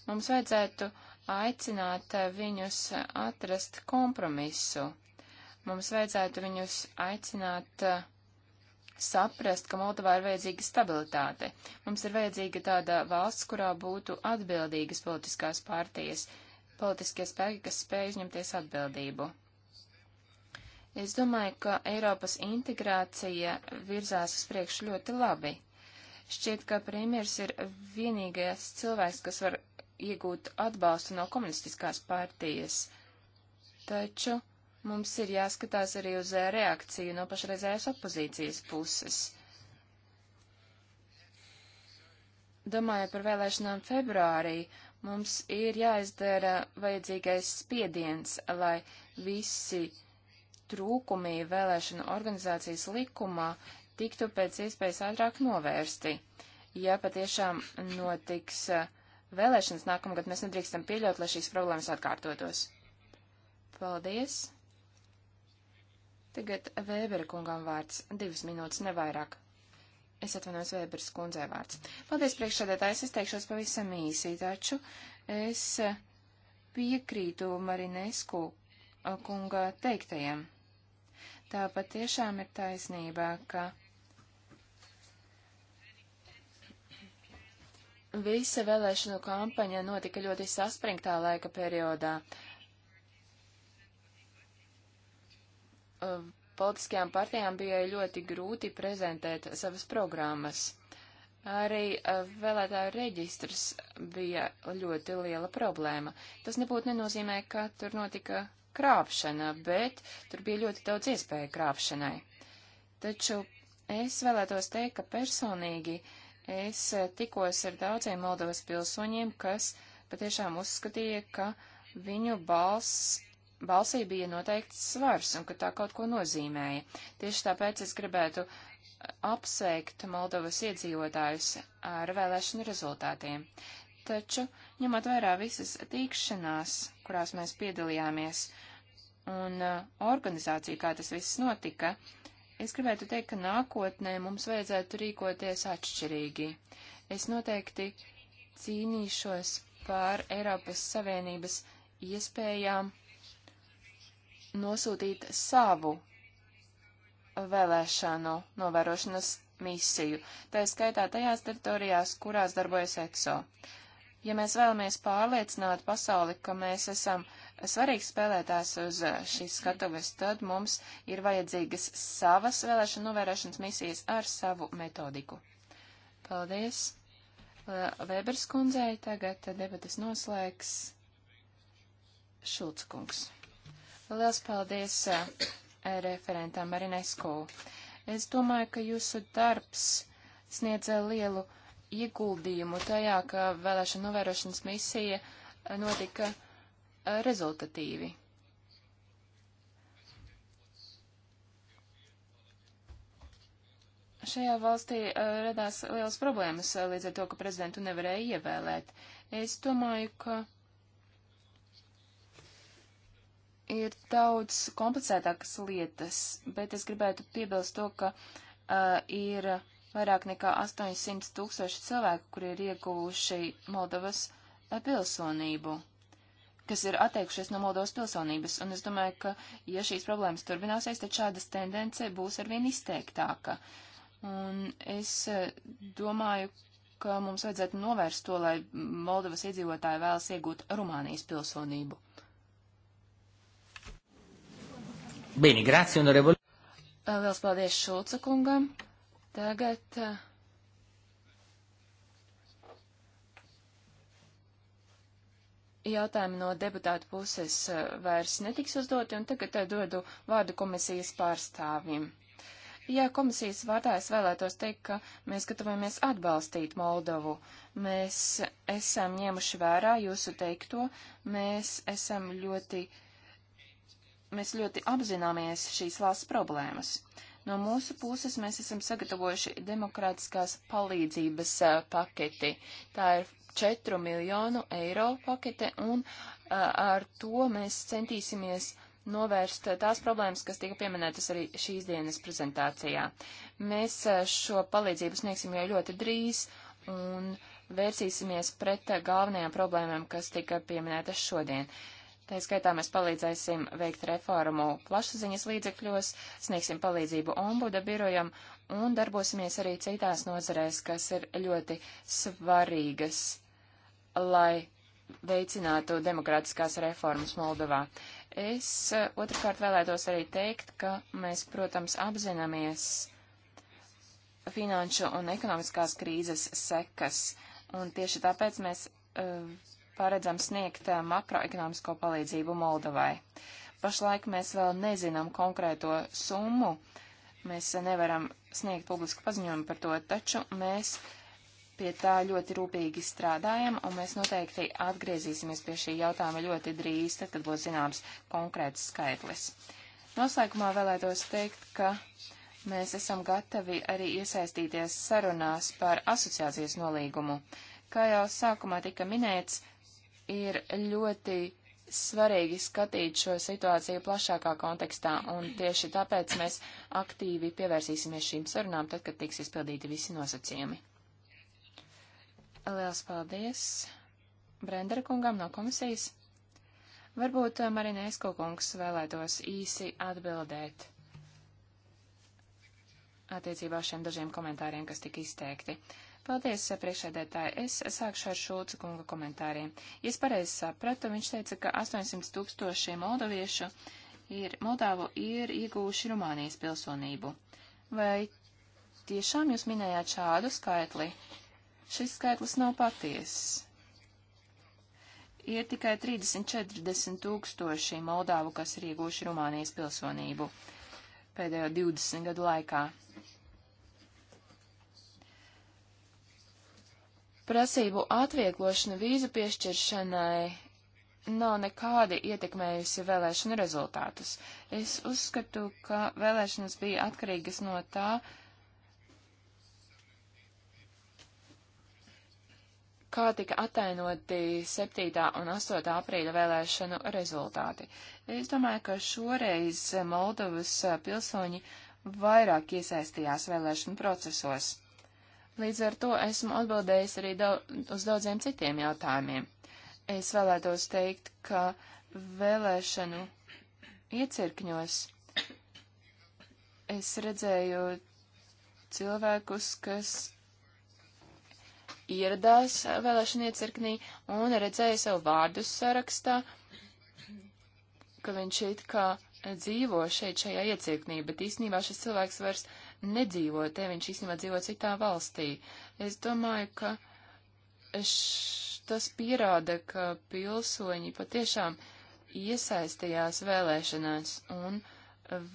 Mums vajadzētu aicināt viņus atrast kompromisu. Mums vajadzētu viņus aicināt uh, saprast, ka Moldovā ir vajadzīga stabilitāte. Mums ir vajadzīga tāda valsts, kurā būtu atbildīgas politiskās partijas, politiskie spēki, kas spēj uzņemties atbildību. Es domāju, ka Eiropas integrācija virzās uz priekšu ļoti labi. Šķiet, ka premjers ir vienīgais cilvēks, kas var iegūt atbalstu no komunistiskās partijas. Taču mums ir jāskatās arī uz reakciju no pašreizējās opozīcijas puses. Domāju par vēlēšanām februārī, mums ir jāizdara vajadzīgais spiediens, lai visi uh, trūkumi vēlēšanu organizācijas likumā tiktu pēc iespējas ātrāk novērsti. Ja patiešām notiks eh, vēlēšanas nākamgad, mēs nedrīkstam pieļaut, lai šīs problēmas atkārtotos. Paldies! Tagad Vēbera kungam vārds. Divas minūtes, nevairāk. Es atvainojos Vēberas kundzē vārds. Paldies priekšsēdētājs, es teikšos pavisam īsi, taču es eh, piekrītu Marinesku eh, kunga teiktajiem tā patiešām ir taisnība, ka Visa vēlēšanu kampaņa notika ļoti saspringtā laika periodā. Uh, politiskajām partijām bija ļoti grūti prezentēt savas programmas. Arī uh, vēlētāju reģistrs bija ļoti liela problēma. Tas nebūtu nenozīmē, ka tur notika krāpšana, bet tur bija ļoti daudz iespēju krāpšanai. Taču es vēlētos teikt, ka personīgi es tikos ar daudziem Moldovas pilsoņiem, kas patiešām uzskatīja, ka viņu balss balsī bija noteikts svars un ka tā kaut ko nozīmēja. Tieši tāpēc es gribētu apsveikt Moldovas iedzīvotājus ar vēlēšanu rezultātiem. Taču, ņemot vērā visas tikšanās, kurās mēs piedalījāmies, un uh, organizāciju, kā tas viss notika, es gribētu teikt, ka nākotnē mums vajadzētu rīkoties atšķirīgi. Es noteikti cīnīšos pār Eiropas Savienības iespējām nosūtīt savu vēlēšanu novērošanas misiju, tā skaitā tajās teritorijās, kurās darbojas ECO. Ja mēs vēlamies pārliecināt pasauli, ka mēs esam svarīgs spēlētājs uz eh, šīs skatuves, tad mums ir vajadzīgas savas vēlēšana novērošanas misijas ar savu metodiku. Paldies! Vēbers kundzei tagad debatas noslēgs Šulc kungs. Liels paldies eh, referentam Marinesku. Es domāju, ka jūsu darbs sniedz lielu ieguldījumu tajā, ka vēlēšana novērošanas misija eh, notika eh, rezultatīvi. Šajā valstī eh, radās liels problēmas līdz ar to, ka prezidentu nevarēja ievēlēt. Es domāju, ka ir daudz komplicētākas lietas, bet es gribētu piebilst to, ka uh, ir uh, vairāk nekā 800 tūkstoši cilvēku, kuri ir ieguvuši Moldovas eh, pilsonību, kas ir atteikušies no Moldovas pilsonības. Un es domāju, ka, ja šīs problēmas turpināsies, tad šādas tendence būs arvien izteiktāka. Un es eh, domāju, ka mums vajadzētu novērst to, lai Moldovas iedzīvotāji vēlas iegūt Rumānijas pilsonību. Bene, grazie, onorevole. Eh, liels paldies Šulca kungam. Tagad uh, jautājumi no deputātu puses uh, vairs netiks uzdoti, un tagad uh, dodu vārdu komisijas pārstāvim. Jā, komisijas vārdā es vēlētos teikt, ka mēs gatavojamies atbalstīt Moldovu. Mēs esam ņēmuši vērā jūsu teikto, mēs esam ļoti, mēs ļoti apzināmies šīs valsts problēmas. No mūsu puses mēs esam sagatavojuši demokrātiskās palīdzības paketi. Tā ir 4 miljonu eiro pakete, un ar to mēs centīsimies novērst tās problēmas, kas tika pieminētas arī šīs dienas prezentācijā. Mēs šo palīdzību sniegsim jau ļoti drīz un vērsīsimies pret galvenajām problēmām, kas tika pieminētas šodien. Uh, Tā skaitā mēs palīdzēsim veikt reformu plašsaziņas līdzekļos, sniegsim palīdzību ombuda birojam un darbosimies arī citās nozarēs, kas ir ļoti svarīgas, lai veicinātu demokrātiskās reformas Moldovā. Es eh, otrkārt vēlētos arī teikt, ka mēs, protams, apzināmies finanšu un ekonomiskās krīzes sekas, un tieši tāpēc mēs uh, paredzam sniegt eh, makroekonomisko palīdzību Moldovai. Pašlaik mēs vēl nezinām konkrēto summu, mēs nevaram sniegt publisku paziņojumu par to, taču mēs pie tā ļoti rūpīgi strādājam, un mēs noteikti atgriezīsimies pie šī jautājuma ļoti drīz, tad, kad būs zināms konkrēts skaitlis. Noslēgumā vēlētos teikt, ka mēs esam gatavi arī iesaistīties sarunās par asociācijas nolīgumu. Kā jau sākumā tika minēts, ir ļoti svarīgi skatīt šo situāciju plašākā kontekstā, un tieši tāpēc mēs aktīvi pievērsīsimies šīm sarunām, tad, kad tiks izpildīti visi nosacījumi. Liels paldies Brendera kungam no komisijas. Varbūt eh, Marinēsko kungs vēlētos īsi atbildēt attiecībā šiem dažiem komentāriem, kas tika izteikti. Uh, Paldies, priekšēdētāji. Es sākšu ar Šulca kunga komentāriem. Ja es pareizi sapratu, viņš teica, ka 800 tūkstoši moldoviešu ir, moldāvu ir iegūši Rumānijas pilsonību. Vai tiešām jūs minējāt šādu skaitli? Šis skaitlis nav patiesis. Ir tikai 30-40 tūkstoši moldāvu, kas ir iegūši Rumānijas pilsonību pēdējo 20 gadu laikā. Prasību atvieglošana vīzu piešķiršanai nav nekādi ietekmējusi vēlēšanu rezultātus. Es uzskatu, ka vēlēšanas bija atkarīgas no tā, kā tika atainoti 7. un 8. aprīļa vēlēšanu rezultāti. Es domāju, ka šoreiz Moldovas pilsoņi vairāk iesaistījās vēlēšanu procesos. Līdz ar to esmu atbildējis arī daudz, uz daudziem citiem jautājumiem. Es vēlētos teikt, ka vēlēšanu iecirkņos es redzēju cilvēkus, kas ieradās vēlēšana iecirknī un redzēja savu vārdu sarakstā, ka viņš it kā dzīvo šeit šajā iecirknī, bet īstenībā šis cilvēks vairs nedzīvo te, viņš īstenībā dzīvo citā valstī. Es domāju, ka š, tas pierāda, ka pilsoņi patiešām iesaistījās vēlēšanās un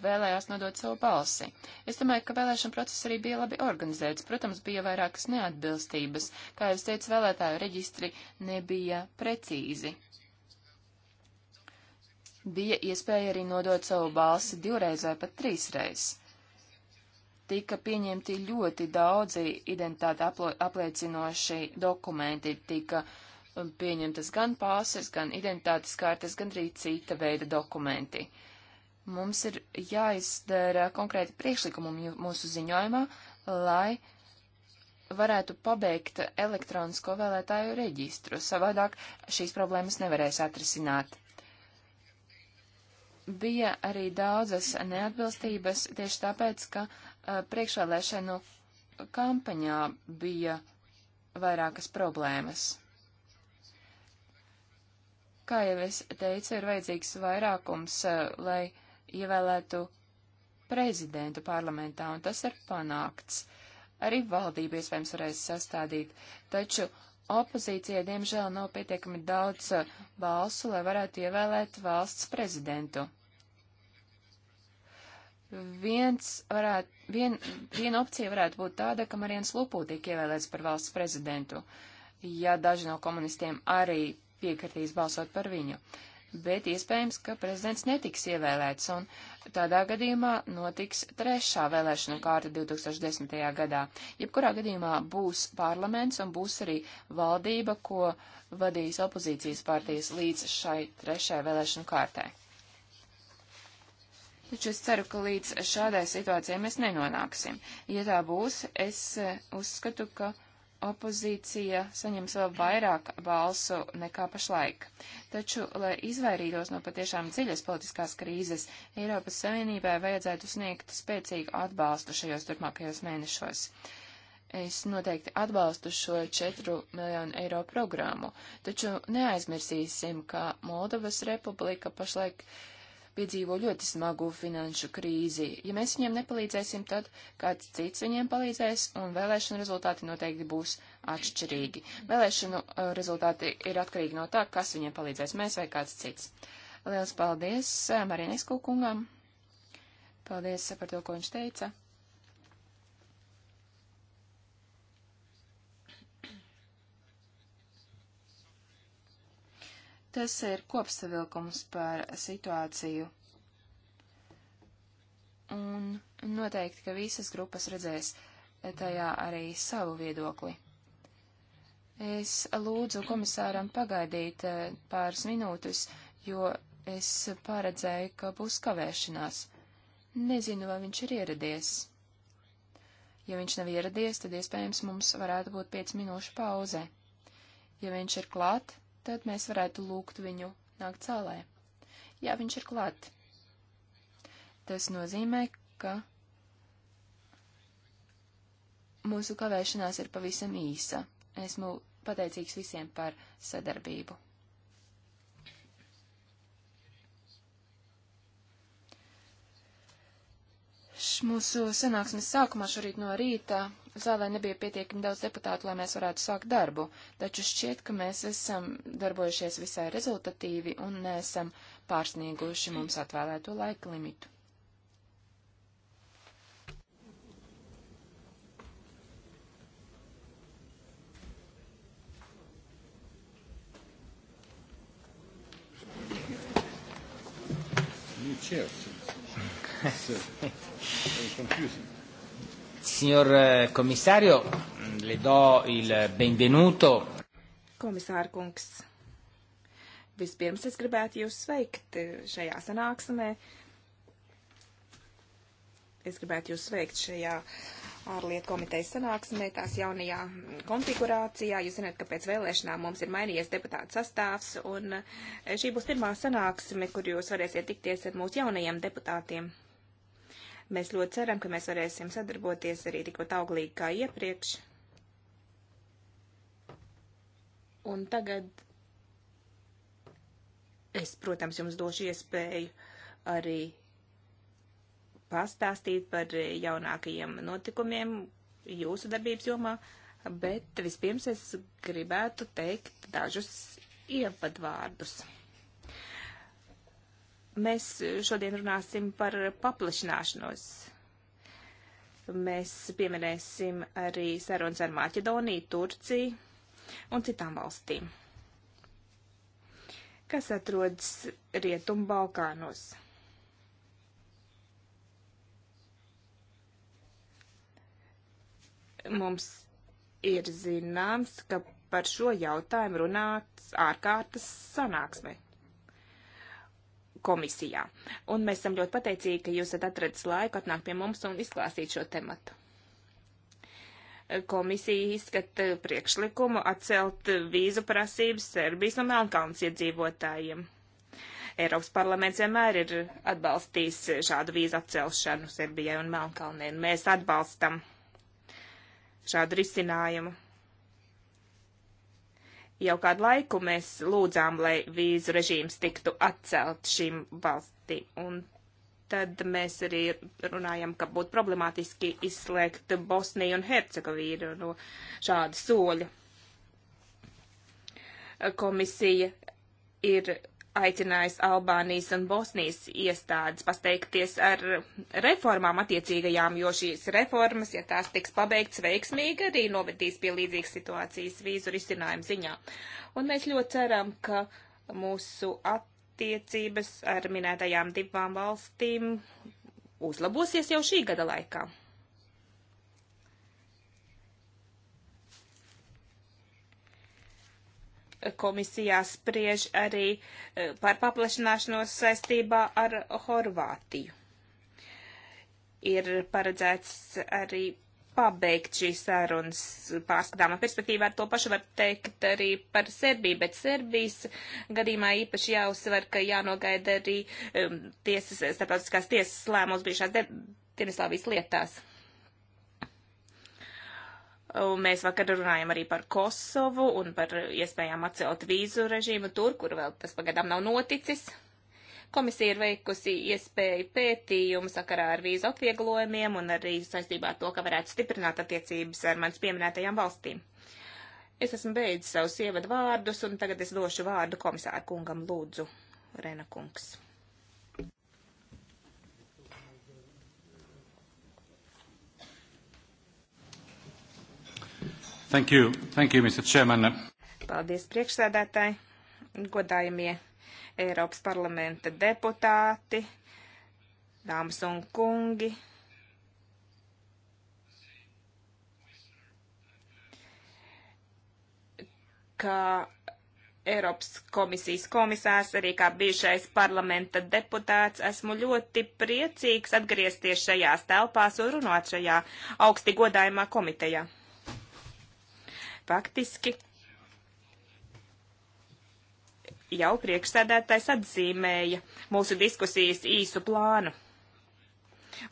vēlējās nodot savu balsi. Es domāju, ka vēlēšana process arī bija labi organizēts. Protams, bija vairākas neatbilstības. Kā jūs teicu, vēlētāju reģistri nebija precīzi. Bija iespēja arī nodot savu balsi divreiz vai pat trīsreiz tika pieņemti ļoti daudzi identitāti apliecinoši dokumenti. Tika um, pieņemtas gan pāses, gan identitātes kartes, gan arī cita veida dokumenti. Mums ir jāizdara konkrēti priekšlikumi mūsu ziņojumā, lai varētu pabeigt elektronisko vēlētāju reģistru. Savādāk šīs problēmas nevarēs atrisināt bija arī daudzas neatbilstības tieši tāpēc, ka Eh, priekšvēlēšanu kampaņā bija vairākas problēmas. Kā jau es teicu, ir vajadzīgs vairākums, eh, lai ievēlētu prezidentu parlamentā, un tas ir panākts. Arī valdība iespējams varēs sastādīt, taču opozīcijai diemžēl nav pietiekami daudz eh, balsu, lai varētu ievēlēt valsts prezidentu. Viens varētu, vien, viena opcija varētu būt tāda, ka Marians Lupū tiek ievēlēts par valsts prezidentu, ja daži no komunistiem arī piekritīs balsot par viņu. Bet iespējams, ka prezidents netiks ievēlēts, un tādā gadījumā notiks trešā vēlēšana kārta 2010. gadā. Jebkurā gadījumā būs parlaments un būs arī valdība, ko vadīs opozīcijas partijas līdz šai trešajai vēlēšana kārtai. Taču es ceru, ka līdz šādai situācijai mēs nenonāksim. Ja tā būs, es eh, uzskatu, ka opozīcija saņems vēl vairāk balsu nekā pašlaik. Taču, lai izvairītos no patiešām dziļas politiskās krīzes, Eiropas Savienībai vajadzētu sniegt spēcīgu atbalstu šajos turpmākajos mēnešos. Es noteikti atbalstu šo 4 miljonu eiro programmu, taču neaizmirsīsim, ka Moldovas republika pašlaik uh, piedzīvo ļoti smagu finanšu krīzi. Ja mēs viņiem nepalīdzēsim, tad kāds cits viņiem palīdzēs, un vēlēšana rezultāti noteikti būs atšķirīgi. Vēlēšanu uh, rezultāti ir atkarīgi no tā, kas viņiem palīdzēs, mēs vai kāds cits. Liels paldies uh, Marienes Kūkungam. Paldies uh, par to, ko viņš teica. Tas ir kopsavilkums par situāciju. Un noteikti, ka visas grupas redzēs tajā arī savu viedokli. Es lūdzu komisāram pagaidīt eh, pāris minūtes, jo es paredzēju, ka būs kavēšanās. Nezinu, vai viņš ir ieradies. Ja viņš nav ieradies, tad iespējams mums varētu būt 5 minūšu pauze. Ja viņš ir klāt, tad mēs varētu lūgt viņu nākt zālē. Jā, viņš ir klāt. Tas nozīmē, ka mūsu kavēšanās ir pavisam īsa. Esmu pateicīgs visiem par sadarbību. Š, mūsu sanāksmes sākumā šorīt no rīta zālē nebija pietiekami daudz deputātu, lai mēs varētu sākt darbu, taču šķiet, ka mēs esam darbojušies visai rezultatīvi un neesam pārsnieguši mums atvēlēto laika limitu. Cheers. so, confusing. Signor eh, commissario, mm, le do il benvenuto. Komisārkungs, vispirms es gribētu jūs sveikt eh, šajā sanāksmē. Es gribētu jūs sveikt šajā ārlietu komitejas sanāksmē, tās jaunajā konfigurācijā. Jūs zināt, ka pēc vēlēšanām mums ir mainījies deputāta sastāvs, un eh, šī būs pirmā sanāksme, kur jūs varēsiet tikties ar mūsu jaunajiem deputātiem. Mēs ļoti ceram, ka mēs varēsim sadarboties arī tikpat auglīgi kā iepriekš. Un tagad es, protams, jums došu iespēju arī pastāstīt par jaunākajiem notikumiem jūsu darbības jomā, bet vispirms es gribētu teikt dažus ievadvārdus. Mēs šodien runāsim par paplašināšanos. Mēs pieminēsim arī sarunas ar Maķedoniju, Turciju un citām valstīm, kas atrodas Rietumu Balkānos. Mums ir zināms, ka par šo jautājumu runāts ārkārtas sanāksmei komisijā. Un mēs esam ļoti pateicīgi, ka jūs esat atradis laiku atnākt pie mums un izklāstīt šo tematu. Komisija izskata eh, priekšlikumu atcelt vīzu prasības Serbijas un Melnkalnas iedzīvotājiem. Eiropas parlaments vienmēr ir atbalstījis šādu vīzu atcelšanu Serbijai un Melnkalnē, un mēs atbalstam šādu risinājumu. Jau kādu laiku mēs lūdzām, lai vīzu režīms tiktu atcelt šīm valstīm, un tad mēs arī runājam, ka būtu problemātiski izslēgt Bosniju un Hercegovīnu no šāda soļa. Komisija ir aicinājis Albānijas un Bosnijas iestādes pasteikties ar reformām attiecīgajām, jo šīs reformas, ja tās tiks pabeigts veiksmīgi, arī novedīs pie līdzīgas situācijas vīzu risinājuma ziņā. Un mēs ļoti ceram, ka mūsu attiecības ar minētajām divām valstīm uzlabosies jau šī gada laikā. komisijā spriež arī e, par paplašināšanos saistībā ar Horvātiju. Ir paredzēts arī pabeigt šīs sarunas pārskatāmā perspektīvā. Ar to pašu var teikt arī par Serbiju, bet Serbijas gadījumā īpaši jāuzsver, ka jānogaida arī um, tiesas, starptautiskās tiesas lēmums bijušās Dienaslāvijas lietās. Mēs vakar runājam arī par Kosovu un par iespējām atcelt vīzu režīmu tur, kur vēl tas pagadām nav noticis. Komisija ir veikusi iespēju pētījumu sakarā ar vīzu atvieglojumiem un arī saistībā ar to, ka varētu stiprināt attiecības ar manas pieminētajām valstīm. Es esmu beidzis savus ievadu vārdus, un tagad es došu vārdu komisāru kungam lūdzu, Rena kungs. Thank you. Thank you, Mr. Chairman. Paldies, priekšsēdētāji, godājumie Eiropas parlamenta deputāti, dāmas un kungi. Kā Eiropas komisijas komisārs, arī kā bijušais parlamenta deputāts, esmu ļoti priecīgs atgriezties šajās telpās un runāt šajā augsti godājumā komitejā faktiski jau priekšsēdētājs atzīmēja mūsu diskusijas īsu plānu.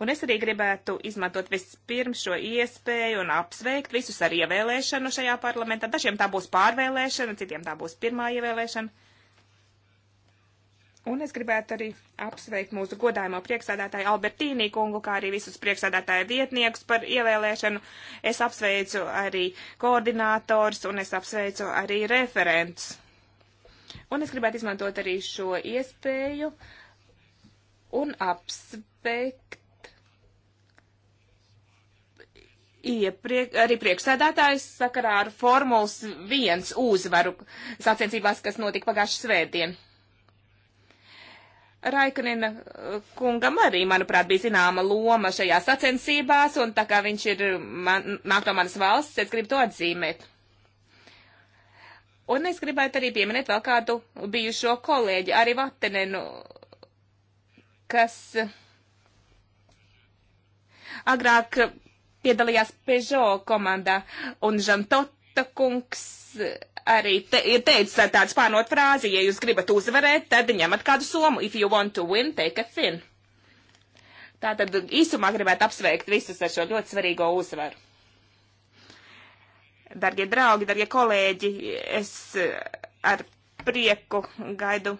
Un es arī gribētu izmantot vispirms šo iespēju un apsveikt visus ar ievēlēšanu šajā parlamentā. Dažiem tā būs pārvēlēšana, citiem tā būs pirmā ievēlēšana. Un es gribētu arī apsveikt mūsu godājumo priekšsādātāju Albertīnī kungu, kā arī visus priekšsādātāju vietniekus par ievēlēšanu. Es apsveicu arī koordinators un es apsveicu arī referents. Un es gribētu izmantot arī šo iespēju un apsveikt iepriek, arī priekšsēdētājs sakarā ar formulas viens uzvaru sacensībās, kas notika pagājušas svētdien. Raikanina eh, kungam arī, manuprāt, bija zināma loma šajā sacensībās, un tā kā viņš ir man, nāk no manas valsts, es gribu to atzīmēt. Un es gribētu arī pieminēt vēl kādu bijušo kolēģi, arī Vatenenu, kas eh, agrāk piedalījās Peugeot komandā, un Žantot Šmita kungs arī te, ir teicis tāds pārnot frāzi, ja jūs gribat uzvarēt, tad ņemat kādu somu. If you want to win, take a fin. Tātad īsumā gribētu apsveikt visus ar šo ļoti svarīgo uzvaru. Dargie draugi, dargie kolēģi, es eh, ar prieku gaidu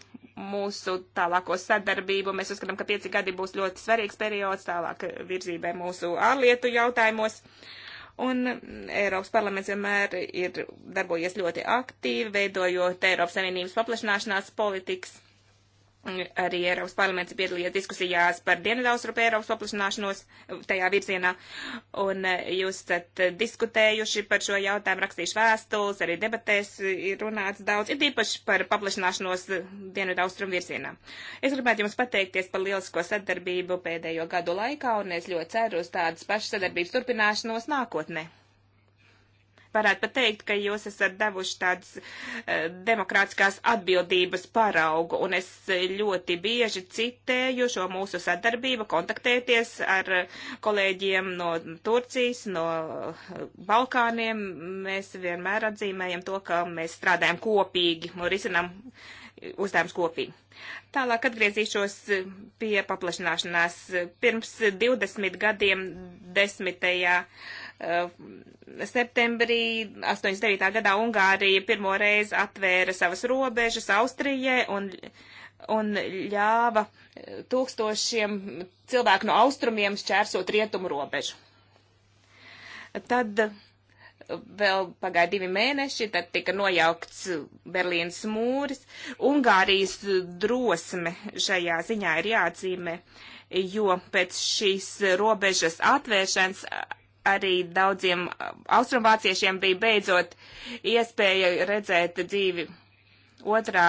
mūsu tālāko sadarbību. Mēs uzskatām, ka pieci gadi būs ļoti svarīgs periods tālāk virzībai mūsu ārlietu jautājumos. Uh, Un Eiropas parlaments vienmēr ir darbojies ļoti aktīvi, veidojot Eiropas Savienības paplašināšanās politikas. Arī Eiropas parlaments piedalījās diskusijās par Dienvidaustrupu Eiropas paplašanāšanos tajā virzienā, un eh, jūs esat diskutējuši par šo jautājumu, rakstījuši vēstules, arī debatēs ir runāts daudz, ir īpaši par paplašanāšanos Dienvidaustrupu virzienā. Es gribētu jums pateikties par lielisko sadarbību pēdējo gadu laikā, un es ļoti ceru uz tādas pašas sadarbības turpināšanos nākotnē varētu pat teikt, ka jūs esat devuši tādas uh, demokrātiskās atbildības paraugu, un es ļoti bieži citēju šo mūsu sadarbību, kontaktēties ar eh, kolēģiem no Turcijas, no eh, Balkāniem. Mēs vienmēr atzīmējam to, ka mēs strādājam kopīgi un risinam uzdevums kopīgi. Tālāk atgriezīšos pie paplašināšanās. Pirms 20 gadiem desmitajā. 10 Eh, septembrī 89. gadā Ungārija pirmo reizi atvēra savas robežas Austrijai un, un ļāva eh, tūkstošiem cilvēku no austrumiem šķērsot rietumu robežu. Tad eh, vēl pagāja divi mēneši, tad tika nojaukts Berlīnas mūris. Ungārijas drosme šajā ziņā ir jāatzīmē, jo pēc šīs robežas atvēršanas arī daudziem uh, austrumvāciešiem bija beidzot iespēja redzēt dzīvi otrā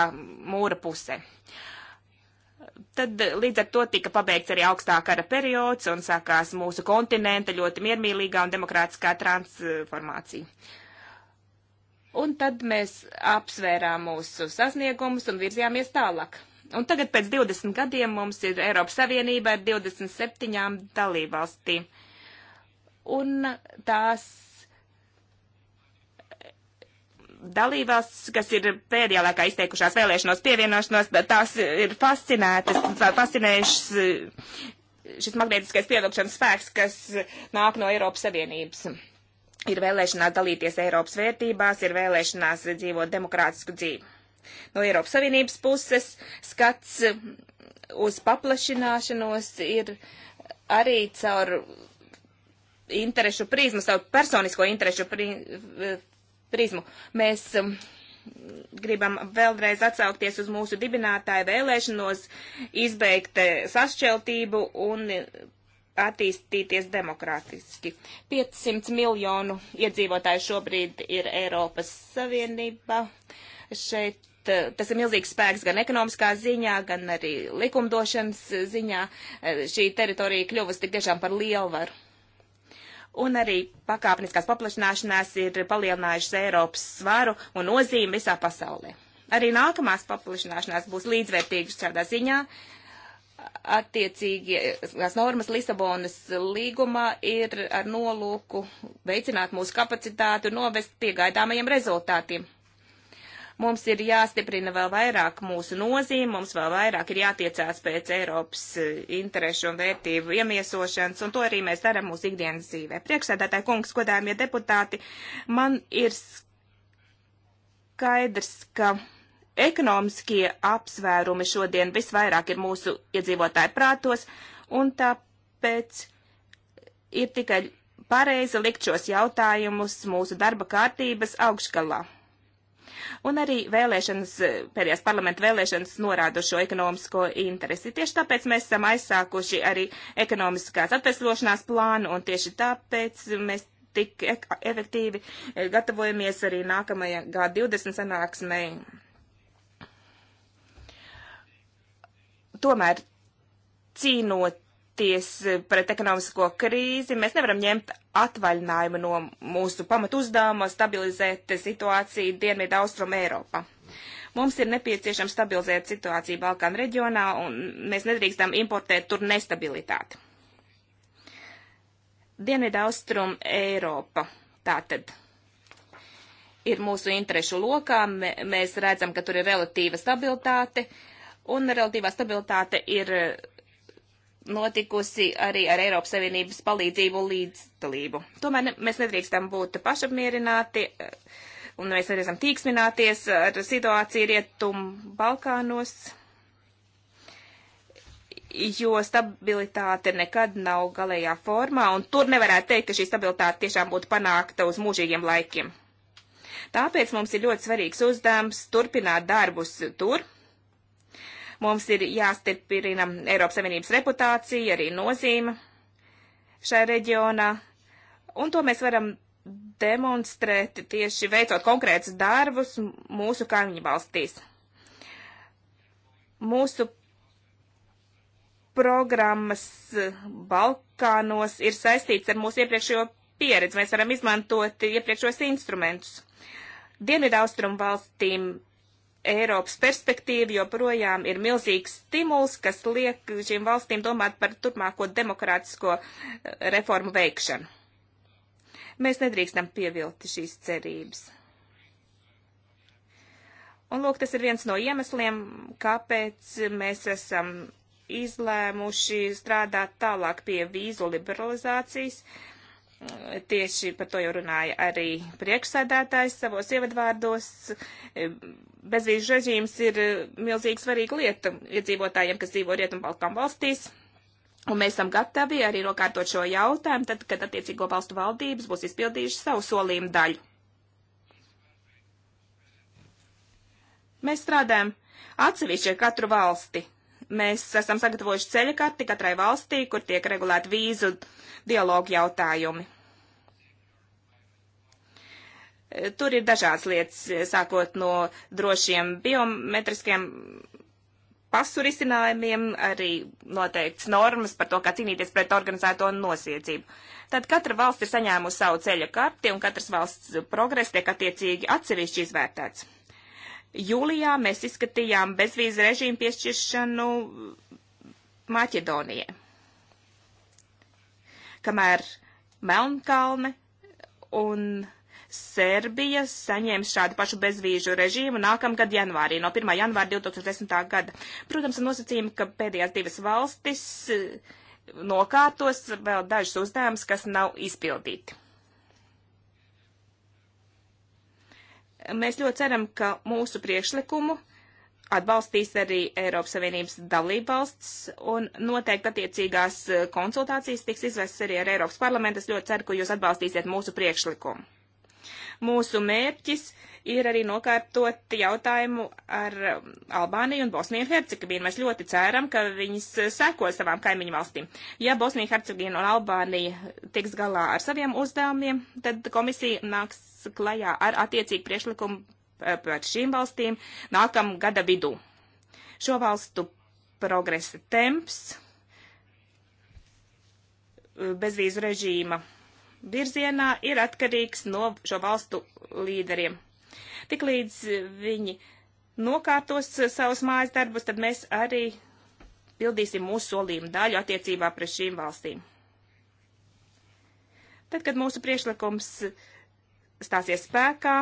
mūra pusē. Tad uh, līdz ar to tika pabeigts arī augstā kara periods un sākās mūsu kontinenta ļoti miermīlīgā un demokrātiskā transformācija. Un tad mēs apsvērām mūsu sasniegumus un virzījāmies tālāk. Un tagad pēc 20 gadiem mums ir Eiropas Savienība ar 27 dalībvalstīm. valstīm un tās dalībvalstis, kas ir pēdējā laikā izteikušās vēlēšanos pievienošanos, tās ir fascinētas, fascinējušas eh, šis magnētiskais pievilkšanas spēks, kas nāk no Eiropas Savienības. Ir vēlēšanās dalīties Eiropas vērtībās, ir vēlēšanās dzīvot demokrātisku dzīvi. No Eiropas Savienības puses skats uz paplašināšanos ir arī caur interešu prizmu, savu personisko interešu eh, prizmu. Mēs um, gribam vēlreiz atsaukties uz mūsu dibinātāju vēlēšanos, izbeigt eh, sašķeltību un eh, attīstīties demokrātiski. 500 miljonu iedzīvotāju šobrīd ir Eiropas Savienība. Šeit tas ir milzīgs spēks gan ekonomiskā ziņā, gan arī likumdošanas ziņā. Šī teritorija kļuvusi tik tiešām par lielvaru un arī pakāpeniskās paplašināšanās ir palielinājušas Eiropas svaru un nozīmi visā pasaulē. Arī nākamās paplašināšanās būs līdzvērtīgas šādā ziņā. Attiecīgi, tās normas Lisabonas līgumā ir ar nolūku veicināt mūsu kapacitāti un novest pie gaidāmajiem rezultātiem. Mums ir jāstiprina vēl vairāk mūsu nozīme, mums vēl vairāk ir jātiecās pēc Eiropas eh, interešu un vērtību iemiesošanas, un to arī mēs darām mūsu ikdienas dzīvē. Priekšsēdētāji kungs, godājumie deputāti, man ir skaidrs, ka ekonomiskie apsvērumi šodien visvairāk ir mūsu iedzīvotāju prātos, un tāpēc ir tikai pareizi likt šos jautājumus mūsu darba kārtības augšgalā. Un arī vēlēšanas, eh, pēdējās parlamenta vēlēšanas norāda šo ekonomisko interesi. Tieši tāpēc mēs esam aizsākuši arī ekonomiskās atvesļošanās plānu, un tieši tāpēc mēs tik e efektīvi eh, gatavojamies arī nākamajai G20 sanāksmei. Tomēr cīnot cīnīties pret ekonomisko krīzi, mēs nevaram ņemt atvaļinājumu no mūsu pamatu uzdevuma stabilizēt situāciju Dienvidu Austrum Eiropā. Mums ir nepieciešams stabilizēt situāciju Balkānu reģionā, un mēs nedrīkstam importēt tur nestabilitāti. Dienvidu Austrum Eiropa tātad ir mūsu interešu lokā, mēs redzam, ka tur ir relatīva stabilitāte, un relatīvā stabilitāte ir notikusi arī ar Eiropas Savienības palīdzību un līdzdalību. Tomēr ne, mēs nedrīkstam būt pašapmierināti eh, un mēs nedrīkstam tīksmināties ar situāciju Rietumu Balkānos, jo stabilitāte nekad nav galējā formā, un tur nevarētu teikt, ka šī stabilitāte tiešām būtu panākta uz mūžīgiem laikiem. Tāpēc mums ir ļoti svarīgs uzdevums turpināt darbus tur, Mums ir jāstiprina Eiropas Savienības reputācija, arī nozīme šajā reģionā, un to mēs varam demonstrēt tieši veicot konkrētus darbus mūsu kaimiņu valstīs. Mūsu programmas Balkānos ir saistīts ar mūsu iepriekšējo pieredzi. Mēs varam izmantot iepriekšos instrumentus. Dienvidaustrum valstīm Eiropas perspektīva joprojām ir milzīgs stimuls, kas liek šīm valstīm domāt par turpmāko demokrātisko eh, reformu veikšanu. Mēs nedrīkstam pievilti šīs cerības. Un lūk, tas ir viens no iemesliem, kāpēc mēs esam izlēmuši strādāt tālāk pie vīzu liberalizācijas. Tieši par to jau runāja arī priekšsēdētājs savos ievadvārdos bezvīžu režīms ir eh, milzīgi svarīga lieta iedzīvotājiem, kas dzīvo Rietumbalkām valstīs. Un mēs esam gatavi arī nokārtot šo jautājumu, tad, kad attiecīgo valstu valdības būs izpildījušas savu solījumu daļu. Mēs strādājam atsevišķi ar katru valsti. Mēs esam sagatavojuši ceļa karti katrai valstī, kur tiek regulēti vīzu dialogu jautājumi. Tur ir dažādas lietas, sākot no drošiem biometriskiem pasu risinājumiem, arī noteikts normas par to, kā cīnīties pret organizēto nosiedzību. Tad katra valsts ir saņēmusi savu ceļa karti un katras valsts progress tiek attiecīgi atsevišķi izvērtēts. Jūlijā mēs izskatījām bezvīzu režīmu piešķiršanu Maķedonijai. Kamēr Melnkalne un Serbija saņēma šādu pašu bezvīžu režīmu nākamgad janvārī, no 1. janvāra 2010. gada. Protams, ar nosacījumu, ka pēdējās divas valstis eh, nokārtos vēl dažus uzdevumus, kas nav izpildīti. Mēs ļoti ceram, ka mūsu priekšlikumu atbalstīs arī Eiropas Savienības dalībvalsts, un noteikti attiecīgās eh, konsultācijas tiks izvests arī ar Eiropas parlamentu. Es ļoti ceru, ka jūs atbalstīsiet mūsu priekšlikumu. Mūsu mērķis ir arī nokārtot jautājumu ar um, Albāniju un Bosniju un Hercegovinu. Mēs ļoti ceram, ka viņas uh, sekos savām kaimiņu valstīm. Ja Bosnija, Hercegovina un Albānija tiks galā ar saviem uzdevumiem, tad komisija nāks klajā ar attiecīgu priešlikumu uh, par šīm valstīm nākam gada vidū. Šo valstu progresa temps uh, bezvīzu režīma virzienā ir atkarīgs no šo valstu līderiem. Tiklīdz viņi nokārtos savus mājas darbus, tad mēs arī pildīsim mūsu solījumu daļu attiecībā pret šīm valstīm. Tad, kad mūsu priešlikums stāsies spēkā,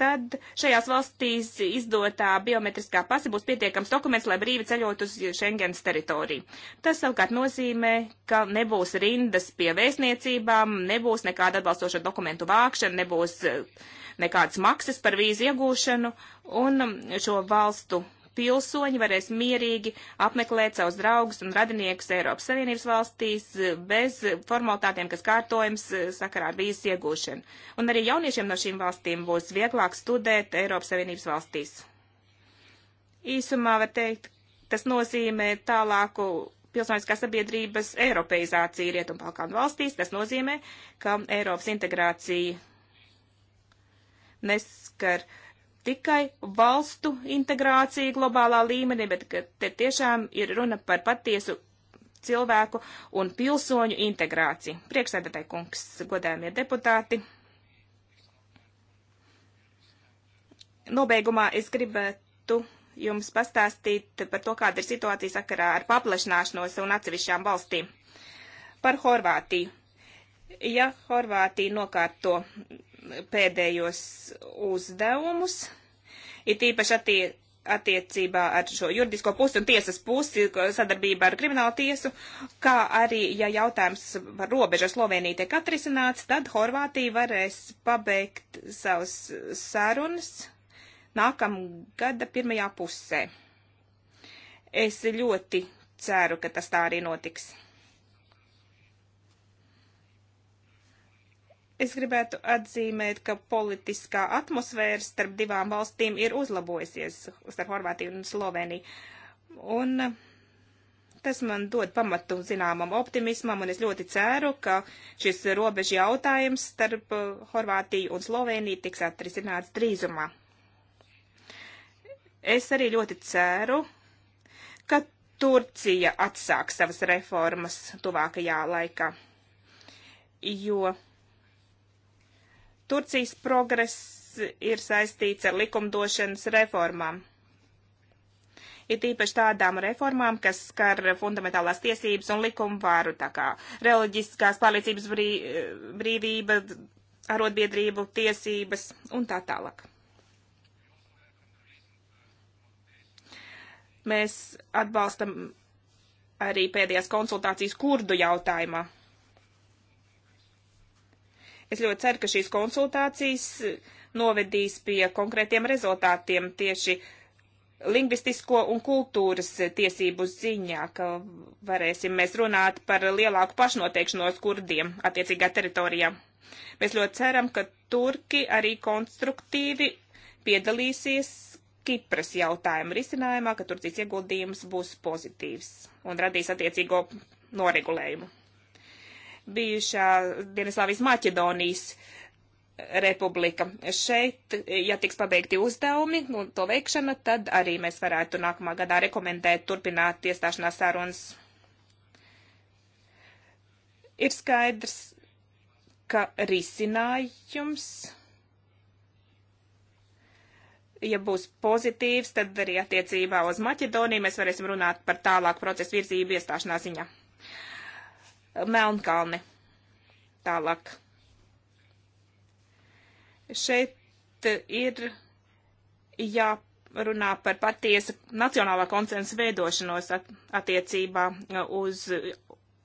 tad šajās valstīs izdotā biometriskā pase būs pietiekams dokuments, lai brīvi ceļot uz Schengens teritoriju. Tas savukārt nozīmē, ka nebūs rindas pie vēstniecībām, nebūs nekāda atbalstoša dokumentu vākšana, nebūs eh, nekādas maksas par vīzu iegūšanu, un šo valstu pilsoņi varēs mierīgi apmeklēt savus draugus un radiniekus Eiropas Savienības valstīs eh, bez formalitātiem, kas kārtojums eh, sakarā ar vīzas iegūšanu. Un arī jauniešiem no šīm valstīm būs vieglāk studēt Eiropas Savienības valstīs. Īsumā var teikt, tas nozīmē tālāku pilsoniskās sabiedrības eiropeizācija Rietumpalkānu valstīs. Tas nozīmē, ka Eiropas integrācija neskar uh, tikai valstu integrācija globālā līmenī, bet te tiešām ir runa par patiesu cilvēku un pilsoņu integrāciju. Priekšsēdētāji kungs, godējumie deputāti. Nobeigumā es gribētu jums pastāstīt par to, kāda ir situācija sakarā ar paplašināšanos un atsevišķām valstīm. Par Horvātiju. Ja Horvātija nokārto pēdējos uzdevumus, ir tīpaši attie, attiecībā ar šo juridisko pusi un tiesas pusi, sadarbībā ar kriminālu tiesu, kā arī, ja jautājums par robežu ar Sloveniju tiek atrisināts, tad Horvātija varēs pabeigt savas sarunas nākamgada pirmajā pusē. Es ļoti ceru, ka tas tā arī notiks. Es gribētu atzīmēt, ka politiskā atmosfēra starp divām valstīm ir uzlabojusies, starp Horvātiju un Sloveniju. Un uh, tas man dod pamatu zināmam optimismam, un es ļoti ceru, ka šis robežu jautājums starp uh, Horvātiju un Sloveniju tiks atrisināts drīzumā. Es arī ļoti ceru, ka Turcija atsāks savas reformas tuvākajā laikā, jo Turcijas progress ir saistīts ar likumdošanas reformām. Ir tīpaši tādām reformām, kas skar fundamentālās tiesības un likumu vāru, tā kā reliģiskās pārliecības brīvība, arotbiedrību tiesības un tā tālāk. Mēs atbalstam arī pēdējās konsultācijas kurdu jautājumā. Es ļoti ceru, ka šīs konsultācijas eh, novedīs pie konkrētiem rezultātiem tieši lingvistisko un kultūras eh, tiesību ziņā, ka varēsim mēs runāt par lielāku pašnoteikšanos kurdiem attiecīgā teritorijā. Mēs ļoti ceram, ka turki arī konstruktīvi piedalīsies Kipras jautājuma risinājumā, ka Turcijas ieguldījums būs pozitīvs un radīs attiecīgo noregulējumu bijušā Dienaslāvijas Maķedonijas republika. Šeit, ja tiks pabeigti uzdevumi un to veikšana, tad arī mēs varētu nākamā gadā rekomendēt turpināt iestāšanās sarunas. Ir skaidrs, ka risinājums, ja būs pozitīvs, tad arī attiecībā uz Maķedoniju mēs varēsim runāt par tālāku procesu virzību iestāšanās ziņā. Melnkalne. Tālāk. Šeit ir jārunā par patiesa nacionālā konsensa veidošanos at, attiecībā uz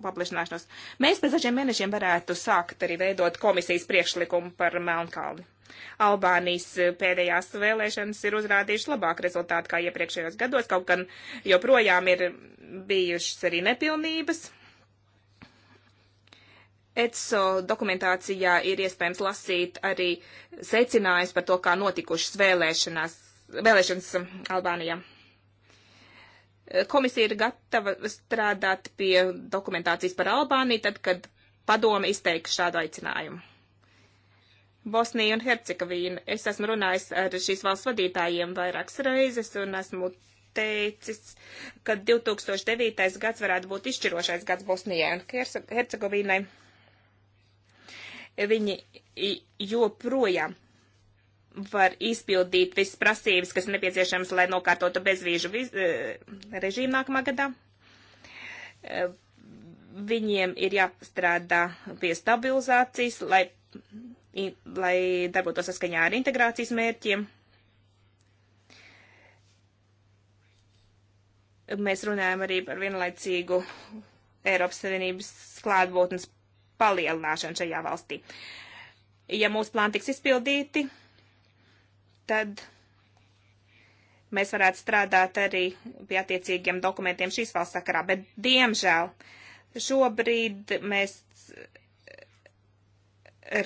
paplašināšanos. Mēs pēc dažiem mēnešiem varētu sākt arī veidot komisijas priekšlikumu par Melnkalni. Albānijas pēdējās vēlēšanas ir uzrādījušas labāku rezultātu kā iepriekšējos gados, kaut gan joprojām ir bijušas arī nepilnības, ECO dokumentācijā ir iespējams lasīt arī secinājums par to, kā notikušas vēlēšanās, vēlēšanas um, Albānijā. Komisija ir gatava strādāt pie dokumentācijas par Albāniju, tad, kad padome izteiks šādu aicinājumu. Bosnija un Hercegovina. Es esmu runājis ar šīs valsts vadītājiem vairākas reizes un esmu teicis, ka 2009. gads varētu būt izšķirošais gads Bosnijai un Hercegovinai. Herce viņi joprojām var izpildīt visas prasības, kas nepieciešams, lai nokārtotu bezvīžu viz, e, režīmu nākamā gadā. E, viņiem ir jāstrādā pie stabilizācijas, lai, lai darbotos saskaņā ar integrācijas mērķiem. Mēs runājam arī par vienlaicīgu Eiropas Savienības klātbūtnes palielināšanu šajā valstī. Ja mūsu plāni tiks izpildīti, tad mēs varētu strādāt arī pie attiecīgiem dokumentiem šīs valsts sakarā, bet diemžēl šobrīd mēs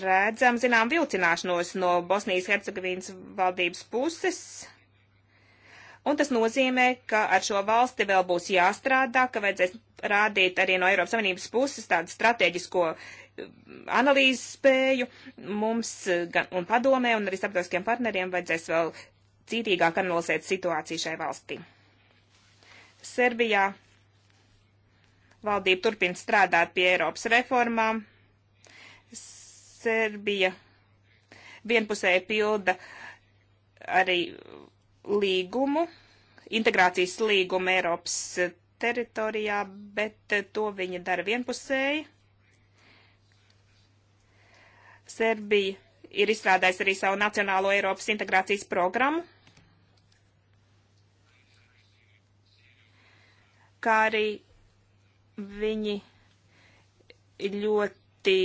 redzam, zinām, vilcināšanos no Bosnijas Hercegovīnas valdības puses Un tas nozīmē, ka ar šo valsti vēl būs jāstrādā, ka vajadzēs rādīt arī no Eiropas Savienības puses tādu strateģisko eh, analīzes spēju mums eh, gan, un padomē, un arī starptautiskiem partneriem vajadzēs vēl cītīgāk analizēt situāciju šai valstī. Serbijā valdība turpina strādāt pie Eiropas reformām. Serbija vienpusēji pilda arī līgumu, integrācijas līgumu Eiropas teritorijā, bet to viņa dara vienpusēji. Serbija ir izstrādājusi arī savu Nacionālo Eiropas integrācijas programmu, kā arī viņi ļoti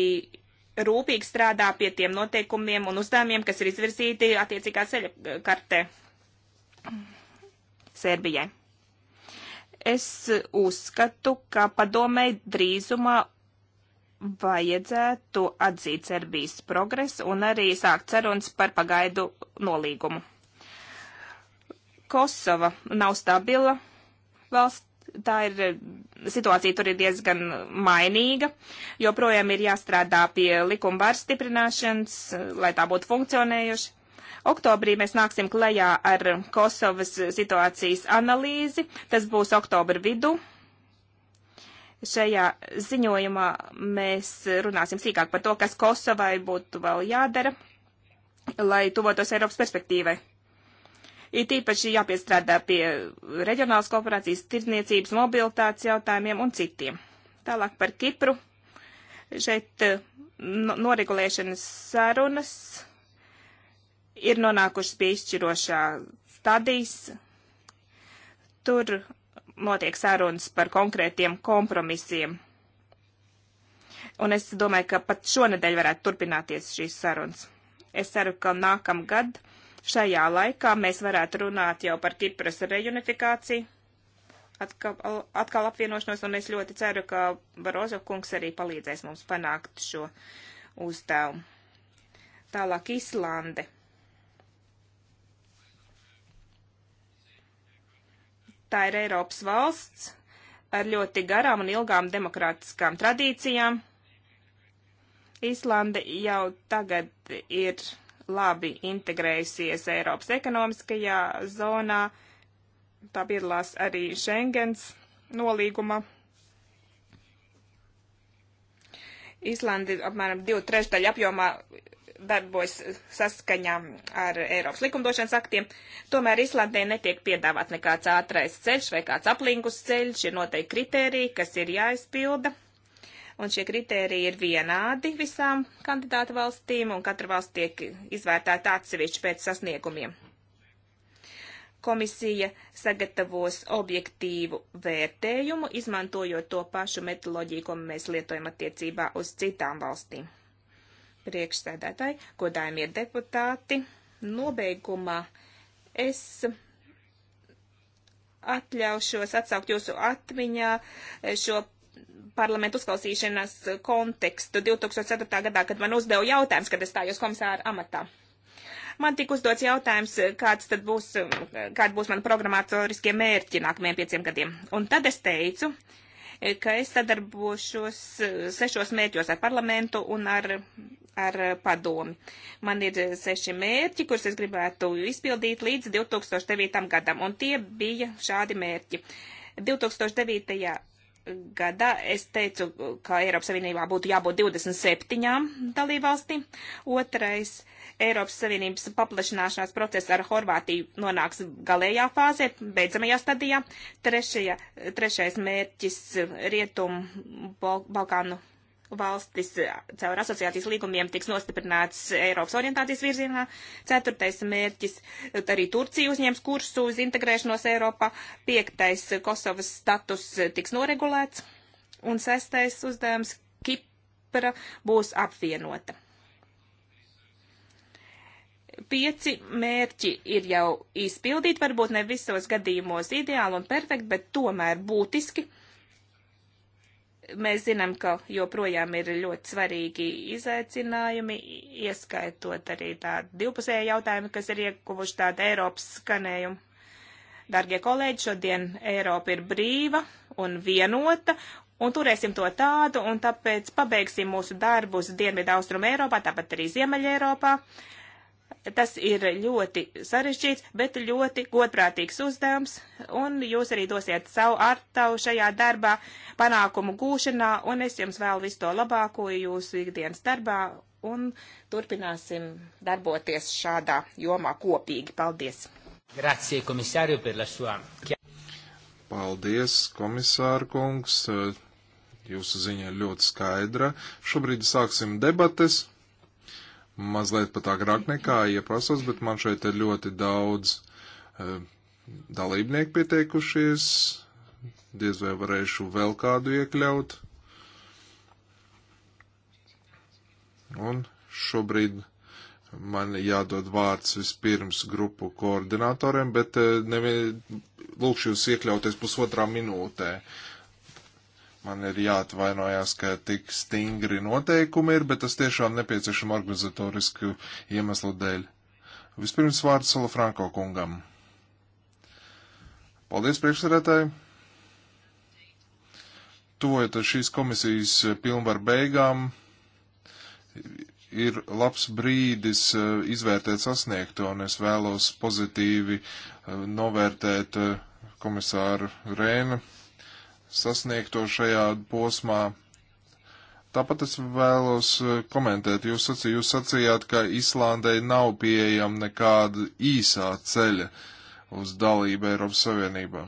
rūpīgi strādā pie tiem noteikumiem un uzdevumiem, kas ir izvirzīti attiecīgā ceļa kartē. Serbijai. Es uzskatu, ka padomēji drīzumā vajadzētu atzīt Serbijas progresu un arī sākt sarunas par pagaidu nolīgumu. Kosova nav stabila valsts, tā ir situācija tur ir diezgan mainīga, joprojām ir jāstrādā pie likuma varas stiprināšanas, lai tā būtu funkcionējuši. Oktobrī mēs nāksim klajā ar Kosovas situācijas analīzi. Tas būs oktobra vidu. Šajā ziņojumā mēs runāsim sīkāk par to, kas Kosovai būtu vēl jādara, lai tuvotos Eiropas perspektīvai. Ir tīpaši jāpiestrādā pie reģionālas kooperācijas, tirdzniecības, mobilitātes jautājumiem un citiem. Tālāk par Kipru. Šeit eh, noregulēšanas sarunas ir nonākušas pie izšķirošā stadijas. Tur notiek sarunas par konkrētiem kompromisiem. Un es domāju, ka pat šonadēļ varētu turpināties šīs sarunas. Es ceru, ka nākamgad šajā laikā mēs varētu runāt jau par Kipras reunifikāciju, atkal, atkal apvienošanos, un es ļoti ceru, ka Barozo kungs arī palīdzēs mums panākt šo uzdevumu. Tālāk Islande. Tā ir Eiropas valsts ar ļoti garām un ilgām demokrātiskām tradīcijām. Īslande jau tagad ir labi integrējusies Eiropas ekonomiskajā zonā. Tā piedalās arī Schengens nolīguma. Īslanda ir apmēram divu trešdaļu apjomā darbojas saskaņā ar Eiropas likumdošanas aktiem. Tomēr Islandē netiek piedāvāt nekāds ātrais ceļš vai kāds aplinkus ceļš, ir noteikti kritēriji, kas ir jāizpilda. Un šie kritēriji ir vienādi visām kandidātu valstīm, un katra valsts tiek izvērtēta atsevišķi pēc sasniegumiem. Komisija sagatavos objektīvu vērtējumu, izmantojot to pašu metoloģiju, ko mēs lietojam attiecībā uz citām valstīm priekšsēdētāji, godājumie deputāti. Nobeigumā es atļaušos atsaukt jūsu atmiņā šo parlamentu uzklausīšanas kontekstu 2004. gadā, kad man uzdeva jautājums, kad es stājos komisāra amatā. Man tika uzdots jautājums, kāds tad būs, kāda būs mana programmatoriskie mērķi nākamajiem pieciem gadiem. Un tad es teicu, uh, ka es sadarbošos eh, sešos mērķos ar parlamentu un ar, ar padomi. Man ir eh, seši mērķi, kurus es gribētu izpildīt līdz 2009. gadam, un tie bija šādi mērķi. 2009. gadā es teicu, ka Eiropas Savienībā būtu jābūt 27 dalībvalstīm. Otrais Eiropas Savienības paplašināšanās process ar Horvātiju nonāks galējā fāzē, beidzamajā stadijā. Trešajā, trešais mērķis Rietumu Balkānu valstis caur asociācijas līgumiem tiks nostiprināts Eiropas orientācijas virzienā. Ceturtais mērķis arī Turcija uzņems kursu uz integrēšanos Eiropā. Piektais Kosovas status tiks noregulēts. Un sestais uzdevums Kipra būs apvienota pieci mērķi ir jau izpildīti, varbūt ne visos gadījumos ideāli un perfekti, bet tomēr būtiski. Mēs zinām, ka joprojām ir ļoti svarīgi izaicinājumi, ieskaitot arī tādu divpusēju jautājumu, kas ir iekuvuši tādu Eiropas skanējumu. Dargie kolēģi, šodien Eiropa ir brīva un vienota, un turēsim to tādu, un tāpēc pabeigsim mūsu darbus Dienvidu Austrum Eiropā, tāpat arī Ziemeļa Eiropā. Uh, Tas ir ļoti sarežģīts, bet ļoti godprātīgs uzdevums, un jūs arī dosiet savu artavu šajā darbā, panākumu gūšanā, un es jums vēlu visu to labāko jūsu ikdienas darbā, un turpināsim darboties šādā jomā kopīgi. Paldies! Grazie, komisārio, per la sua. Paldies, komisāra kungs! Jūsu ziņa ir ļoti skaidra. Šobrīd sāksim debates mazliet pat agrāk nekā ieprasos, bet man šeit ir ļoti daudz e, eh, dalībnieku pieteikušies. Diez vai varēšu vēl kādu iekļaut. Un šobrīd man jādod vārds vispirms grupu koordinatoriem, bet e, eh, nevi, lūkšu jūs iekļauties pusotrā minūtē. Uh, Man ir jāatvainojās, ka tik stingri noteikumi ir, bet tas tiešām nepieciešama organizatorisku iemeslu dēļ. Vispirms vārds Salafranko kungam. Paldies priekšsarētāji! Tuvojoties šīs komisijas pilnvaru beigām, ir labs brīdis eh, izvērtēt sasniegto, un es vēlos pozitīvi eh, novērtēt eh, komisāru Rēnu sasniegto šajā posmā. Tāpat es vēlos eh, komentēt, jūs, sacī, jūs sacījāt, ka Islandai nav pieejama nekāda īsā ceļa uz dalību Eiropas Savienībā.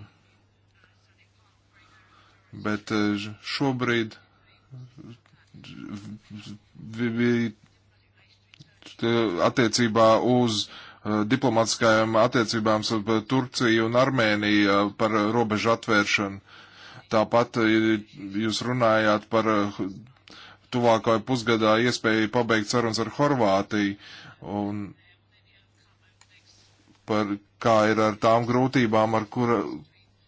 Bet eh, šobrīd attiecībā uz eh, diplomatiskajām attiecībām starp Turciju un Armēniju par robežu atvēršanu Tāpat jūs runājāt par eh, tuvākajā pusgadā iespēju pabeigt sarunas ar Horvātiju un par kā ir ar tām grūtībām, ar kura,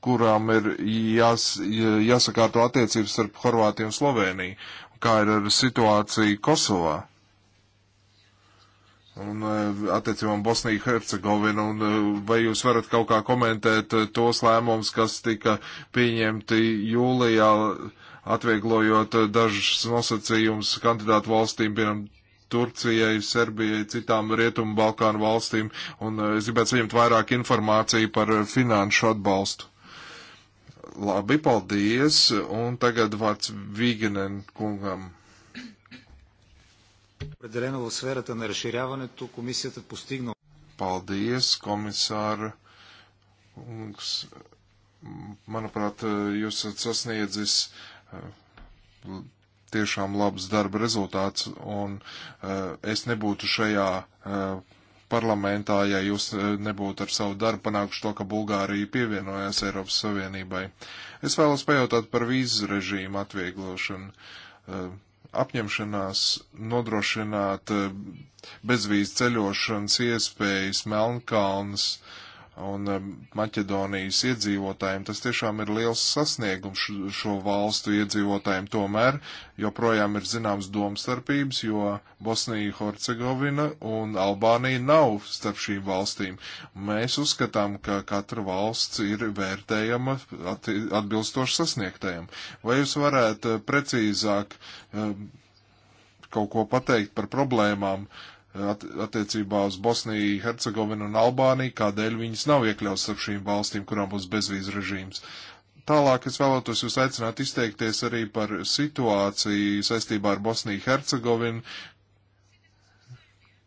kurām ir jās, jāsakārto attiecības starp Horvātiju un Sloveniju, kā ir ar situāciju Kosovā un eh, attiecībām Bosniju Hercegovinu, un eh, vai jūs varat kaut kā komentēt eh, tos lēmumus, kas tika pieņemti jūlijā, atvieglojot dažas nosacījumus kandidātu valstīm, piemēram, Turcijai, Serbijai, citām Rietumu Balkānu valstīm, un es gribētu saņemt vairāk informāciju par finanšu atbalstu. Labi, paldies, un tagad vārds Vīgenen kungam. Определено в сферата на разширяването комисията постигна. Paldies, komisāra. Manuprāt, jūs esat sasniedzis tiešām labs darba rezultāts, un es nebūtu šajā parlamentā, ja jūs nebūtu ar savu darbu panākuši to, ka Bulgārija pievienojās Eiropas Savienībai. Es vēlos pajautāt par vīzu režīmu atvieglošanu apņemšanās nodrošināt eh, bezvīz ceļošanas iespējas Melnkalnas uh, un um, Maķedonijas iedzīvotājiem. Tas tiešām ir liels sasniegums šo valstu iedzīvotājiem. Tomēr joprojām ir zināms domstarpības, jo Bosnija, Hercegovina un Albānija nav starp šīm valstīm. Mēs uzskatām, ka katra valsts ir vērtējama atbilstoši sasniegtajam. Vai jūs varētu precīzāk um, kaut ko pateikt par problēmām? Uh, at, attiecībā uz Bosniju, Hercegovinu un Albāniju, kādēļ viņas nav iekļauts ar šīm valstīm, kurām būs bezvīzu režīms. Tālāk es vēlētos jūs aicināt izteikties arī par situāciju saistībā ar Bosniju, Hercegovinu,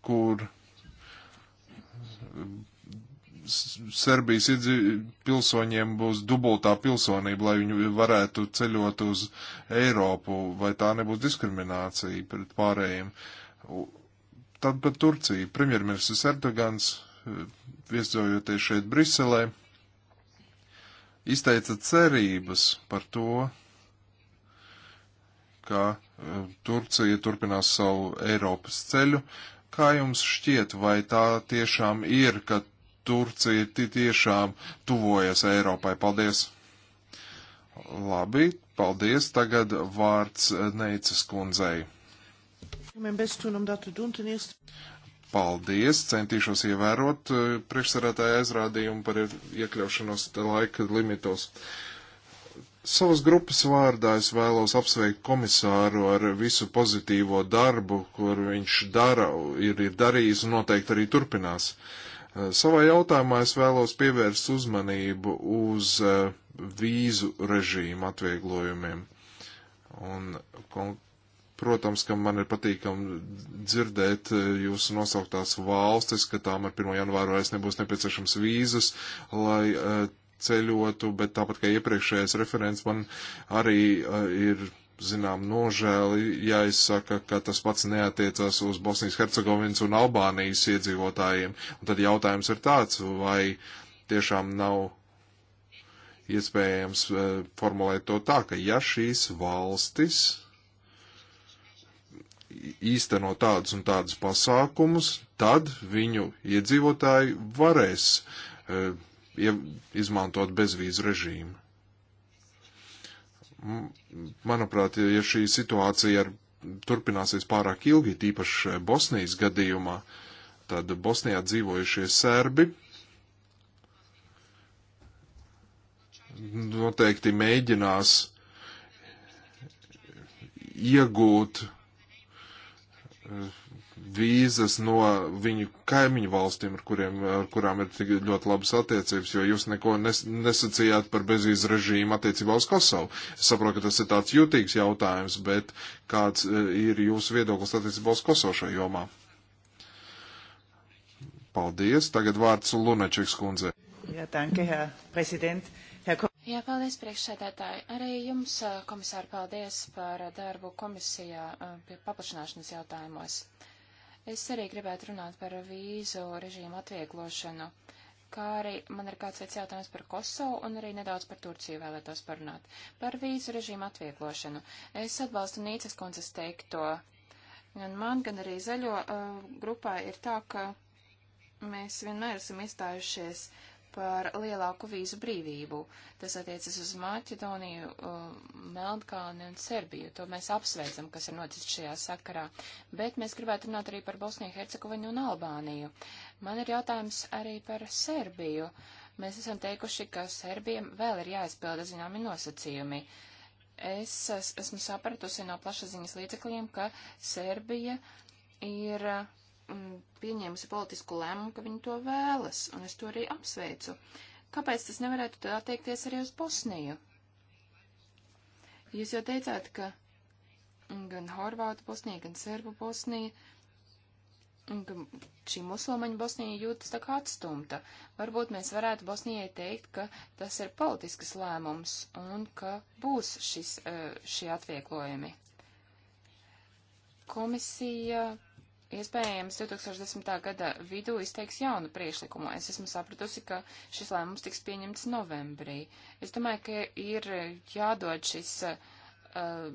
kur Serbijas pilsoņiem būs dubultā pilsonība, lai viņi varētu ceļot uz Eiropu, vai tā nebūs diskriminācija pret pārējiem. Tad par Turciju. Premjerministrs Erdogans, eh, viesojoties šeit Briselē, izteica cerības par to, ka eh, Turcija turpinās savu Eiropas ceļu. Kā jums šķiet, vai tā tiešām ir, ka Turcija tiešām tuvojas Eiropai? Paldies! Labi, paldies. Tagad vārds Neicas kundzei. Paldies, centīšos ievērot eh, priekšsarētāja aizrādījumu par iekļaušanos laika limitos. Savas grupas vārdā es vēlos apsveikt komisāru ar visu pozitīvo darbu, kur viņš dara, ir, ir darījis un noteikti arī turpinās. Eh, savā jautājumā es vēlos pievērst uzmanību uz eh, vīzu režīmu atvieglojumiem un Protams, ka man ir patīkami dzirdēt e, jūsu nosauktās valstis, ka tām ar 1. janvāru vairs nebūs nepieciešams vīzas, lai e, ceļotu, bet tāpat kā iepriekšējais referents, man arī e, ir zinām nožēli jāizsaka, ka tas pats neatiecas uz Bosnijas Hercegovinas un Albānijas iedzīvotājiem. Un tad jautājums ir tāds, vai tiešām nav iespējams formulēt to tā, ka ja šīs valstis īsteno tādus un tādus pasākumus, tad viņu iedzīvotāji varēs e, izmantot bezvīzu režīmu. Manuprāt, ja šī situācija ar, turpināsies pārāk ilgi, tīpaši Bosnijas gadījumā, tad Bosnijā dzīvojušie serbi noteikti mēģinās iegūt vīzas no viņu kaimiņu valstīm, ar, kuriem, ar kurām ir tik ļoti labas attiecības, jo jūs neko nes, nesacījāt par bezvīzu režīmu attiecībā uz Kosovu. Es saprotu, ka tas ir tāds jūtīgs jautājums, bet kāds e, ir jūsu viedoklis attiecībā uz Kosovu šajā jomā? Paldies. Tagad vārds Lunačiks kundze. Jā, ja, danke, Herr Prezident. Uh, Jā, paldies priekšsēdētāji. Arī jums, komisāri, paldies par darbu komisijā pie paplašināšanas jautājumos. Es arī gribētu runāt par vīzu režīmu atvieglošanu, kā arī man ir kāds cits jautājums par Kosovu un arī nedaudz par Turciju vēlētos parunāt. Par vīzu režīmu atvieglošanu. Es atbalstu Nīcas kundzes teikto. Gan man, gan arī zaļo uh, grupā ir tā, ka mēs vienmēr esam iestājušies uh, par lielāku vīzu brīvību. Tas attiecas uz Maķedoniju, um, Meldkāni un Serbiju. To mēs apsveicam, kas ir noticis šajā sakarā. Bet mēs gribētu runāt arī par Bosniju, Hercegoviņu un Albāniju. Man ir jautājums arī par Serbiju. Mēs esam teikuši, ka Serbiem vēl ir jāizpilda zināmi nosacījumi. Es, es esmu sapratusi no plašaziņas līdzekļiem, ka Serbija ir uh, Mm, pieņēmusi politisku lēmumu, ka viņi to vēlas, un es to arī apsveicu. Kāpēc tas nevarētu tad attiekties arī uz Bosniju? Jūs jau teicāt, ka gan Horvātu Bosnija, gan Serbu Bosnija, ka šī musulmaņa Bosnija jūtas tā kā atstumta. Varbūt mēs varētu Bosnijai teikt, ka tas ir politisks lēmums un ka būs šis, eh, šie atvieglojumi. Komisija iespējams 2010. gada vidū izteiks jaunu priešlikumu. Es esmu sapratusi, ka šis lēmums tiks pieņemts novembrī. Es domāju, ka ir jādod šis, uh,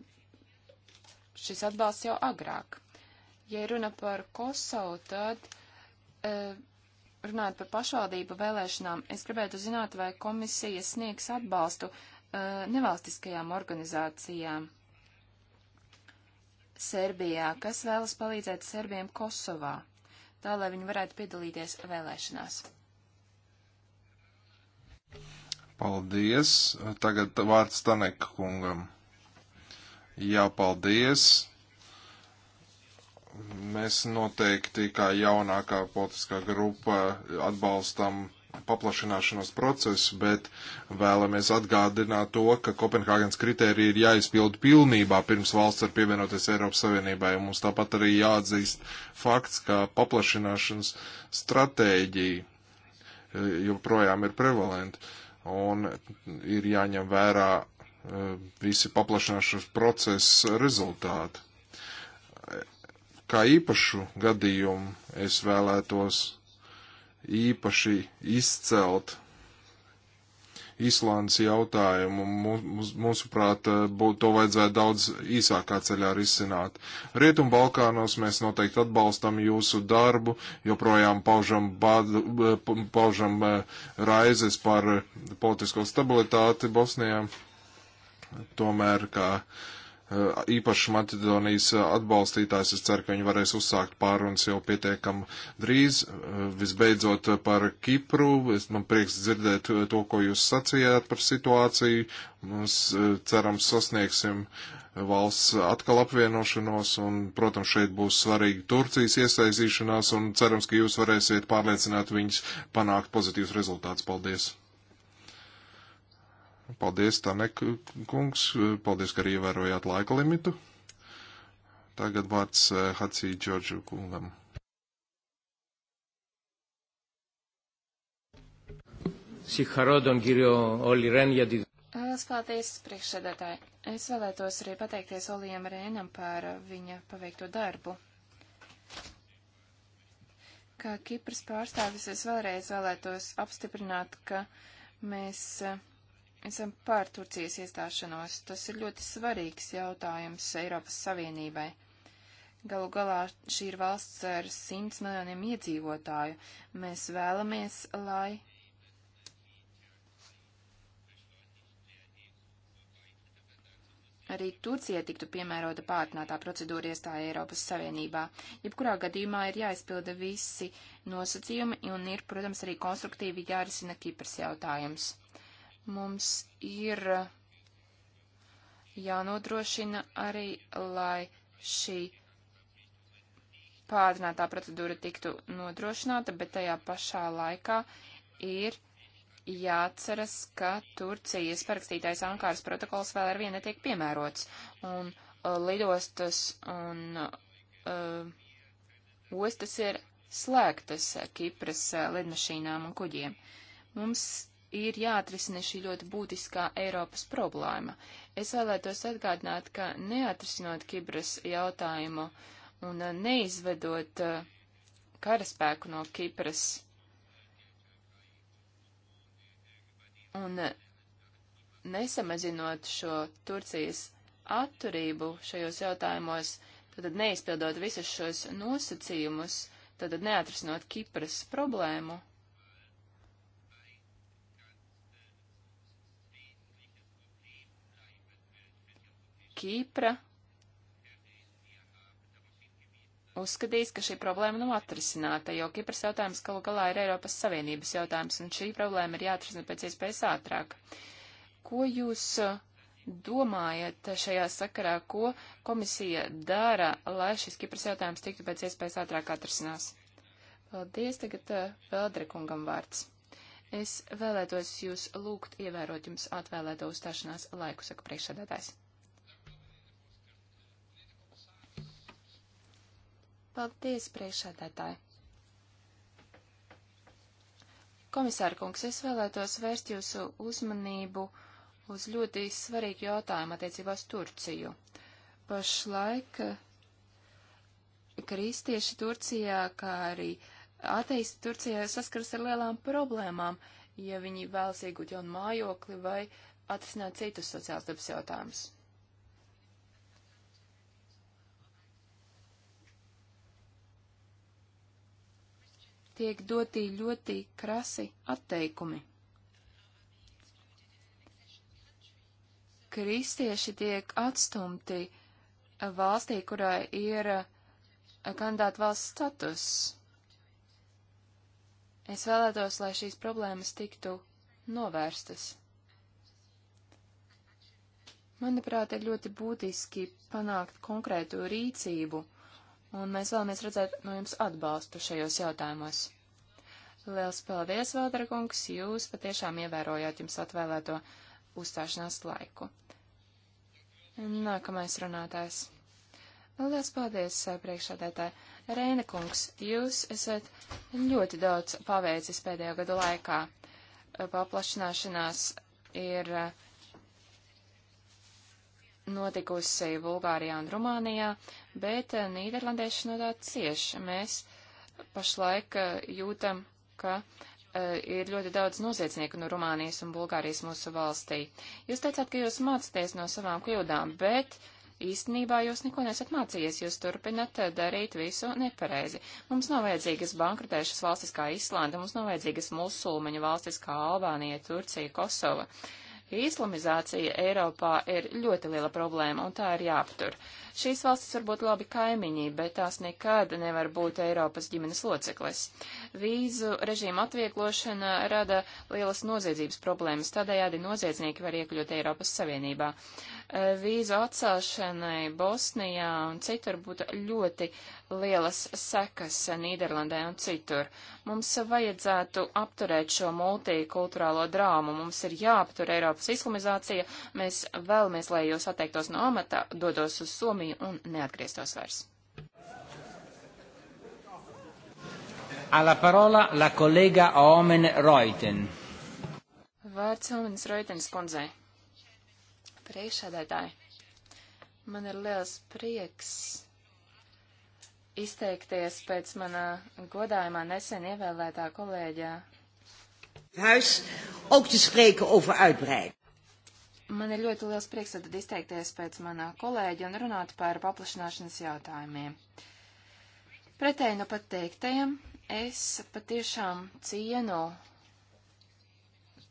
šis atbalsts jau agrāk. Ja runa par Kosovu, tad uh, runājot par pašvaldību vēlēšanām, es gribētu zināt, vai komisija sniegs atbalstu uh, nevalstiskajām organizācijām Serbijā, kas vēlas palīdzēt serbiem Kosovā, tā lai viņi varētu piedalīties vēlēšanās. Paldies. Tagad vārds Taneka kungam. Jā, paldies. Mēs noteikti kā jaunākā politiskā grupa atbalstam paplašināšanos procesu, bet vēlamies atgādināt to, ka Kopenhāgens kritērija ir jāizpild pilnībā pirms valsts var pievienoties Eiropas Savienībai. Un mums tāpat arī jāatzīst fakts, ka paplašināšanas stratēģija eh, joprojām ir prevalenta un ir jāņem vērā eh, visi paplašināšanas procesa rezultāti. Kā īpašu gadījumu es vēlētos īpaši izcelt Īslandes jautājumu. Mums, mūsuprāt, būtu to vajadzētu daudz īsākā ceļā risināt. Rietum Balkānos mēs noteikti atbalstam jūsu darbu, joprojām paužam, badu, paužam e, raizes par politisko stabilitāti Bosnijā. Tomēr, kā uh, Eh, īpaši Maķedonijas eh, atbalstītājs. Es ceru, ka viņi varēs uzsākt pārunas jau pietiekam drīz. Eh, visbeidzot par Kipru, es man prieks dzirdēt to, ko jūs sacījāt par situāciju. Mums cerams sasniegsim valsts atkal apvienošanos un, protams, šeit būs svarīgi Turcijas iesaistīšanās un cerams, ka jūs varēsiet pārliecināt viņus panākt pozitīvus rezultātus. Paldies! Paldies, Tanek kungs. Paldies, ka arī ievērojāt laika limitu. Tagad vārds eh, Hacī Džordžu kungam. Συγχαρόντων κύριο Όλη Ρέν για τη... Lielas paldies, priekšsēdētāji. Es vēlētos arī pateikties Olijam Rēnam par viņa paveikto darbu. Kā Kipras pārstāvis, es vēlreiz vēlētos apstiprināt, ka mēs uh, esam pār Turcijas iestāšanos. Tas ir ļoti svarīgs jautājums Eiropas Savienībai. Galu galā šī ir valsts ar simts miljoniem iedzīvotāju. Mēs vēlamies, lai. Arī Turcija tiktu piemērota pātrinātā procedūra iestāja Eiropas Savienībā. Jebkurā gadījumā ir jāizpilda visi nosacījumi un ir, protams, arī konstruktīvi jārisina Kipras jautājums mums ir jānodrošina arī, lai šī pātrinātā procedūra tiktu nodrošināta, bet tajā pašā laikā ir jāatceras, ka Turcijas parakstītais Ankāras protokols vēl ar vienu netiek piemērots, un uh, lidostas un uh, ostas ir slēgtas Kipras uh, lidmašīnām un kuģiem. Mums ir jāatrisina šī ļoti būtiskā Eiropas problēma. Es vēlētos atgādināt, ka neatrisinot Kipras jautājumu un neizvedot eh, karaspēku no Kipras un eh, nesamazinot šo Turcijas atturību šajos jautājumos, tad neizpildot visus šos nosacījumus, tad neatrisinot Kipras problēmu, Kīpra uzskatīs, ka šī problēma nav atrisināta, jo Kipras jautājums galu galā ir Eiropas Savienības jautājums, un šī problēma ir jāatrisina pēc iespējas ātrāk. Ko jūs uh, domājat šajā sakarā, ko komisija dara, lai šis Kipras jautājums tiktu pēc iespējas ātrāk atrisinās? Paldies, tagad uh, Veldrekungam vārds. Es vēlētos jūs lūgt ievērot jums atvēlēto uzstāšanās laiku, saka priekšsēdētājs. Paldies, priekšādētāji! Komisāra kungs, es vēlētos vērst jūsu uzmanību uz ļoti svarīgu jautājumu attiecībā uz Turciju. Pašlaik kristieši Turcijā, kā arī ateisti Turcijā saskaras ar lielām problēmām, ja viņi vēlas iegūt jaunu mājokli vai atrisināt citus sociāls dabas jautājumus. tiek doti ļoti krasi atteikumi. Kristieši tiek atstumti valstī, kurai ir kandidāta valsts status. Es vēlētos, lai šīs problēmas tiktu novērstas. Manuprāt, ir ļoti būtiski panākt konkrētu rīcību un mēs vēlamies redzēt no jums atbalstu šajos jautājumos. Liels paldies, Valdrakungs, jūs patiešām ievērojāt jums atvēlēto uzstāšanās laiku. Nākamais runātājs. Liels paldies, eh, priekšādētāji. Reina kungs, jūs esat ļoti daudz paveicis pēdējo gadu laikā. Eh, paplašināšanās ir uh, notikusi Bulgārijā un Rumānijā, bet eh, Nīderlandieši no tā cieš. Mēs pašlaik eh, jūtam, ka eh, ir ļoti daudz noziedznieku no Rumānijas un Bulgārijas mūsu valstī. Jūs teicāt, ka jūs mācāties no savām kļūdām, bet īstenībā jūs neko nesat mācījies, jūs turpinat darīt visu nepareizi. Mums nav vajadzīgas bankrutējušas valstis kā Islanda, mums nav vajadzīgas musulmaņu valstis kā Albānija, Turcija, Kosova. Uh, Islamizācija Eiropā ir ļoti liela problēma, un tā ir jāaptur. Šīs valstis var būt labi kaimiņi, bet tās nekad nevar būt Eiropas ģimenes locekles. Vīzu režīma atvieglošana rada lielas noziedzības problēmas, tādējādi noziedznieki var iekļūt Eiropas Savienībā. Uh, Eh, vīzu atcelšanai Bosnijā un citur būtu ļoti lielas sekas Nīderlandē un citur. Mums vajadzētu apturēt šo multikulturālo drāmu, mums ir jāaptur Eiropas islamizācija, mēs vēlamies, lai jūs atteiktos no amata, dodos uz Somiju un neatgrieztos vairs. Alla parola la collega Omen Reuten. Vārds Omenis Reutens kundzei. Priekšādētāji, man ir liels prieks izteikties pēc manā godājumā nesen ievēlētā kolēģa. Huis, ook te spreken over uitbreiding. Man ir ļoti liels prieks tad izteikties pēc manā kolēģa un runāt par paplašināšanas jautājumiem. Pretēji nu pat teiktajam, es patiešām cienu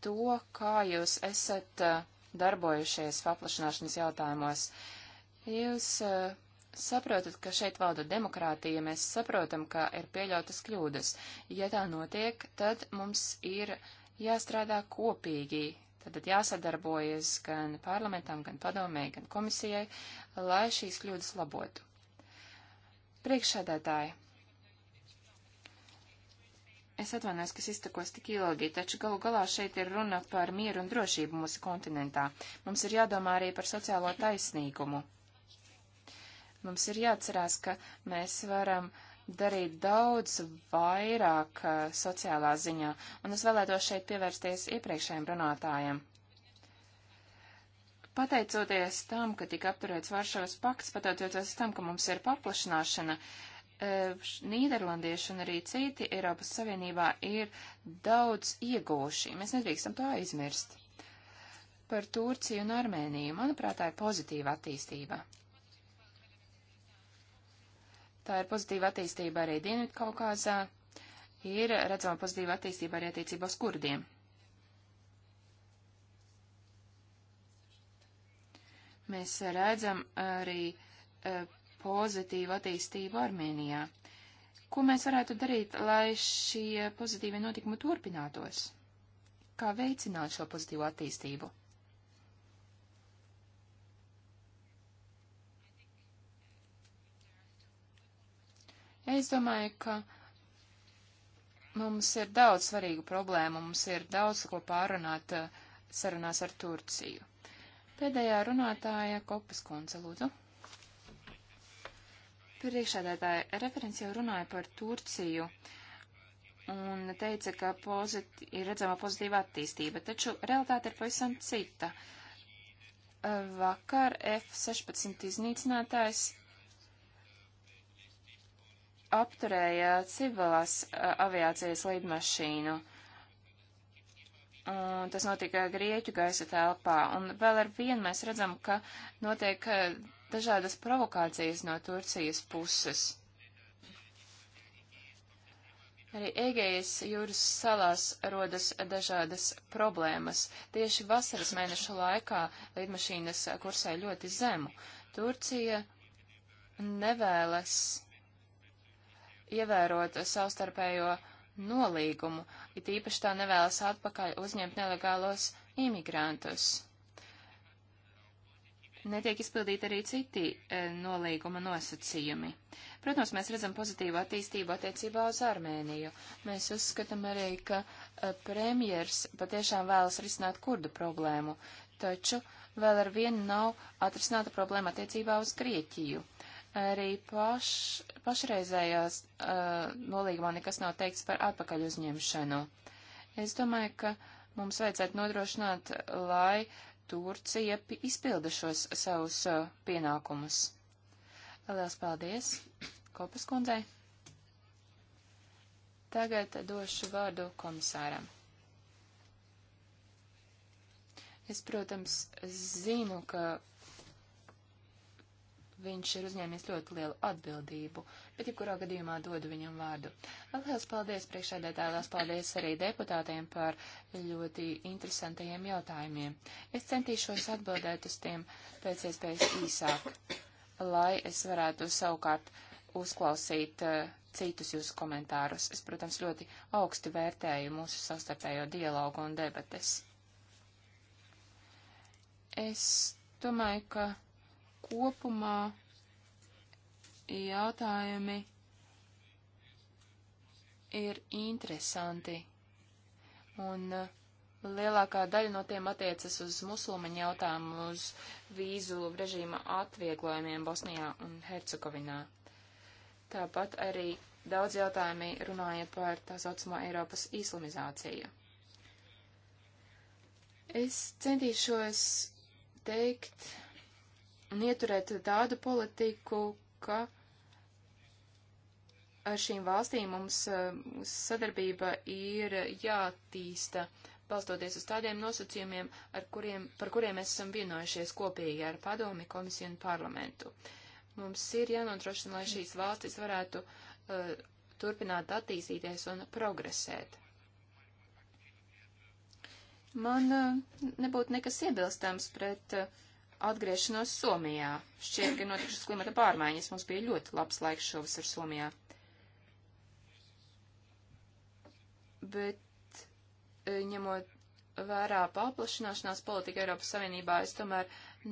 to, kā jūs esat uh, darbojušies paplašināšanas jautājumos. Jūs uh, saprotat, ka šeit valda demokrātija, mēs saprotam, ka ir pieļautas kļūdas. Ja tā notiek, tad mums ir jāstrādā kopīgi, tad jāsadarbojas gan parlamentam, gan padomē, gan komisijai, lai šīs kļūdas labotu. Priekšsēdētāji, Es atvainojos, kas iztekos tik ilgi, taču galu galā šeit ir runa par mieru un drošību mūsu kontinentā. Mums ir jādomā arī par sociālo taisnīgumu. Mums ir jāatcerās, ka mēs varam darīt daudz vairāk uh, sociālā ziņā, un es vēlētos šeit pievērsties iepriekšējiem runātājiem. Pateicoties tam, ka tika apturēts Varšavas pakts, pateicoties tam, ka mums ir paplašināšana, uh, Nīderlandieši un arī citi Eiropas Savienībā ir daudz iegūši. Mēs nedrīkstam to aizmirst. Par Turciju un Armēniju, manuprāt, tā ir pozitīva attīstība. Tā ir pozitīva attīstība arī Dienvidkaukāzā, ir redzama pozitīva attīstība arī attiecībā uz kurdiem. Mēs redzam arī pozitīvu attīstību Armēnijā. Ko mēs varētu darīt, lai šie pozitīvie notikumi turpinātos? Kā veicināt šo pozitīvo attīstību? Es domāju, ka mums ir daudz svarīgu problēmu, mums ir daudz ko pārunāt eh, sarunās ar Turciju. Pēdējā runātāja Kopas kundze, lūdzu. Priekšādātāja referents jau runāja par Turciju un teica, ka pozit ir redzama pozitīva attīstība, taču realitāte ir pavisam cita. Vakar F-16 iznīcinātājs apturēja civilās aviācijas lidmašīnu. Un tas notika Grieķu gaisa telpā. Un vēl ar vienu mēs redzam, ka notiek dažādas provokācijas no Turcijas puses. Arī Egejas jūras salās rodas dažādas problēmas. Tieši vasaras mēnešu laikā lidmašīnas kursē ļoti zemu. Turcija nevēlas ievērot savstarpējo nolīgumu, it īpaši tā nevēlas atpakaļ uzņemt nelegālos imigrantus netiek izpildīti arī citi e, nolīguma nosacījumi. Protams, mēs redzam pozitīvu attīstību attiecībā uz Armēniju. Mēs uzskatām arī, ka e, premjers patiešām vēlas risināt kurdu problēmu, taču vēl ar vienu nav atrisināta problēma attiecībā uz Grieķiju. Arī paš, pašreizējās e, nolīgumā nekas nav teikts par atpakaļ uzņemšanu. Es domāju, ka mums vajadzētu nodrošināt, lai uh, Turcija izpilda šos savus uh, pienākumus. Liels paldies Kopas kundzei. Tagad došu vārdu komisāram. Es, protams, zinu, ka viņš ir uzņēmis ļoti lielu atbildību, bet jebkurā gadījumā dodu viņam vārdu. Liels paldies priekšādētāji, liels paldies arī deputātiem par ļoti interesantajiem jautājumiem. Es centīšos atbildēt uz tiem pēc iespējas īsāk, lai es varētu savukārt uzklausīt uh, citus jūsu komentārus. Es, protams, ļoti augsti vērtēju mūsu sastarpējo dialogu un debates. Es domāju, ka kopumā jautājumi ir interesanti, un uh, lielākā daļa no tiem attiecas uz musulmaņu jautājumu, uz vīzu režīma atvieglojumiem Bosnijā un Hercegovinā. Tāpat arī daudz jautājumi runāja par tā saucamo Eiropas islamizāciju. Es centīšos teikt un ieturēt tādu politiku, ka ar šīm valstīm mums eh, sadarbība ir jātīsta, balstoties uz tādiem nosacījumiem, kuriem, par kuriem mēs esam vienojušies kopīgi ar padomi, komisiju un parlamentu. Mums ir jānodrošina, lai šīs valstis varētu uh, turpināt attīstīties un progresēt. Man uh, nebūtu nekas iebilstams pret uh, atgriešanos Somijā. Šķiet, ka notikušas klimata pārmaiņas mums bija ļoti labs laiks šovasar Somijā. Bet e, ņemot vērā paplašināšanās politika Eiropas Savienībā, es tomēr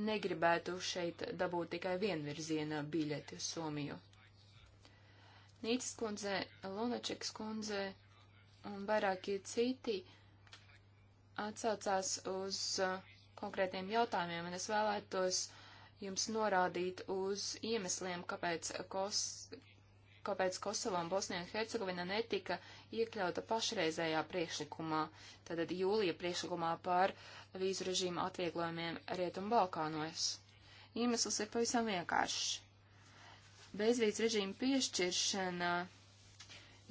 negribētu šeit dabūt tikai vienvirziena biļeti uz Somiju. Nīcis kundze, Lunačeks kundze un vairākie citi atsaucās uz uh, konkrētiem jautājumiem, un es vēlētos jums norādīt uz iemesliem, kāpēc, Kos kāpēc Kosovā un Bosnija un Hercegovina netika iekļauta pašreizējā priekšlikumā, tātad jūlija priekšlikumā par vīzu režīmu atvieglojumiem Rietumu Balkānos. Iemesls ir pavisam vienkāršs. Bezvīzu režīmu piešķiršana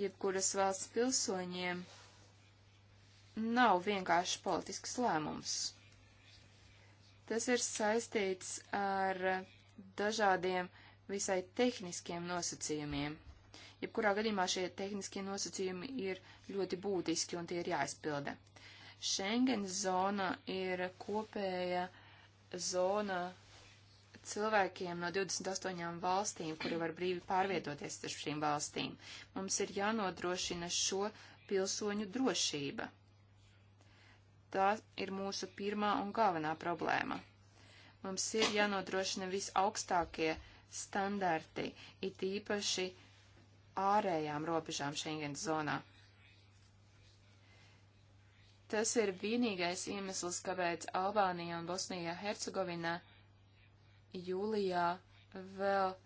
jebkuras valsts pilsoņiem nav vienkārši politisks lēmums. Tas ir saistīts ar dažādiem visai tehniskiem nosacījumiem. Jebkurā gadījumā šie tehniskie nosacījumi ir ļoti būtiski un tie ir jāizpilda. Schengen zona ir kopēja zona cilvēkiem no 28 valstīm, kuri var brīvi pārvietoties starp šīm valstīm. Mums ir jānodrošina šo pilsoņu drošība tā ir mūsu pirmā un galvenā problēma. Mums ir jānodrošina visaugstākie standarti, it īpaši ārējām robežām Schengen zonā. Tas ir vienīgais iemesls, kāpēc Albānija un Bosnija Hercegovina jūlijā vēl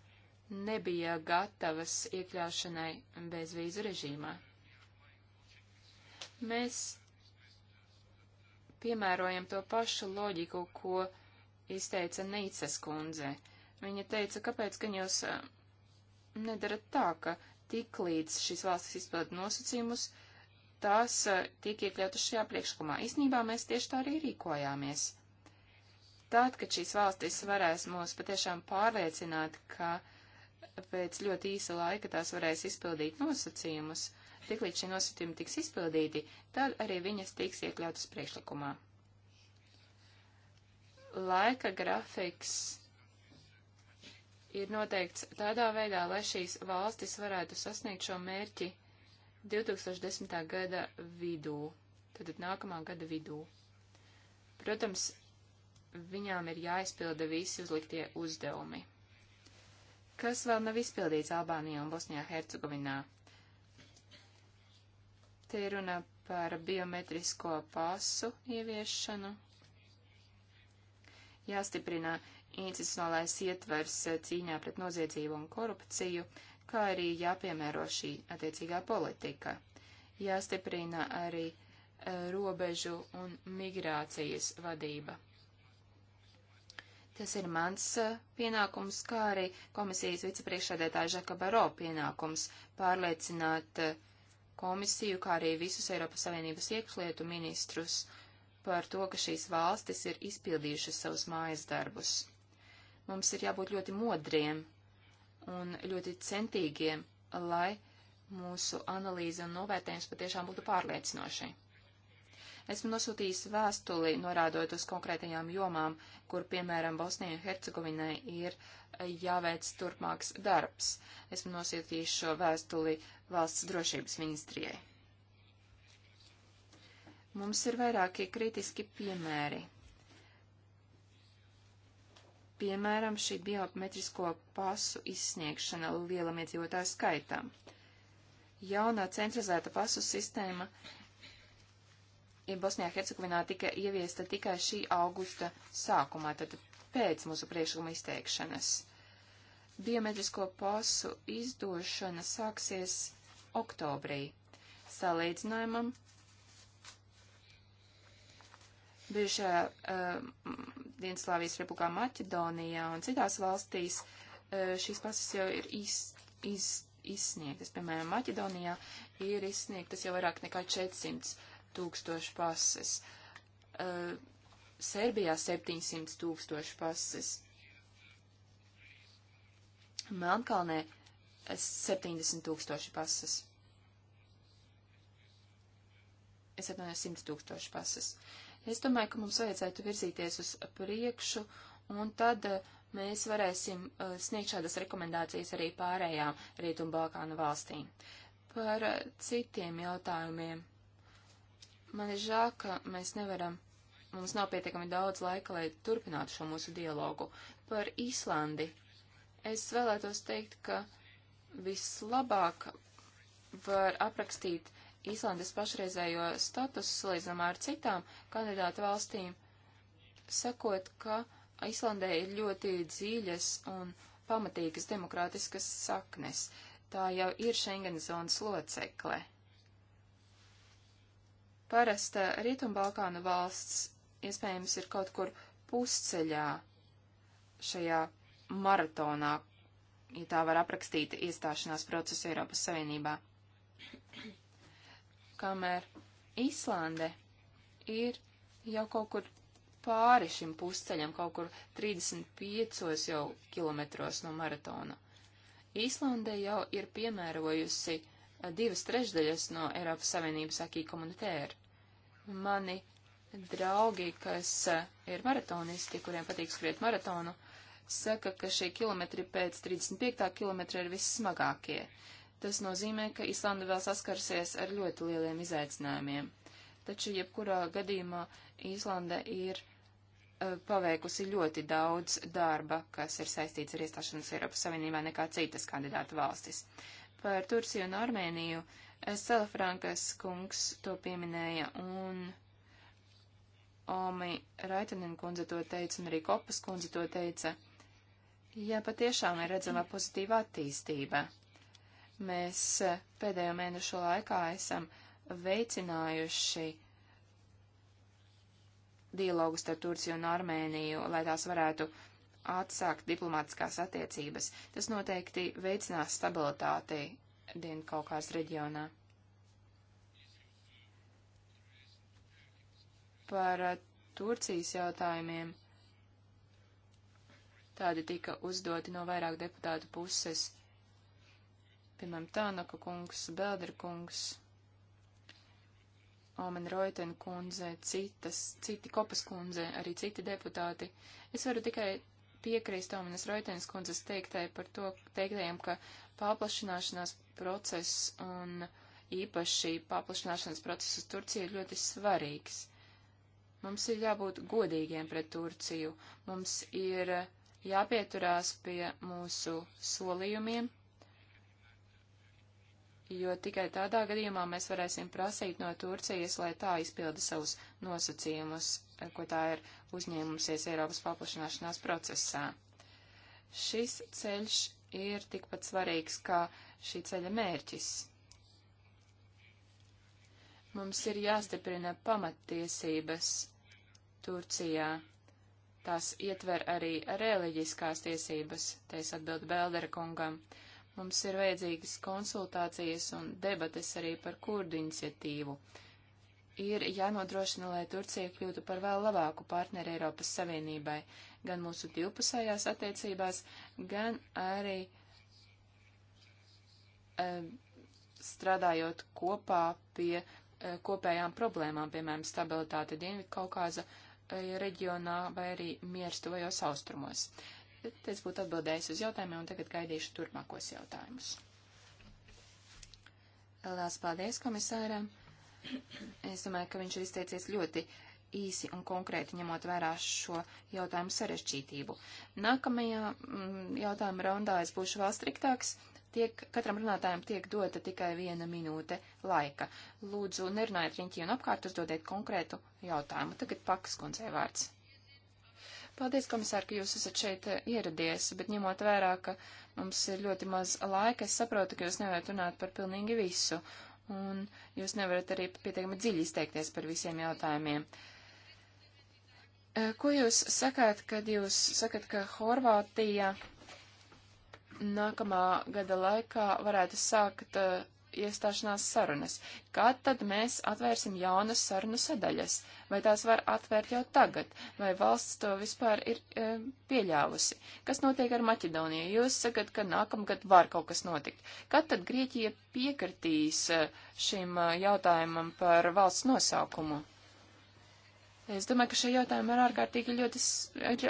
nebija gatavas iekļaušanai bezvīzu režīmā. Mēs piemērojam to pašu loģiku, ko izteica Nīcas kundze. Viņa teica, kāpēc gan jūs nedarat tā, ka tik līdz šīs valstis izpilda nosacījumus, tās tiek iekļautas šajā priekšlikumā. Īsnībā mēs tieši tā arī rīkojāmies. Tad, kad šīs valstis varēs mūs patiešām pārliecināt, ka pēc ļoti īsa laika tās varēs izpildīt nosacījumus, uh, tiklīdz šie nosacījumi tiks izpildīti, tad arī viņas tiks iekļautas priekšlikumā. Laika grafiks ir noteikts tādā veidā, lai šīs valstis varētu sasniegt šo mērķi 2010. gada vidū, tad nākamā gada vidū. Protams, viņām ir jāizpilda visi uzliktie uzdevumi. Kas vēl nav izpildīts Albānijā un Bosnijā Hercegovinā? Te ir runa par biometrisko pasu ieviešanu. Jāstiprina institucionālais ietvers cīņā pret noziedzību un korupciju, kā arī jāpiemēro šī attiecīgā politika. Jāstiprina arī eh, robežu un migrācijas vadība. Tas ir mans eh, pienākums, kā arī komisijas vicepriekšādētāja Žaka Baro pienākums pārliecināt uh, komisiju, kā arī visus Eiropas Savienības iekšlietu ministrus par to, ka šīs valstis ir izpildījušas savus mājas darbus. Mums ir jābūt ļoti modriem un ļoti centīgiem, lai mūsu analīze un novērtējums patiešām būtu pārliecinoši. Esmu nosūtījis vēstuli, norādot uz konkrētajām jomām, kur, piemēram, Bosnijai un Hercegovinai ir eh, jāveic turpmāks darbs. Esmu nosūtījis šo vēstuli valsts drošības ministrijai. Mums ir vairāki kritiski piemēri. Piemēram, šī biometrisko pasu izsniegšana lielam iedzīvotāju skaitam. Jaunā centralizēta pasu sistēma Bosnijā Hercegovinā tika ieviesta tikai šī augusta sākumā, tad pēc mūsu priekšlikuma izteikšanas. Biometrisko pasu izdošana sāksies oktobrī. Salīdzinājumam bijušajā uh, Dienaslāvijas republikā Maķedonijā un citās valstīs uh, šīs pasas jau ir iz, iz, izsniegtas. Piemēram, Maķedonijā ir izsniegtas jau vairāk nekā 400 tūkstoši pases, uh, Serbijā 700 tūkstoši pases, Melnkalnē 70 tūkstoši pases. Es atvainojos 100 tūkstoši pases. Es domāju, ka mums vajadzētu virzīties uz priekšu, un tad uh, mēs varēsim uh, sniegt šādas rekomendācijas arī pārējām Rietumbalkānu valstīm. Par uh, citiem jautājumiem. Man ir žēl, ka mēs nevaram, mums nav pietiekami daudz laika, lai turpinātu šo mūsu dialogu. Par Īslandi es vēlētos teikt, ka vislabāk var aprakstīt Īslandes pašreizējo statusu salīdzinājumā ar citām kandidātu valstīm, sakot, ka Īslandē ir ļoti dziļas un pamatīgas demokrātiskas saknes. Tā jau ir Schengen zonas locekle. Parasta Rietumbalkānu valsts iespējams ir kaut kur pusceļā šajā maratonā, ja tā var aprakstīt iestāšanās procesu Eiropas Savienībā. Kamēr Īslande ir jau kaut kur pāri šim pusceļam, kaut kur 35 jau kilometros no maratona. Īslandē jau ir piemērojusi uh, divas trešdaļas no Eiropas Savienības akī komunitēra. Mani draugi, kas eh, ir maratonisti, kuriem patīk skriet maratonu, saka, ka šie kilometri pēc 35. kilometra ir vissmagākie. Tas nozīmē, ka Islanda vēl saskarsies ar ļoti lieliem izaicinājumiem. Taču jebkurā gadījumā Īslanda ir uh, paveikusi ļoti daudz darba, kas ir saistīts ar iestāšanos Eiropas Savienībā nekā citas kandidātu valstis. Uh, par Turciju un Armēniju. Salafrankas kungs to pieminēja, un Omi Raitanen kundze to teica, un arī Kopas kundze to teica. Jā, patiešām ir redzama pozitīva attīstība. Mēs eh, pēdējo mēnešu laikā esam veicinājuši dialogu starp Turciju un Armēniju, lai tās varētu uh, atsākt diplomātiskās attiecības. Tas noteikti veicinās stabilitāti Dienkaukās reģionā. Par eh, Turcijas jautājumiem tādi tika uzdoti no vairāk deputātu puses. Piemēram, Tānaka kungs, Belder kungs, Omen Roiten kundze, citas, citi kopas kundze, arī citi deputāti. Es varu tikai piekrīst Tominas Roitenes kundzes teiktai par to, teiktajam, ka paplašināšanās process un īpaši paplašināšanās process uz Turciju ir ļoti svarīgs. Mums ir jābūt godīgiem pret Turciju. Mums ir jāpieturās pie mūsu solījumiem, jo tikai tādā gadījumā mēs varēsim prasīt no Turcijas, lai tā izpilda savus nosacījumus ko tā ir uzņēmusies Eiropas paplašanāšanās procesā. Šis ceļš ir tikpat svarīgs kā šī ceļa mērķis. Mums ir jāstiprina pamattiesības Turcijā. Tās ietver arī reliģiskās tiesības, teiks atbild Beldera kungam. Mums ir vajadzīgas konsultācijas un debates arī par kurdu iniciatīvu. Uh, ir jānodrošina, lai Turcija kļūtu par vēl labāku partneri Eiropas Savienībai, gan mūsu divpusējās attiecībās, gan arī e, strādājot kopā pie e, kopējām problēmām, piemēram, stabilitāte Dienvidkaukāza e, eh, reģionā vai arī miers tuvajos austrumos. Tas būtu atbildējis uz jautājumiem, un tagad gaidīšu turpmākos jautājumus. Liels paldies komisāram! Es domāju, ka viņš ir izteicies ļoti īsi un konkrēti ņemot vērā šo jautājumu sarežģītību. Nākamajā mm, jautājuma raundā es būšu vēl striktāks. Tiek, katram runātājam tiek dota tikai viena minūte laika. Lūdzu, nerunājiet riņķī un apkārt, uzdodiet konkrētu jautājumu. Tagad pakas kundzei vārds. Paldies, komisār, ka jūs esat šeit eh, ieradies, bet ņemot vērā, ka mums ir ļoti maz laika, es saprotu, ka jūs nevarat runāt par pilnīgi visu. Uh, un jūs nevarat arī pietiekami dziļi izteikties par visiem jautājumiem. Eh, ko jūs sakāt, kad jūs sakat, ka Horvātija nākamā gada laikā varētu sākt eh, iestāšanās sarunas. Kad tad mēs atvērsim jaunas sarunu sadaļas? Vai tās var atvērt jau tagad? Vai valsts to vispār ir e, pieļāvusi? Kas notiek ar Maķedoniju? Jūs sakat, ka nākamgad var kaut kas notikt. Kad tad Grieķija piekritīs e, šim e, jautājumam par valsts nosaukumu? Es domāju, ka šie jautājumi ir ārkārtīgi, ļoti,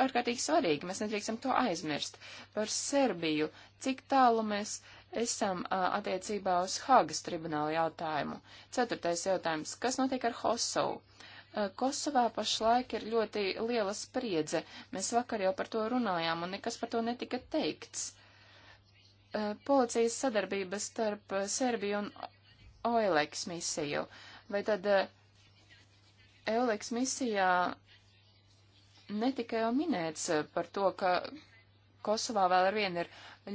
ārkārtīgi svarīgi. Mēs nedrīkstam to aizmirst. Par Serbiju, cik tālu mēs esam attiecībā uz Hāgas tribunāla jautājumu. Ceturtais jautājums. Kas notiek ar Kosovu? Kosovā pašlaik ir ļoti liela spriedze. Mēs vakar jau par to runājām, un nekas par to netika teikts. Policijas sadarbība starp Serbiju un OLEX misiju. Vai tad OLEX misijā netika jau minēts par to, ka Kosovā vēl ar vienu ir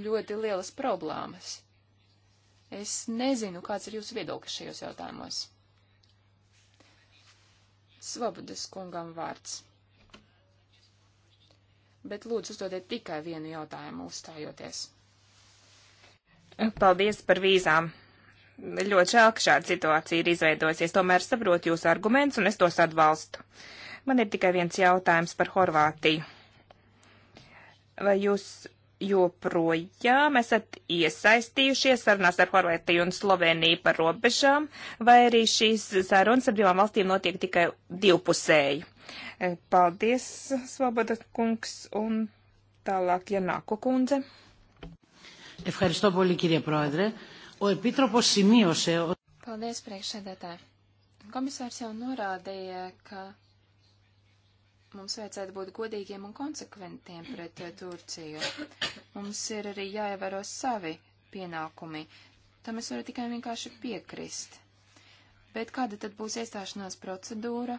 ļoti lielas problēmas. Es nezinu, kāds ir jūsu viedoklis šajos jautājumos. Svobodas kungam vārds. Bet lūdzu uzdodiet tikai vienu jautājumu uzstājoties. Paldies par vīzām. Ļoti žēl, ka šāda situācija ir izveidojusies. Tomēr saprotu jūsu argumentus un es tos atbalstu. Man ir tikai viens jautājums par Horvātiju vai jūs joprojām esat iesaistījušies sarunās ar Horvētiju un Sloveniju par robežām, vai arī šīs sarunas ar divām valstīm notiek tikai divpusēji? E, paldies, Svoboda kungs, un tālāk Janāko kundze. Ευχαριστώ πολύ, κύριε Πρόεδρε. Ο Επίτροπος σημείωσε... Paldies, priekšsēdētāji. Komisārs jau norādīja, ka mums vajadzētu būt godīgiem un konsekventiem pret eh, Turciju. Mums ir arī jāievēro savi pienākumi. Tam es varu tikai vienkārši piekrist. Bet kāda tad būs iestāšanās procedūra,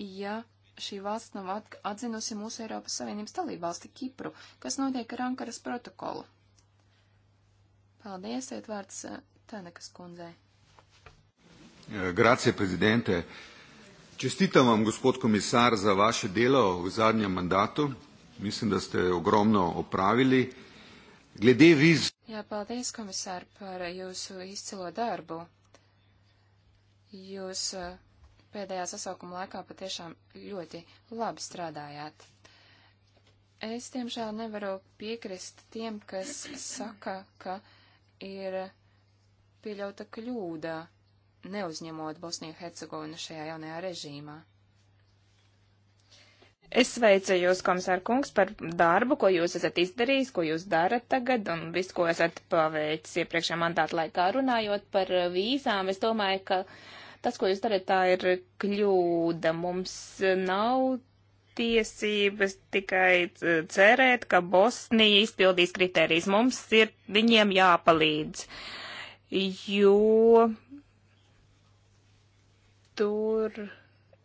ja šī valsts nav atzinusi mūsu Eiropas Savienības dalībvalsti Kipru, kas notiek ar Ankaras protokolu? Paldies, iet vārds eh, Tanekas kundzei. Grazie, prezidente. Uh, Čestitam vam, gospod komisar, za vaše delo v zadnjem mandatu. Mislim, da ste ogromno opravili. Glede viz. Jā, paldies, komisār, par jūsu izcilo darbu. Jūs eh, pēdējā sasaukuma laikā patiešām ļoti labi strādājāt. Es, tiemžēl, nevaru piekrist tiem, kas saka, ka ir pieļauta kļūda neuzņemot Bosniju Hercegovinu šajā jaunajā režīmā. Es sveicu jūs, komisār kungs, par darbu, ko jūs esat izdarījis, ko jūs darat tagad un visu, ko esat paveicis iepriekšējā mandāta laikā. Runājot par vīzām, es domāju, ka tas, ko jūs darat, tā ir kļūda. Mums nav tiesības tikai cerēt, ka Bosnija izpildīs kritērijas. Mums ir viņiem jāpalīdz, jo tur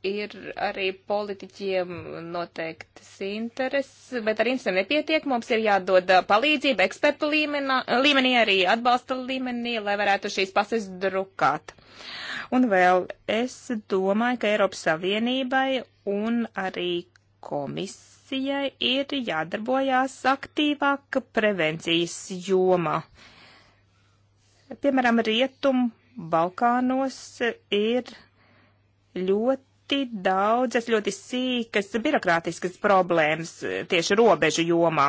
ir arī politiķiem noteiktas intereses, bet ar interesēm nepietiek. Mums ir jādod uh, palīdzība ekspertu līmenā, līmenī, arī atbalsta līmenī, lai varētu šīs pases drukāt. Un vēl es domāju, ka Eiropas Savienībai un arī komisijai ir jādarbojās aktīvāk prevencijas jomā. Piemēram, Rietum Balkānos ir ļoti daudzas, ļoti sīkas birokrātiskas problēmas e, tieši robežu jomā.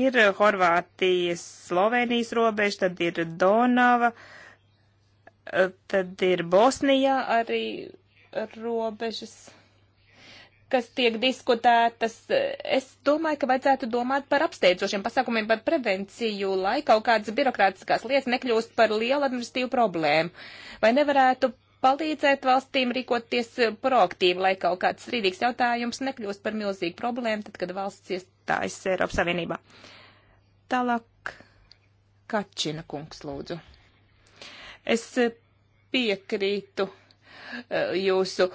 Ir Horvātijas, Slovenijas robeža, tad ir Donava, e, tad ir Bosnijā arī robežas kas tiek diskutētas, es domāju, ka vajadzētu domāt par apsteidzošiem pasākumiem, par prevenciju, lai kaut kādas birokrātiskās lietas nekļūst par lielu administratīvu problēmu. Vai nevarētu palīdzēt valstīm rīkoties proaktīvi, lai kaut kāds strīdīgs jautājums nekļūst par milzīgu problēmu, tad, kad valsts iestājas Eiropas Savienībā? Tālāk Kačina kungs lūdzu. Es piekrītu eh, jūsu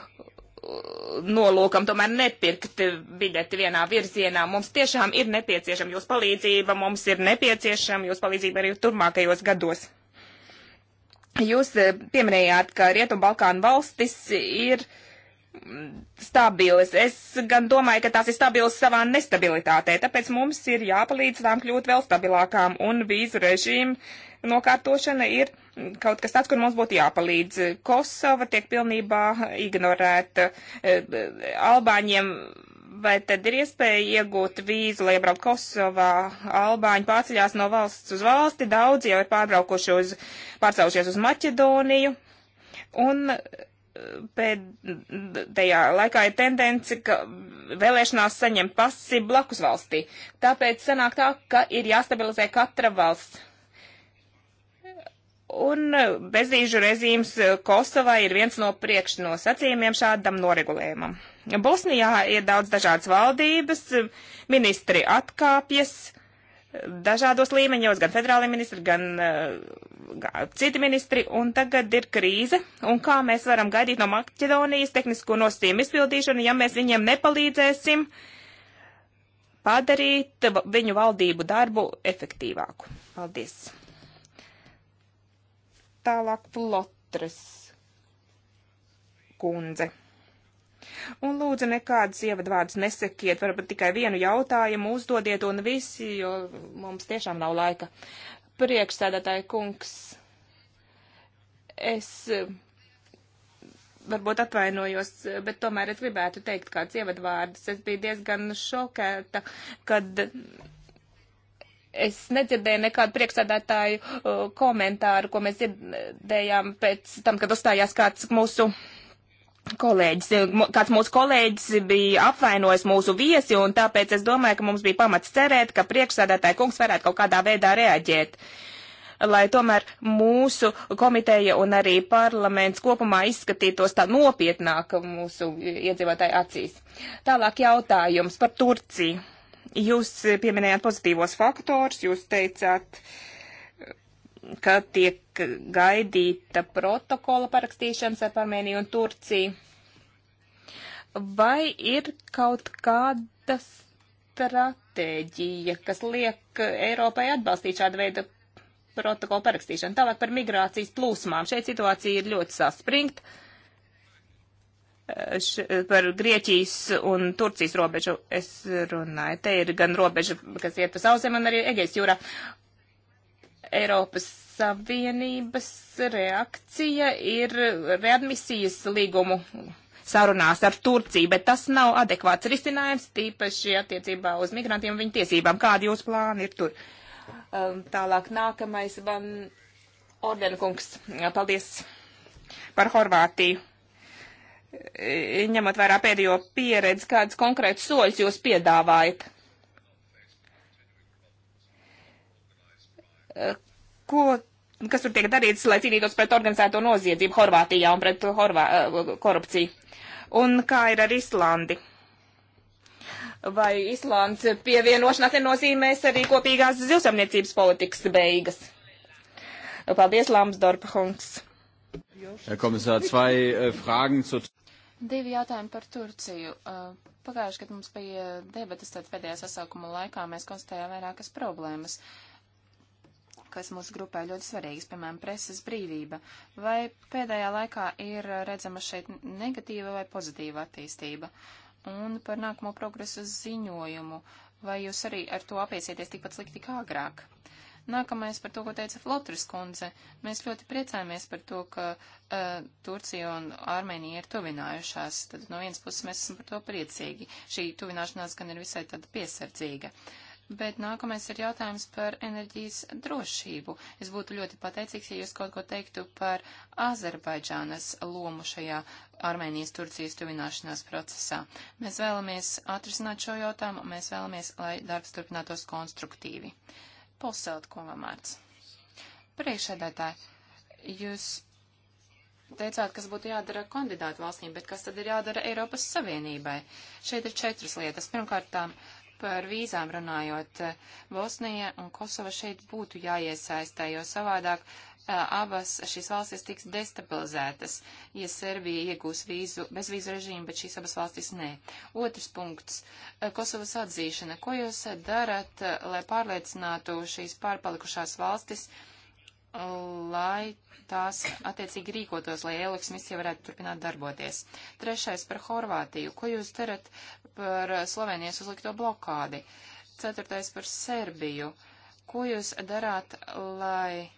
nolūkam tomēr nepirkt biļeti vienā virzienā. Mums tiešām ir nepieciešama jūsu palīdzība, mums ir nepieciešama jūsu palīdzība arī turpmākajos gados. Jūs eh, pieminējāt, ka Rietu Balkānu valstis ir uh, stabilas. Es gan domāju, ka tās ir stabilas savā nestabilitātē, tāpēc mums ir jāpalīdz tām kļūt vēl stabilākām, un vīzu režīmu nokārtošana ir kaut kas tāds, kur mums būtu jāpalīdz. Kosova tiek pilnībā ignorēta. E, e, Albāņiem vai tad ir iespēja iegūt vīzu, lai iebraukt Kosovā? Albāņi pārceļās no valsts uz valsti, daudzi jau ir pārbraukuši uz, pārcēlušies uz Maķedoniju. Un pēdējā laikā ir tendence, ka vēlēšanās saņem pasi blakus valstī. Tāpēc sanāk tā, ka ir jāstabilizē katra valsts. Un bezdīžu režīms Kosovā ir viens no priekšnosacījumiem šādam noregulējumam. Bosnijā ir daudz dažādas valdības, ministri atkāpjas, dažādos līmeņos, gan federāli ministri, gan uh, citi ministri, un tagad ir krīze, un kā mēs varam gaidīt no Maķedonijas tehnisko nosacījumu izpildīšanu, ja mēs viņiem nepalīdzēsim padarīt viņu valdību darbu efektīvāku. Paldies. Tālāk Flotres kundze. Un lūdzu, nekādas ievadvārdus nesakiet, varbūt tikai vienu jautājumu uzdodiet un visi, jo mums tiešām nav laika. Priekšsēdētāji kungs, es varbūt atvainojos, bet tomēr es gribētu teikt kāds ievadvārdus. Es biju diezgan šokēta, kad es nedzirdēju nekādu priekšsēdētāju uh, komentāru, ko mēs dzirdējām pēc tam, kad uzstājās kāds mūsu kolēģis, eh, kāds mūsu kolēģis bija apvainojis mūsu viesi, un tāpēc es domāju, ka mums bija pamats cerēt, ka priekšsādātāja kungs varētu kaut kādā veidā reaģēt. Lai tomēr mūsu komiteja un arī parlaments kopumā izskatītos tā nopietnāk mūsu iedzīvotāju acīs. Tālāk jautājums par Turciju. Jūs pieminējāt pozitīvos faktors, jūs teicāt, uh, ka tiek gaidīta protokola parakstīšanas ar Armēniju un Turciju. Vai ir kaut kāda stratēģija, kas liek Eiropai atbalstīt šādu veidu protokolu parakstīšanu? Tālāk par migrācijas plūsmām. Šeit situācija ir ļoti saspringta par Grieķijas un Turcijas robežu es runāju. Te ir gan robeža, kas iet pa sauzem, un arī Egejas jūrā. Eiropas Savienības reakcija ir readmisijas līgumu sarunās ar Turciju, bet tas nav adekvāts risinājums, tīpaši attiecībā uz migrantiem un viņu tiesībām. Kādi jūs plāni ir tur? Um, tālāk nākamais van Ordenkungs. Paldies par Horvātiju. E, ņemot vērā pēdējo pieredzi, kādas konkrētas soļas jūs piedāvājat? Ko, kas tur tiek darīts, lai cīnītos pret organizēto noziedzību Horvātijā un pret horvā, eh, korupciju? Un kā ir ar Islandi? Vai Islands pievienošanās nenozīmēs arī kopīgās zivsamniecības politikas beigas? Paldies, Lamsdorpa kungs. Herr Kommissar, zwei äh, Fragen zur. Divi jautājumi par Turciju. Äh, pagājuši, kad mums bija debatas tad pēdējā sasaukuma laikā, mēs konstatējām vairākas problēmas. Uh, kas mūsu grupā ir ļoti svarīgas, piemēram, preses brīvība. Vai pēdējā laikā ir redzama šeit negatīva vai pozitīva attīstība? Un par nākamo progresu ziņojumu, vai jūs arī ar to apiesieties tikpat slikti kā agrāk? Nākamais par to, ko teica Flotras kundze. Mēs ļoti priecājamies par to, ka uh, Turcija un Armēnija ir tuvinājušās. Tad no vienas puses mēs esam par to priecīgi. Šī tuvināšanās gan ir visai tāda piesardzīga. Uh, bet nākamais ir jautājums par enerģijas drošību. Es būtu ļoti pateicīgs, ja jūs kaut ko teiktu par Azerbaidžānas lomu šajā Armēnijas-Turcijas tuvināšanās procesā. Mēs vēlamies atrisināt šo jautājumu, mēs vēlamies, lai darbs turpinātos konstruktīvi. Polselt kungam vārds. Priekšēdētāji, jūs teicāt, kas būtu jādara kandidātu valstīm, bet kas tad ir jādara Eiropas Savienībai? Šeit ir četras lietas. Pirmkārtām, uh, Par vīzām runājot, Bosnija un Kosova šeit būtu jāiesaistē, jo savādāk abas šīs valstis tiks destabilizētas, ja Serbija iegūs vīzu, bezvīzu režīmu, bet šīs abas valstis nē. Otrs punkts - Kosovas atzīšana. Ko jūs darat, lai pārliecinātu šīs pārpalikušās valstis? Uh, lai tās attiecīgi rīkotos, lai Eliks misija varētu turpināt darboties. Trešais par Horvātiju. Ko jūs darat par Slovenijas uzlikto blokādi? Ceturtais par Serbiju. Ko jūs darāt, lai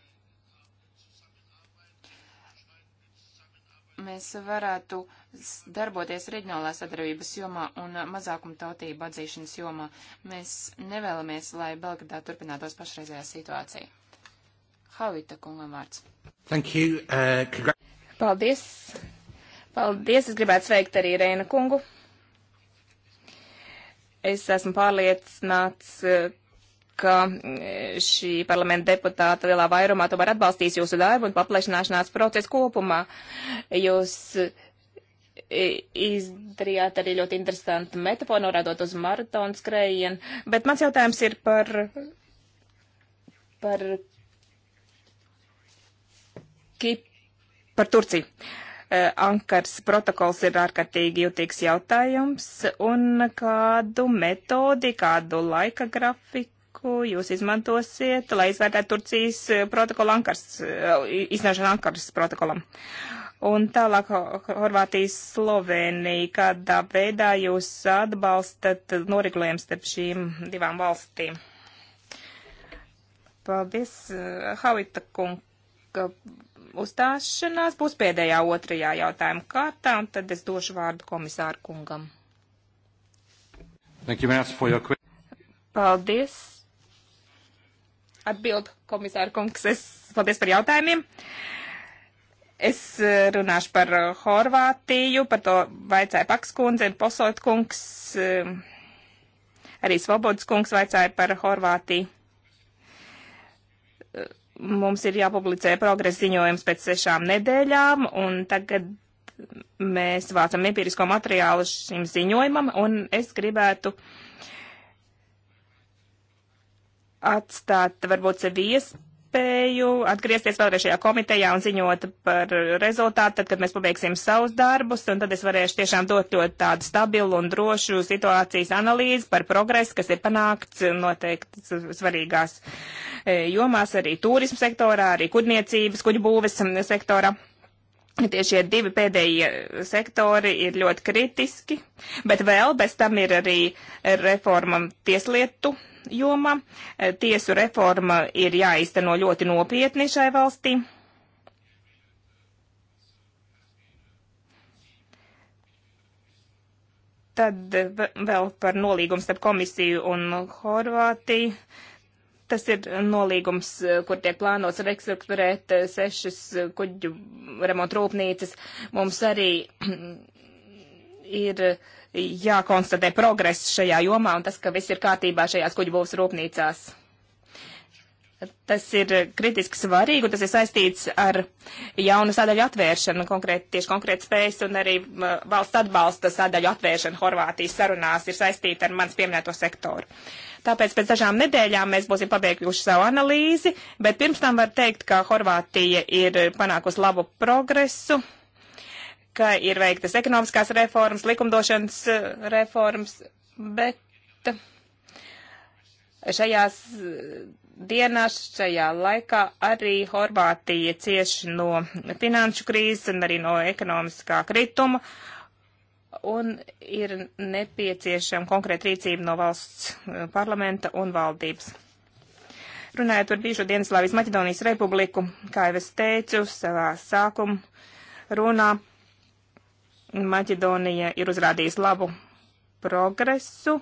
mēs varētu darboties reģionālās sadarbības jomā un mazākumtautību atzīšanas jomā? Mēs nevēlamies, lai Belgradā turpinātos pašreizējā situācija. Havita kungam vārds. Thank you. Uh, congrats. Paldies. Paldies. Es gribētu sveikt arī Reina kungu. Es esmu pārliecināts, ka eh, šī parlamenta deputāta lielā vairumā tomēr atbalstīs jūsu darbu un paplašināšanās procesu kopumā. Jūs eh, izdarījāt arī ļoti interesantu metaforu, norādot uz maratonu skrējienu, bet mans jautājums ir par, par Kip par Turciju. Eh, Ankaras protokols ir ārkārtīgi jutīgs jautājums, un kādu metodi, kādu laika grafiku jūs izmantosiet, lai izvērtētu Turcijas eh, protokolu Ankaras, eh, iznāšanu Ankaras protokolam? Un tālāk Horvātijas Slovenija, kādā veidā jūs atbalstat noregulējumu starp šīm divām valstīm? Paldies, Havita kungs uzstāšanās būs pēdējā otrajā jautājuma kārtā, un tad es došu vārdu komisāru kungam. Paldies. Atbild komisāru kungs. Es paldies par jautājumiem. Es eh, runāšu par eh, Horvātiju, par to vaicāja Pakskundze, Posotkungs, eh, arī Svobodas kungs vaicāja par Horvātiju mums ir jāpublicē progresa ziņojums pēc sešām nedēļām, un tagad mēs vācam empirisko materiālu šim ziņojumam, un es gribētu atstāt varbūt sev iespēju iespēju atgriezties vēlreiz šajā komitejā un ziņot par rezultātu, tad, kad mēs pabeigsim savus darbus, un tad es varēšu tiešām dot ļoti tādu stabilu un drošu situācijas analīzi par progresu, kas ir panākts noteikti svarīgās e, jomās, arī turismu sektorā, arī kuģniecības, kuģu būves sektorā. Tieši šie divi pēdējie sektori ir ļoti kritiski, bet vēl bez tam ir arī reforma tieslietu joma. Eh, tiesu reforma ir jāizteno ļoti nopietni šai valstī. Tad eh, vēl par nolīgumu starp komisiju un Horvātiju. Tas ir nolīgums, eh, kur tiek plānots restrukturēt sešas kuģu remontrūpnīcas. Mums arī ir jākonstatē progress šajā jomā un tas, ka viss ir kārtībā šajās kuģu būvs rūpnīcās. Tas ir kritiski svarīgi, un tas ir saistīts ar jaunu sadaļu atvēršanu, konkrēt, tieši konkrēti spējas un arī valsts atbalsta sadaļu atvēršanu Horvātijas sarunās ir saistīta ar mans pieminēto sektoru. Tāpēc pēc dažām nedēļām mēs būsim pabeiguši savu analīzi, bet pirms tam var teikt, ka Horvātija ir panākusi labu progresu ka ir veiktas ekonomiskās reformas, likumdošanas eh, reformas, bet šajās eh, dienās, šajā laikā arī Horvātija cieši no finanšu krīzes un arī no ekonomiskā krituma, un ir nepieciešama konkrēta rīcība no valsts eh, parlamenta un valdības. Runājot par bijušo Dienaslāvijas Maķedonijas republiku, kā jau es teicu savā sākuma runā, Maķedonija ir uzrādījusi labu progresu,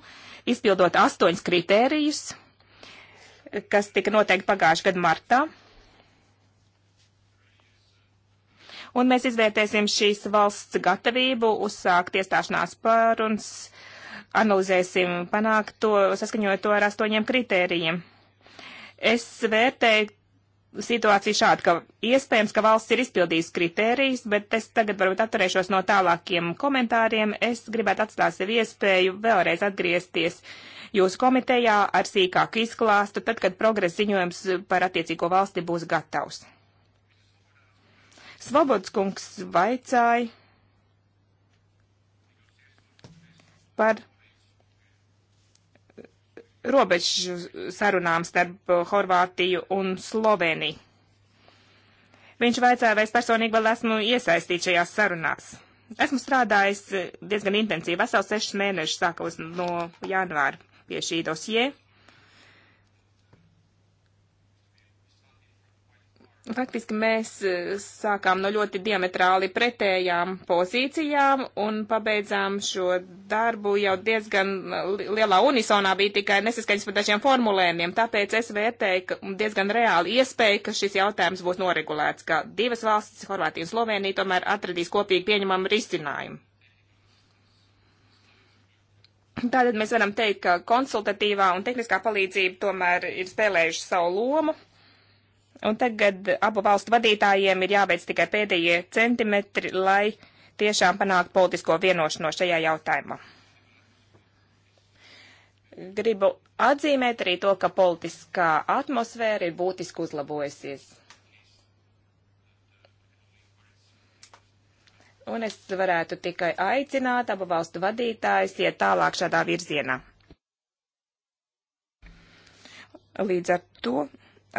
izpildot astoņus kritērijus, kas tika noteikti pagājušā gada martā. Un mēs izvērtēsim šīs valsts gatavību uzsākt iestāšanās pārunas, analizēsim panākto, saskaņojot to ar astoņiem kritērijiem. Es vērtēju situācija šāda, ka iespējams, ka valsts ir izpildījusi kritērijas, bet es tagad varbūt atturēšos no tālākiem komentāriem. Es gribētu atstāt sev iespēju vēlreiz atgriezties jūsu komitejā ar sīkāku izklāstu, tad, kad progresa ziņojums par attiecīgo valsti būs gatavs. Svobodskungs vaicāja par robežu sarunām starp Horvātiju un Sloveniju. Viņš vaicāja, vai es personīgi vēl esmu iesaistīts šajās sarunās. Esmu strādājis diezgan intensīvi, vesels sešas mēnešus sākos no janvāra pie šī dosie. Faktiski mēs eh, sākām no ļoti diametrāli pretējām pozīcijām un pabeidzām šo darbu jau diezgan eh, lielā unisonā, bija tikai nesaskaņas par dažiem formulējumiem, tāpēc es vērtēju diezgan reāli iespēju, ka šis jautājums būs noregulēts, ka divas valstis, Horvātija un Slovenija, tomēr atradīs kopīgi pieņemamu risinājumu. Tātad mēs varam teikt, ka konsultatīvā un tehniskā palīdzība tomēr ir spēlējuši savu lomu Un tagad abu valstu vadītājiem ir jāveic tikai pēdējie centimetri, lai tiešām panāktu politisko vienošanos šajā jautājumā. Gribu atzīmēt arī to, ka politiskā atmosfēra ir būtiski uzlabojusies. Un es varētu tikai aicināt abu valstu vadītājus iet tālāk šādā virzienā. Līdz ar to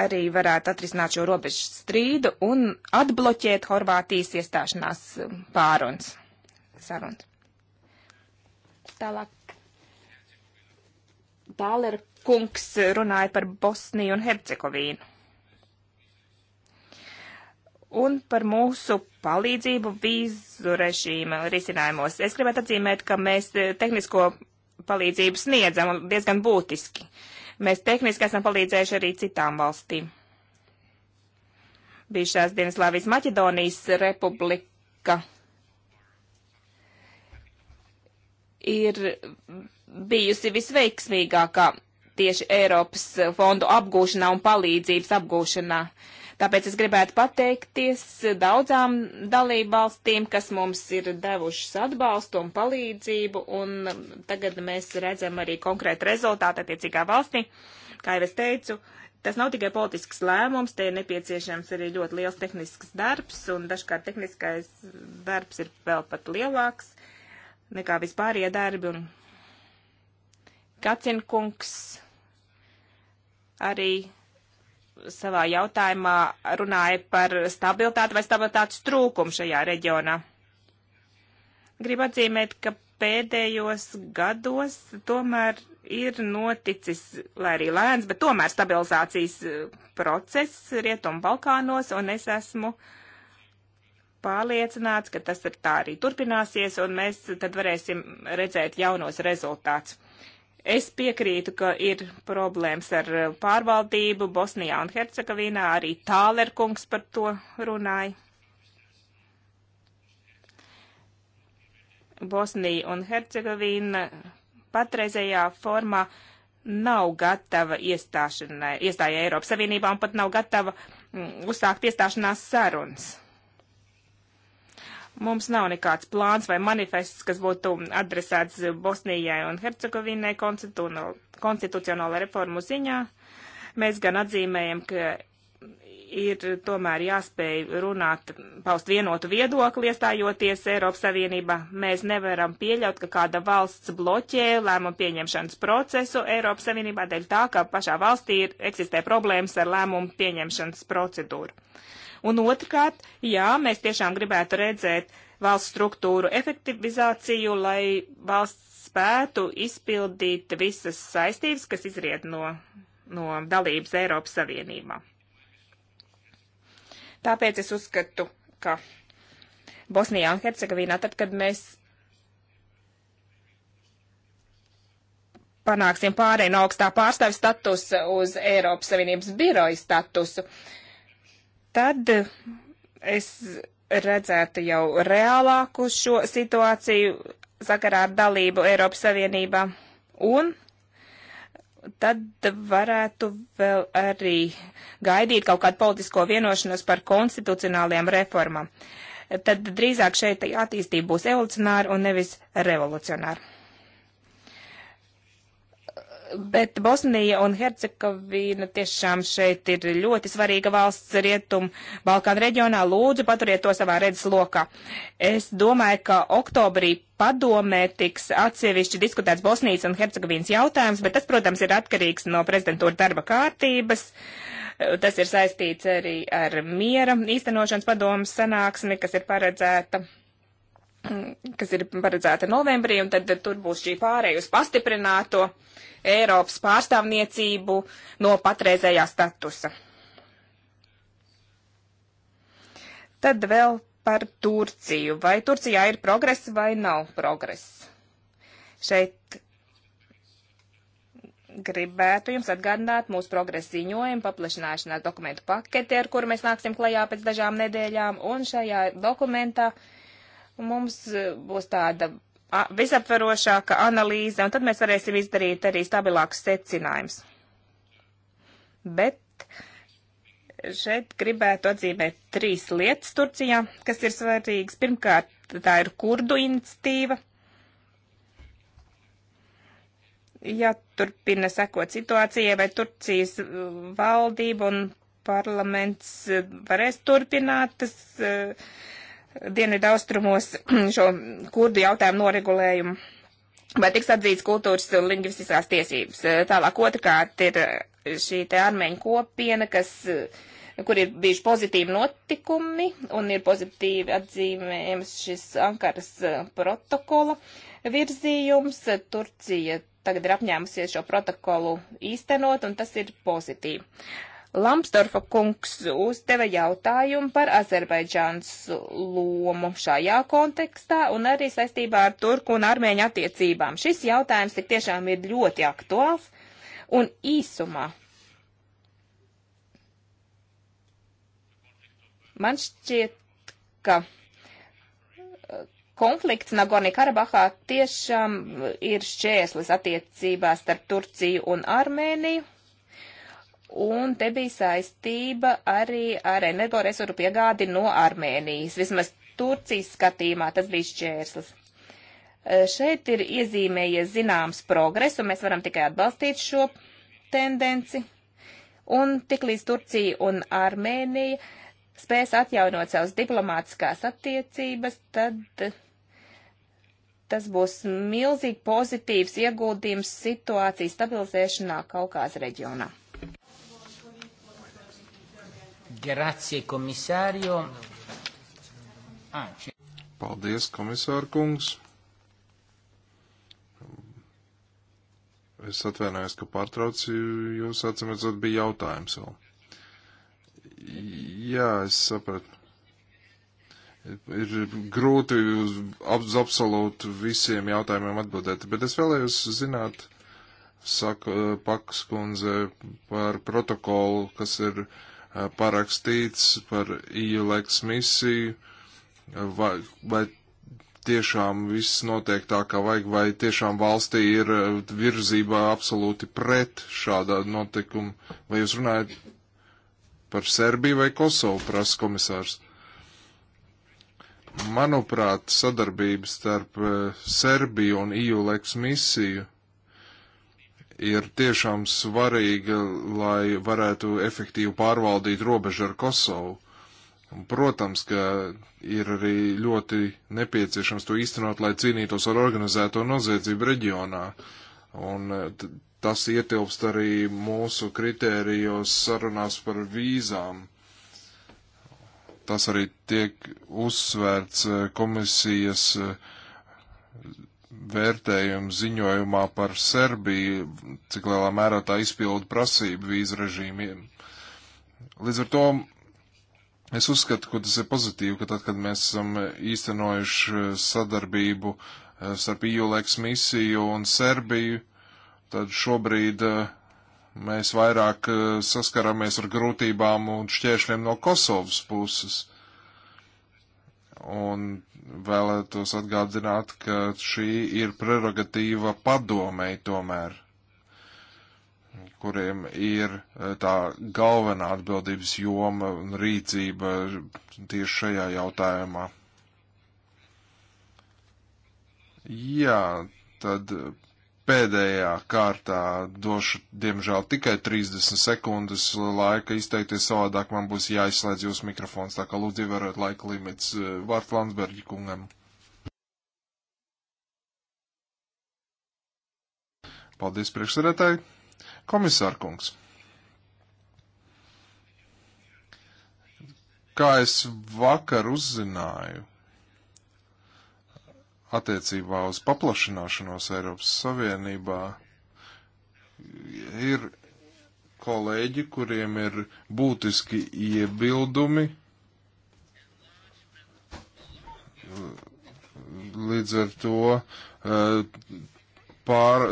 arī varētu atrisināt šo robežu strīdu un atbloķēt Horvātijas iestāšanās um, pāruns. Saruns. Tālāk. Tāler kungs runāja par Bosniju un Hercegovīnu. Un par mūsu palīdzību vīzu režīma risinājumos. Es gribētu atzīmēt, ka mēs eh, tehnisko palīdzību sniedzam diezgan būtiski. Uh, Mēs tehniski esam palīdzējuši arī citām valstīm. Bijušās Dienaslāvijas Maķedonijas republika ir bijusi visveiksmīgākā tieši Eiropas fondu apgūšanā un palīdzības apgūšanā. Uh, Tāpēc es gribētu pateikties daudzām dalībvalstīm, kas mums ir devušas atbalstu un palīdzību, un tagad mēs redzam arī konkrētu rezultātu attiecīgā valstī. Kā jau es teicu, tas nav tikai politisks lēmums, te ir nepieciešams arī ļoti liels tehnisks darbs, un dažkārt tehniskais darbs ir vēl pat lielāks nekā vispārējie darbi. Un Kacinkungs arī savā jautājumā runāja par stabilitāti vai stabilitātes trūkumu šajā reģionā. Gribu atzīmēt, ka pēdējos gados tomēr ir noticis, lai arī lēns, bet tomēr stabilizācijas eh, process Rietumu Balkānos, un es esmu pārliecināts, ka tas ir tā arī turpināsies, un mēs tad varēsim redzēt jaunos rezultātus. Es piekrītu, ka ir problēmas ar uh, pārvaldību Bosnijā un Hercegovīnā, arī Tālerkungs par to runāja. Bosnija un Hercegovīna patreizējā formā nav gatava iestāšanai, iestāja Eiropas Savienībā un pat nav gatava mm, uzsākt iestāšanās sarunas. Mums nav nekāds plāns vai manifests, kas būtu adresēts Bosnijai un Hercegovinai konstitucionāla reformu ziņā. Mēs gan atzīmējam, ka ir tomēr jāspēj runāt, paust vienotu viedokli, iestājoties Eiropas Savienībā. Mēs nevaram pieļaut, ka kāda valsts bloķē lēmumu pieņemšanas procesu Eiropas Savienībā dēļ tā, ka pašā valstī ir, eksistē problēmas ar lēmumu pieņemšanas procedūru. Un otrkārt, jā, mēs tiešām gribētu redzēt valsts struktūru efektivizāciju, lai valsts spētu izpildīt visas saistības, kas izriet no, no dalības Eiropas Savienībā. Tāpēc es uzskatu, ka Bosnijā un Hercegovīnā, tad, kad mēs panāksim pārēju no augstā pārstāvja statusa uz Eiropas Savienības biroja statusu, uh, tad es redzētu jau reālāku šo situāciju sakarā ar dalību Eiropas Savienībā. Un tad varētu vēl arī gaidīt kaut kādu politisko vienošanos par konstitucionālajām reformām. Tad drīzāk šeit attīstība būs evolucionāra un nevis revolucionāra. Bet Bosnija un Hercegovina tiešām šeit ir ļoti svarīga valsts rietumu Balkānu reģionā. Lūdzu, paturiet to savā redzes lokā. Es domāju, ka oktobrī padomē tiks atsevišķi diskutēts Bosnijas un Hercegovinas jautājums, bet tas, protams, ir atkarīgs no prezidentūra darba kārtības. Tas ir saistīts arī ar miera īstenošanas padomas sanāksmi, kas ir paredzēta kas ir paredzēta novembrī, un tad, tad tur būs šī pārēja uz pastiprināto Eiropas pārstāvniecību no patreizējā statusa. Tad vēl par Turciju. Vai Turcijā ir progress vai nav progress? Šeit gribētu jums atgādināt mūsu progresa ziņojumu, paplašināšanās dokumentu paketi, ar kuru mēs nāksim klajā pēc dažām nedēļām, un šajā dokumentā uh, Mums e, būs tāda visaptverošāka analīze, un tad mēs varēsim izdarīt arī stabilākus secinājumus. Bet šeit gribētu atzīmēt trīs lietas Turcijā, kas ir svarīgas. Pirmkārt, tā ir kurdu iniciatīva. Jāturpina sekot situācijai, vai Turcijas e, valdība un parlaments e, varēs turpināt tas. Uh, dienvidu austrumos šo kurdu jautājumu noregulējumu. Vai tiks atzīts kultūras un lingvistiskās tiesības? Eh, tālāk otrkārt ir eh, šī te armēņu kopiena, kas, eh, kur ir bijuši pozitīvi notikumi un ir pozitīvi atzīmējams šis Ankaras protokola virzījums. Turcija tagad ir apņēmusies šo protokolu īstenot, un tas ir pozitīvi. Uh, Lamsdorfa kungs uzdeva jautājumu par Azerbaidžānas lomu šajā kontekstā un arī saistībā ar Turku un Armēņu attiecībām. Šis jautājums tik tiešām ir ļoti aktuāls un īsumā. Man šķiet, ka uh, konflikts Nagorno-Karabahā tiešām ir šķēslis attiecībās starp Turciju un Armēniju un te bija saistība arī ar energoresursu piegādi no Armēnijas. Vismaz Turcijas skatījumā tas bija šķērslis. Eh, šeit ir iezīmējies zināms progress, un mēs varam tikai atbalstīt šo tendenci. Un tiklīdz Turcija un Armēnija spēs atjaunot savas diplomātiskās attiecības, tad tas būs milzīgi pozitīvs ieguldījums situācijas stabilizēšanā Kaukās reģionā. Grazie, komisārio. Ah, či... Paldies, komisārkungs. Es atvainojos, ka pārtraucu jūs, atcīmredzot, bija jautājums vēl. Jā, es sapratu. Ir grūti uz absolūti visiem jautājumiem atbildēt, bet es vēlējos zināt, saka Paks kundze, par protokolu, kas ir uh, parakstīts par ILEX misiju, vai, vai tiešām viss notiek tā, kā vajag, vai tiešām valstī ir virzībā absolūti pret šādā notikuma, vai jūs runājat par Serbiju vai Kosovu, prasa komisārs. Manuprāt, sadarbības starp Serbiju un ILEX misiju ir tiešām svarīga, lai varētu efektīvi pārvaldīt robežu ar Kosovu. Un, protams, ka ir arī ļoti nepieciešams to īstenot, lai cīnītos ar organizēto noziedzību reģionā. Un e, tas ietilpst arī mūsu kritērijos sarunās par vīzām. Tas arī tiek uzsvērts e, komisijas e, vērtējumu ziņojumā par Serbiju, cik lielā mērā tā izpildu prasību vīzu režīmiem. Līdz ar to es uzskatu, ka tas ir pozitīvi, ka tad, kad mēs esam īstenojuši sadarbību eh, starp IULEX e misiju un Serbiju, tad šobrīd eh, mēs vairāk eh, saskaramies ar grūtībām un šķēršļiem no Kosovas puses un vēlētos atgādināt, ka šī ir prerogatīva padomei tomēr, kuriem ir eh, tā galvenā atbildības joma un rīcība tieši šajā jautājumā. Jā, tad pēdējā kārtā došu, diemžēl, tikai 30 sekundes laika izteikties, savādāk man būs jāizslēdz jūsu mikrofons, tā kā lūdzu ievērot laika limits eh, Vārts Landsbergi kungam. Paldies priekšsarētāji. Komisārkungs. Kā es vakar uzzināju, attiecībā uz paplašināšanos Eiropas Savienībā ir kolēģi, kuriem ir būtiski iebildumi. Līdz ar to eh, pār,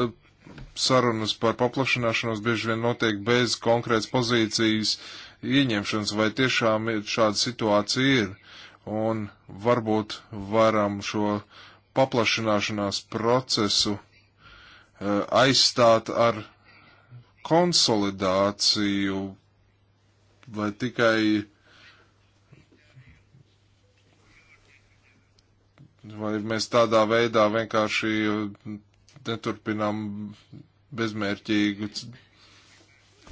sarunas par paplašināšanos bieži vien notiek bez konkrētas pozīcijas ieņemšanas, vai tiešām šāda situācija ir. Un varbūt varam šo uh, paplašināšanās procesu eh, aizstāt ar konsolidāciju vai tikai vai mēs tādā veidā vienkārši neturpinām bezmērķīgu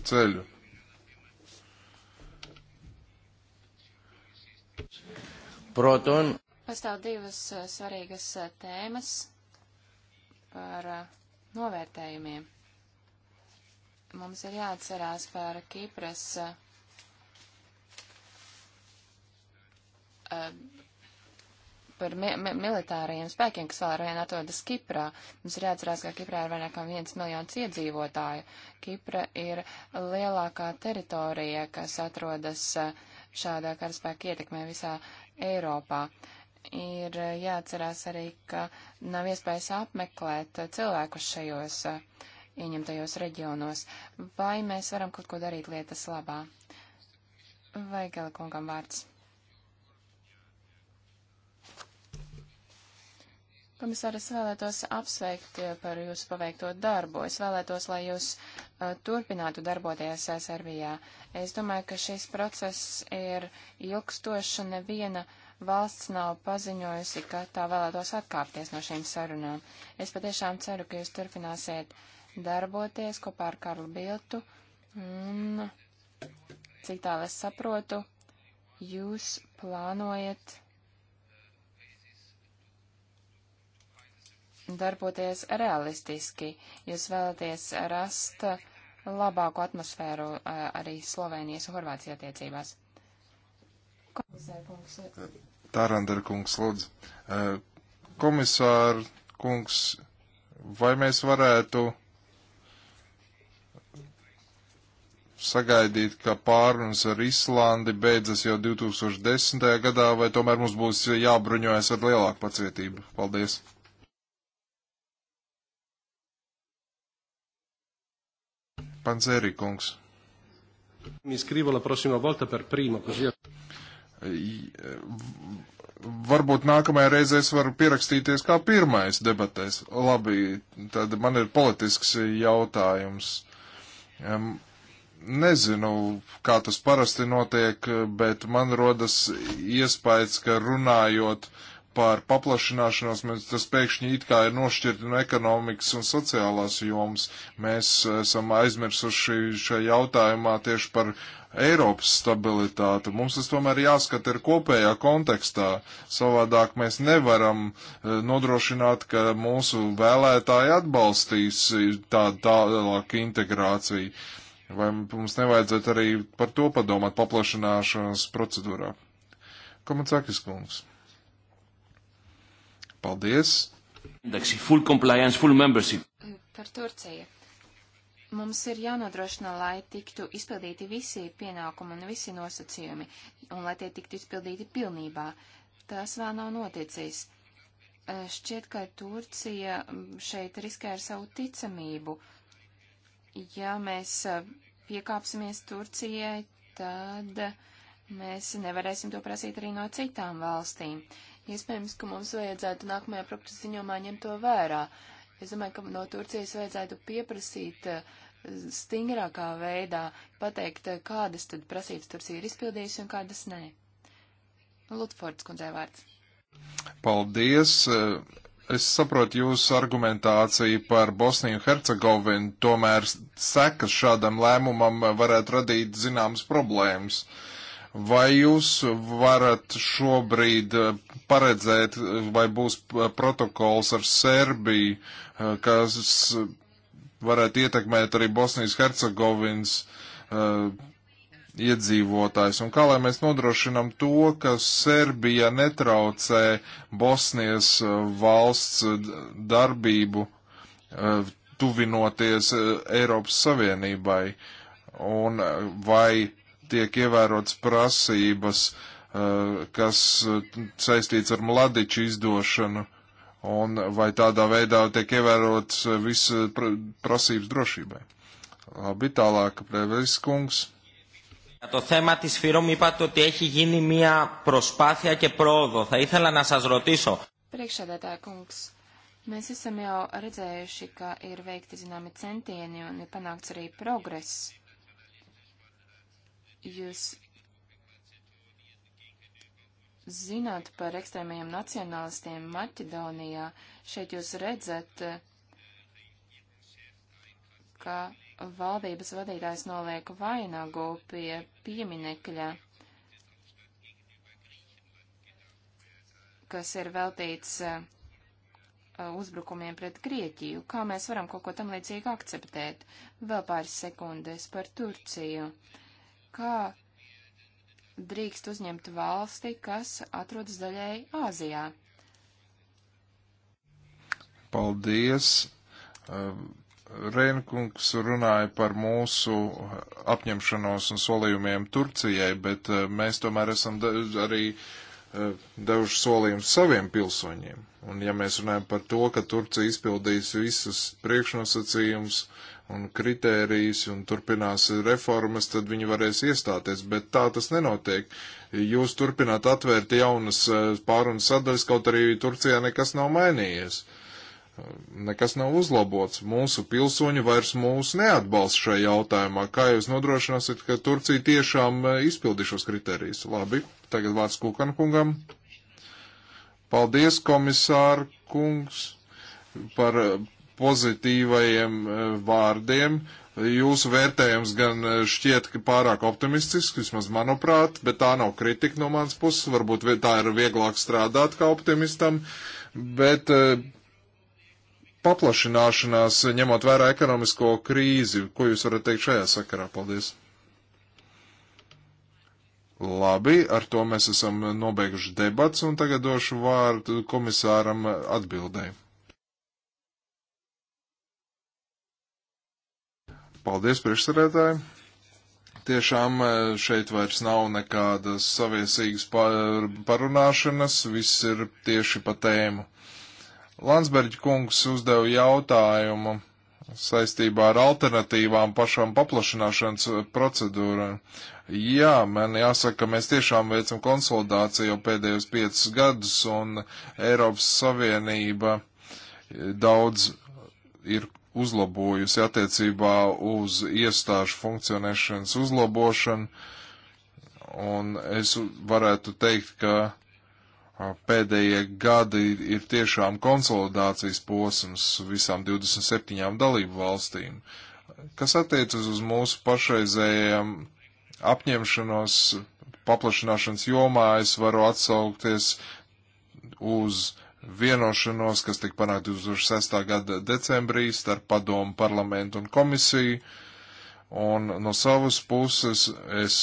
ceļu. Πρώτον, Pastāv divas eh, svarīgas eh, tēmas par eh, novērtējumiem. Mums ir jāatcerās par Kipras par mi mi militārajiem spēkiem, kas vēl ar vienu atrodas Kiprā. Mums ir jāatcerās, ka Kiprā ir vairāk kā viens miljons iedzīvotāju. Kipra ir lielākā teritorija, kas atrodas šādā karaspēka ietekmē visā Eiropā. Uh, ir eh, jāatcerās arī, ka nav iespējas apmeklēt eh, cilvēkus šajos eh, ieņemtajos reģionos. Vai mēs varam kaut ko darīt lietas labā? Vai gala kungam vārds? Komisār, es vēlētos apsveikt par jūsu paveikto darbu. Es vēlētos, lai jūs uh, turpinātu darboties Serbijā. Es domāju, ka šis process ir ilgstošs un neviena uh, valsts nav paziņojusi, ka tā vēlētos atkāpties no šīm sarunām. Es patiešām ceru, ka jūs turpināsiet darboties kopā ar Karlu Biltu, un, cik tālu es saprotu, jūs plānojat darboties realistiski. Jūs vēlaties rast labāku atmosfēru eh, arī Slovenijas un Horvātijas attiecībās. Komisārkungs. Tārandara kungs, lūdzu. Komisāra kungs, vai mēs varētu sagaidīt, ka pārunas ar Islandi beidzas jau 2010. gadā, vai tomēr mums būs jābruņojas ar lielāku pacietību? Paldies! Panzeri kungs. Mi scrivo la prossima volta per primo, così. Varbūt nākamajā reizē es varu pierakstīties kā pirmais debatēs. Labi, tad man ir politisks jautājums. Nezinu, kā tas parasti notiek, bet man rodas iespējas, ka runājot uh, par paplašināšanos, mēs tas pēkšņi it kā ir nošķirti no ekonomikas un sociālās jomas. Mēs esam aizmirsuši šajā jautājumā tieši par Eiropas stabilitāti. Mums tas tomēr jāskata ir kopējā kontekstā. Savādāk mēs nevaram eh, nodrošināt, ka mūsu vēlētāji atbalstīs tādu tālāku integrāciju. Vai mums nevajadzētu arī par to padomāt paplašināšanas procedūrā? Komentārs Kungs. Paldies! Full compliance, full membership. Par Turciju. Mums ir jānodrošina, lai tiktu izpildīti visi pienākumi un visi nosacījumi, un lai tie tiktu izpildīti pilnībā. Tas vēl nav noticis. Eh, šķiet, ka Turcija mm, šeit riskē ar savu ticamību. Ja mēs eh, piekāpsimies Turcijai, tad mēs nevarēsim to prasīt arī no citām valstīm. Uh, Iespējams, ka mums vajadzētu nākamajā progresa ziņomā ņemt to vērā. Es domāju, ka no Turcijas vajadzētu pieprasīt eh, stingrākā veidā pateikt, eh, kādas tad prasības Turcija ir izpildījusi un kādas nē. Lutfords kundzei vārds. Paldies! Eh, es saprotu jūsu argumentāciju par Bosniju un Hercegovinu, tomēr sekas šādam lēmumam varētu radīt zināmas problēmas. Uh, Vai jūs varat šobrīd eh, paredzēt, eh, vai būs eh, protokols ar Serbiju, kas varētu ietekmēt arī Bosnijas Hercegovinas uh, iedzīvotājs, un kā lai mēs nodrošinām to, ka Serbija netraucē Bosnijas valsts darbību tuvinoties Eiropas Savienībai, un vai tiek ievērots prasības, eh, kas eh, saistīts ar mladiču izdošanu, un vai tādā veidā tiek ievērots eh, visas prasības drošībai. Labi, tālāk, Preveris kungs. Το θέμα της Φύρομ είπατε ότι έχει γίνει μια προσπάθεια και πρόοδο. Θα ήθελα να σας ρωτήσω. Priekšsēdētāja kungs, mēs esam jau redzējuši, ka ir veikti zināmi centieni un ir panākts arī progress. Jūs zināt par ekstrēmajiem nacionālistiem Maķedonijā. Šeit jūs redzat, ka valdības vadītājs noliek vainagu pie pieminekļa, kas ir veltīts eh, uzbrukumiem pret Grieķiju. Kā mēs varam kaut ko tam līdzīgi akceptēt? Vēl pāris sekundes par Turciju. Uh, kā drīkst uzņemt valsti, kas atrodas daļai Āzijā. Paldies! Um, Rēnkungs runāja par mūsu apņemšanos un solījumiem Turcijai, bet uh, mēs tomēr esam arī uh, devuši solījumus saviem pilsoņiem. Un ja mēs runājam par to, ka Turcija izpildīs visus priekšnosacījumus, un kritērijas un turpinās reformas, tad viņi varēs iestāties, bet tā tas nenotiek. Jūs turpināt atvērt jaunas eh, pārunas sadaļas, kaut arī Turcijā nekas nav mainījies. Nekas nav uzlabots. Mūsu pilsoņi vairs mūs neatbalsta šajā jautājumā. Kā jūs nodrošināsiet, ka Turcija tiešām eh, izpildi šos kritērijus? Labi, tagad vārds Kukankungam. Paldies, komisār kungs, par eh, pozitīvajiem eh, vārdiem. Jūsu vērtējums gan eh, šķiet pārāk optimistisks, vismaz manuprāt, bet tā nav kritika no manas puses. Varbūt tā ir vieglāk strādāt kā optimistam, bet eh, paplašināšanās, ņemot vērā ekonomisko krīzi, ko jūs varat teikt šajā sakarā? Paldies! Labi, ar to mēs esam nobeiguši debats un tagad došu vārdu komisāram atbildēji. Paldies, priekšsarētāji! Tiešām eh, šeit vairs nav nekādas saviesīgas parunāšanas, viss ir tieši pa tēmu. Landsbergi kungs uzdeva jautājumu saistībā ar alternatīvām pašām paplašināšanas procedūrā. Jā, man jāsaka, mēs tiešām veicam konsolidāciju jau pēdējos piecus gadus, un Eiropas Savienība daudz ir uzlabojusi attiecībā uz iestāžu funkcionēšanas uzlabošanu, un es varētu teikt, ka pēdējie gadi ir tiešām konsolidācijas posms visām 27 dalību valstīm. Kas attiecas uz mūsu pašreizējiem apņemšanos paplašināšanas jomā, es varu atsaukties uz vienošanos, kas tika panākt 2006. gada decembrī starp padomu parlamentu un komisiju. Un no savas puses es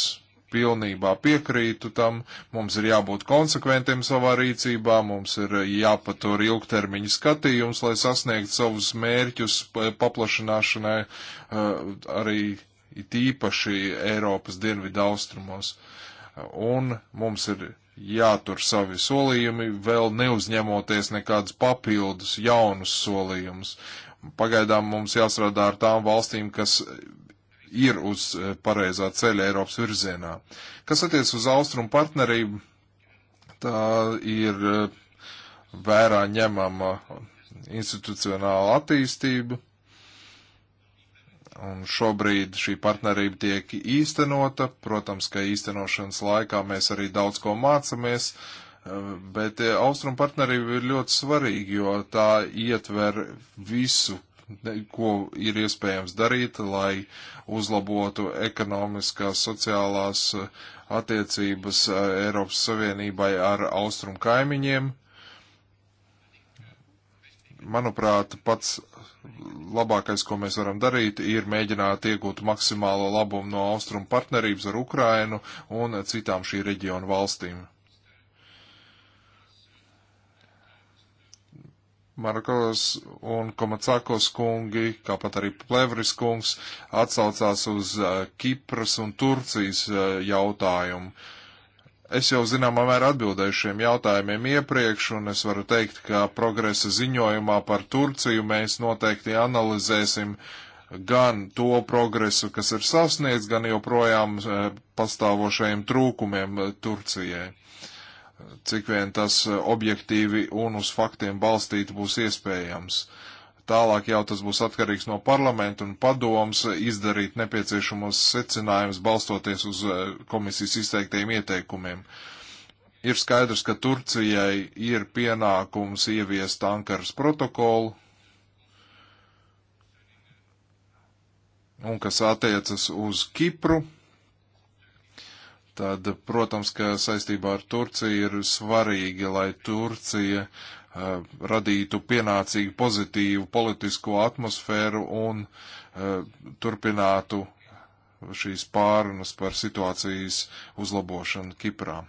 pilnībā piekrītu tam, mums ir jābūt konsekventiem savā rīcībā, mums ir jāpatur ilgtermiņa skatījums, lai sasniegtu savus mērķus paplašanāšanai uh, arī tīpaši Eiropas dienvidu austrumos. Un mums ir jātur savi solījumi, vēl neuzņemoties nekādus papildus jaunus solījumus. Pagaidām mums jāstrādā ar tām valstīm, kas ir uz eh, pareizā ceļa Eiropas virzienā. Kas attiec uz austrumu partnerību, tā ir eh, vērā ņemama institucionāla attīstība un šobrīd šī partnerība tiek īstenota. Protams, ka īstenošanas laikā mēs arī daudz ko mācāmies, eh, bet eh, Austrum partnerība ir ļoti svarīga, jo tā ietver visu, ko ir iespējams darīt, lai uzlabotu ekonomiskās, sociālās eh, attiecības Eiropas Savienībai ar Austrum kaimiņiem manuprāt, pats labākais, ko mēs varam darīt, ir mēģināt iegūt maksimālo labumu no austrumu partnerības ar Ukrainu un citām šī reģiona valstīm. Markos un Komacakos kungi, kāpat arī Plevris kungs, atsaucās uz eh, Kipras un Turcijas eh, jautājumu. Uh, Es jau zināmā mērā atbildēju šiem jautājumiem iepriekš, un es varu teikt, ka progresa ziņojumā par Turciju mēs noteikti analizēsim gan to progresu, kas ir sasniegts, gan joprojām eh, pastāvošajiem trūkumiem eh, Turcijai. Cik vien tas eh, objektīvi un uz faktiem balstīt būs iespējams. Uh, Tālāk jau tas būs atkarīgs no parlamenta un padoms izdarīt nepieciešamos secinājumus balstoties uz eh, komisijas izteiktajiem ieteikumiem. Ir skaidrs, ka Turcijai ir pienākums ieviest Ankaras protokolu, un kas attiecas uz Kipru, tad, protams, ka saistībā ar Turciju ir svarīgi, lai Turcija uh, uh, radītu pienācīgu pozitīvu politisko atmosfēru un uh, turpinātu šīs pārunas par situācijas uzlabošanu Kiprā.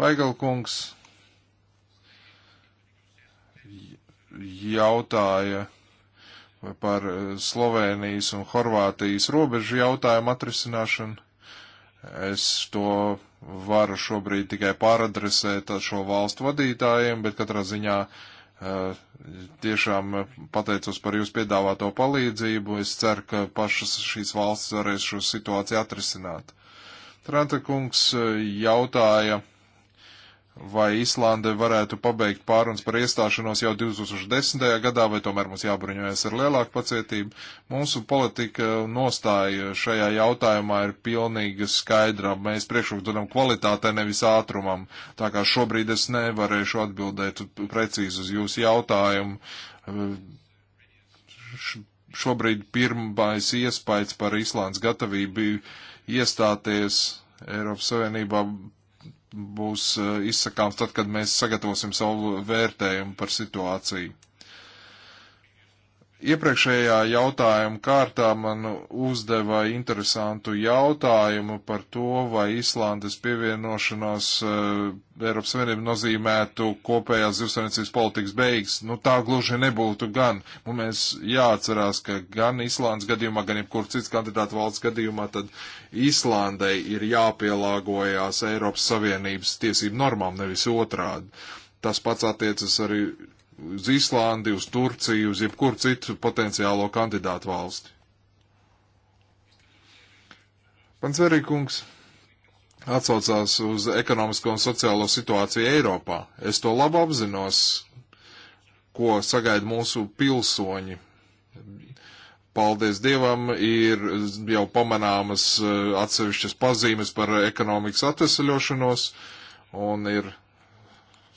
Vaigalkungs jautāja par eh, Slovenijas un Horvātijas robežu jautājumu atrisināšanu. Es to varu šobrīd tikai pāradresēt šo valstu vadītājiem, bet katrā ziņā eh, tiešām pateicos par jūsu piedāvāto palīdzību. Es ceru, ka pašas šīs valstis varēs šo situāciju atrisināt. Tranta kungs eh, jautāja vai Islande varētu pabeigt pārunas par iestāšanos jau 2010. gadā, vai tomēr mums jābruņojas ar lielāku pacietību. Mūsu politika nostāja šajā jautājumā ir pilnīgi skaidra. Mēs priekšroku dodam kvalitātē, nevis ātrumam. Tā kā šobrīd es nevarēšu atbildēt precīzi uz jūsu jautājumu. Šobrīd pirmais iespējas par Islandes gatavību iestāties Eiropas Savienībā būs eh, izsakāms tad, kad mēs sagatavosim savu vērtējumu par situāciju. Iepriekšējā jautājuma kārtā man uzdeva interesantu jautājumu par to, vai Islandes pievienošanās uh, Eiropas Savienību nozīmētu kopējās zivsainiecības politikas beigas. Nu, tā gluži nebūtu gan. Nu, Mums jāatcerās, ka gan Islandes gadījumā, gan jebkur cits kandidātu valsts gadījumā, tad Islandai ir jāpielāgojās Eiropas Savienības tiesību normām, nevis otrādi. Tas pats attiecas arī uz Islandi, uz Turciju, uz jebkuru citu potenciālo kandidātu valsti. Pants Verīkungs atsaucās uz ekonomisko un sociālo situāciju Eiropā. Es to labi apzinos, ko sagaida mūsu pilsoņi. Paldies Dievam, ir jau pamanāmas uh, atsevišķas pazīmes par ekonomikas atvesaļošanos un ir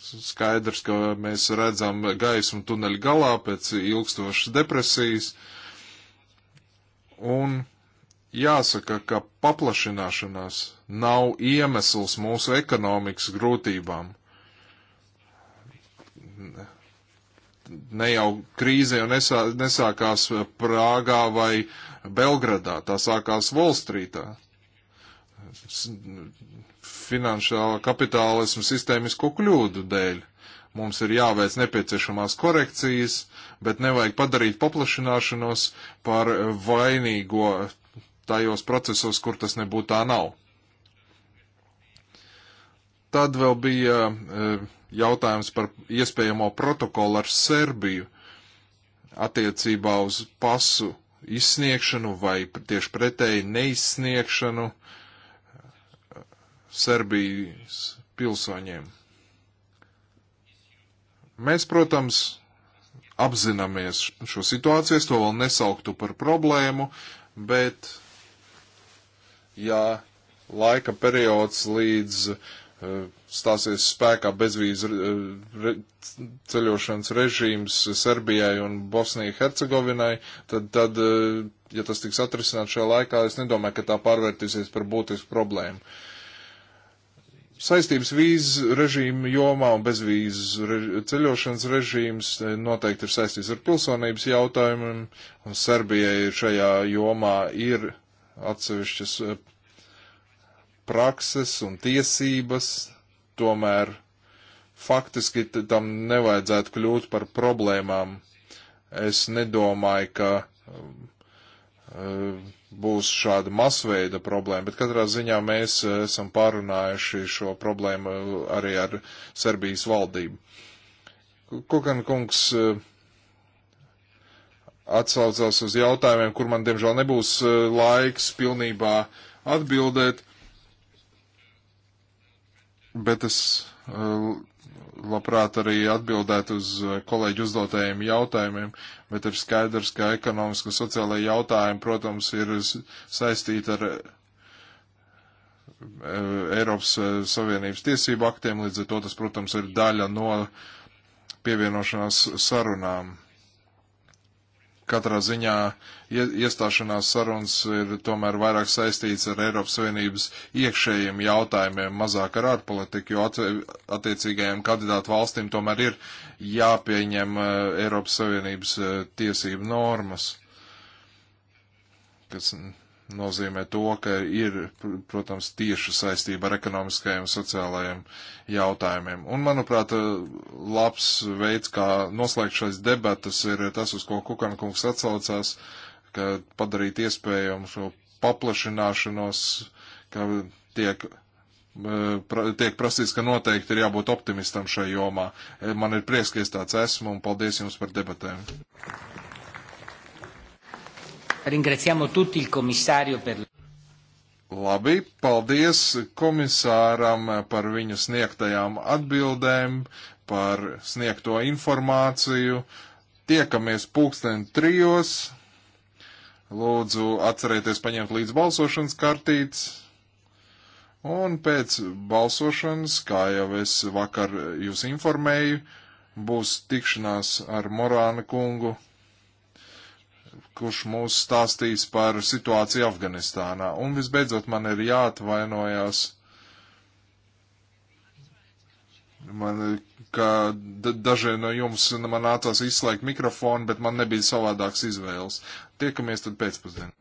Skaidrs, ka mēs redzam gaismu tuneļa galā pēc ilgstošas depresijas. Un jāsaka, ka paplašināšanās nav iemesls mūsu ekonomikas grūtībām. Ne jau krīze jau nesā, nesākās Prāgā vai Belgradā, tā sākās Volstrītā finanšāla kapitālismu sistēmisko kļūdu dēļ. Mums ir jāveic nepieciešamās korekcijas, bet nevajag padarīt paplašināšanos par vainīgo tajos procesos, kur tas nebūtu tā nav. Tad vēl bija e, jautājums par iespējamo protokolu ar Serbiju attiecībā uz pasu izsniegšanu vai tieši pretēji neizsniegšanu. Uh, Serbijas pilsoņiem. Mēs, protams, apzināmies šo situāciju, es to vēl nesauktu par problēmu, bet, ja laika periods līdz eh, stāsies spēkā bezvīzu eh, re, ceļošanas režīms Serbijai un Bosnijai Hercegovinai, tad, tad, eh, ja tas tiks atrisināt šajā laikā, es nedomāju, ka tā pārvērtīsies par būtisku problēmu. Uh, Saistības vīzu režīmu jomā un bezvīzu rež ceļošanas režīms eh, noteikti ir saistīts ar pilsonības jautājumiem, un Serbijai šajā jomā ir atsevišķas eh, prakses un tiesības, tomēr faktiski tam nevajadzētu kļūt par problēmām. Es nedomāju, ka Eh, būs šāda masveida problēma, bet katrā ziņā mēs eh, esam pārunājuši šo problēmu eh, arī ar Serbijas valdību. Kukan kungs atsaucās uz jautājumiem, kur man diemžēl nebūs laiks pilnībā atbildēt, bet es labprāt arī atbildētu uz eh, kolēģi uzdotajiem jautājumiem, bet ir skaidrs, ka ekonomiski un sociālai jautājumi, protams, ir saistīti ar eh, Eiropas eh, Savienības tiesību aktiem, līdz ar to tas, protams, ir daļa no pievienošanās sarunām katrā ziņā iestāšanās sarunas ir tomēr vairāk saistīts ar Eiropas Savienības iekšējiem jautājumiem, mazāk ar ārpolitiku, jo attiecīgajiem kandidātu valstīm tomēr ir jāpieņem e, Eiropas Savienības e, tiesību normas, kas nozīmē to, ka ir, protams, tieša saistība ar ekonomiskajiem un sociālajiem jautājumiem. Un, manuprāt, labs veids, kā noslēgt šais debatas, ir tas, uz ko Kukankungs atsaucās, ka padarīt iespējumu šo paplašināšanos, ka tiek eh, tiek prasīts, ka noteikti ir jābūt optimistam šai jomā. Eh, man ir prieks, ka es tāds esmu, un paldies jums par debatēm. Ringraziamo tutti il commissario per. Labi, paldies komisāram par viņu sniegtajām atbildēm, par sniegto informāciju. Tiekamies pulksten trijos. Lūdzu, atcerieties paņemt līdz balsošanas kartītes. Un pēc balsošanas, kā jau es vakar jūs informēju, būs tikšanās ar Morāna kungu kurš mūs stāstīs par situāciju Afganistānā. Un visbeidzot man ir jāatvainojās, man, ka daži no jums man nācās izslēgt mikrofonu, bet man nebija savādāks izvēles. Tiekamies tad pēcpusdienā.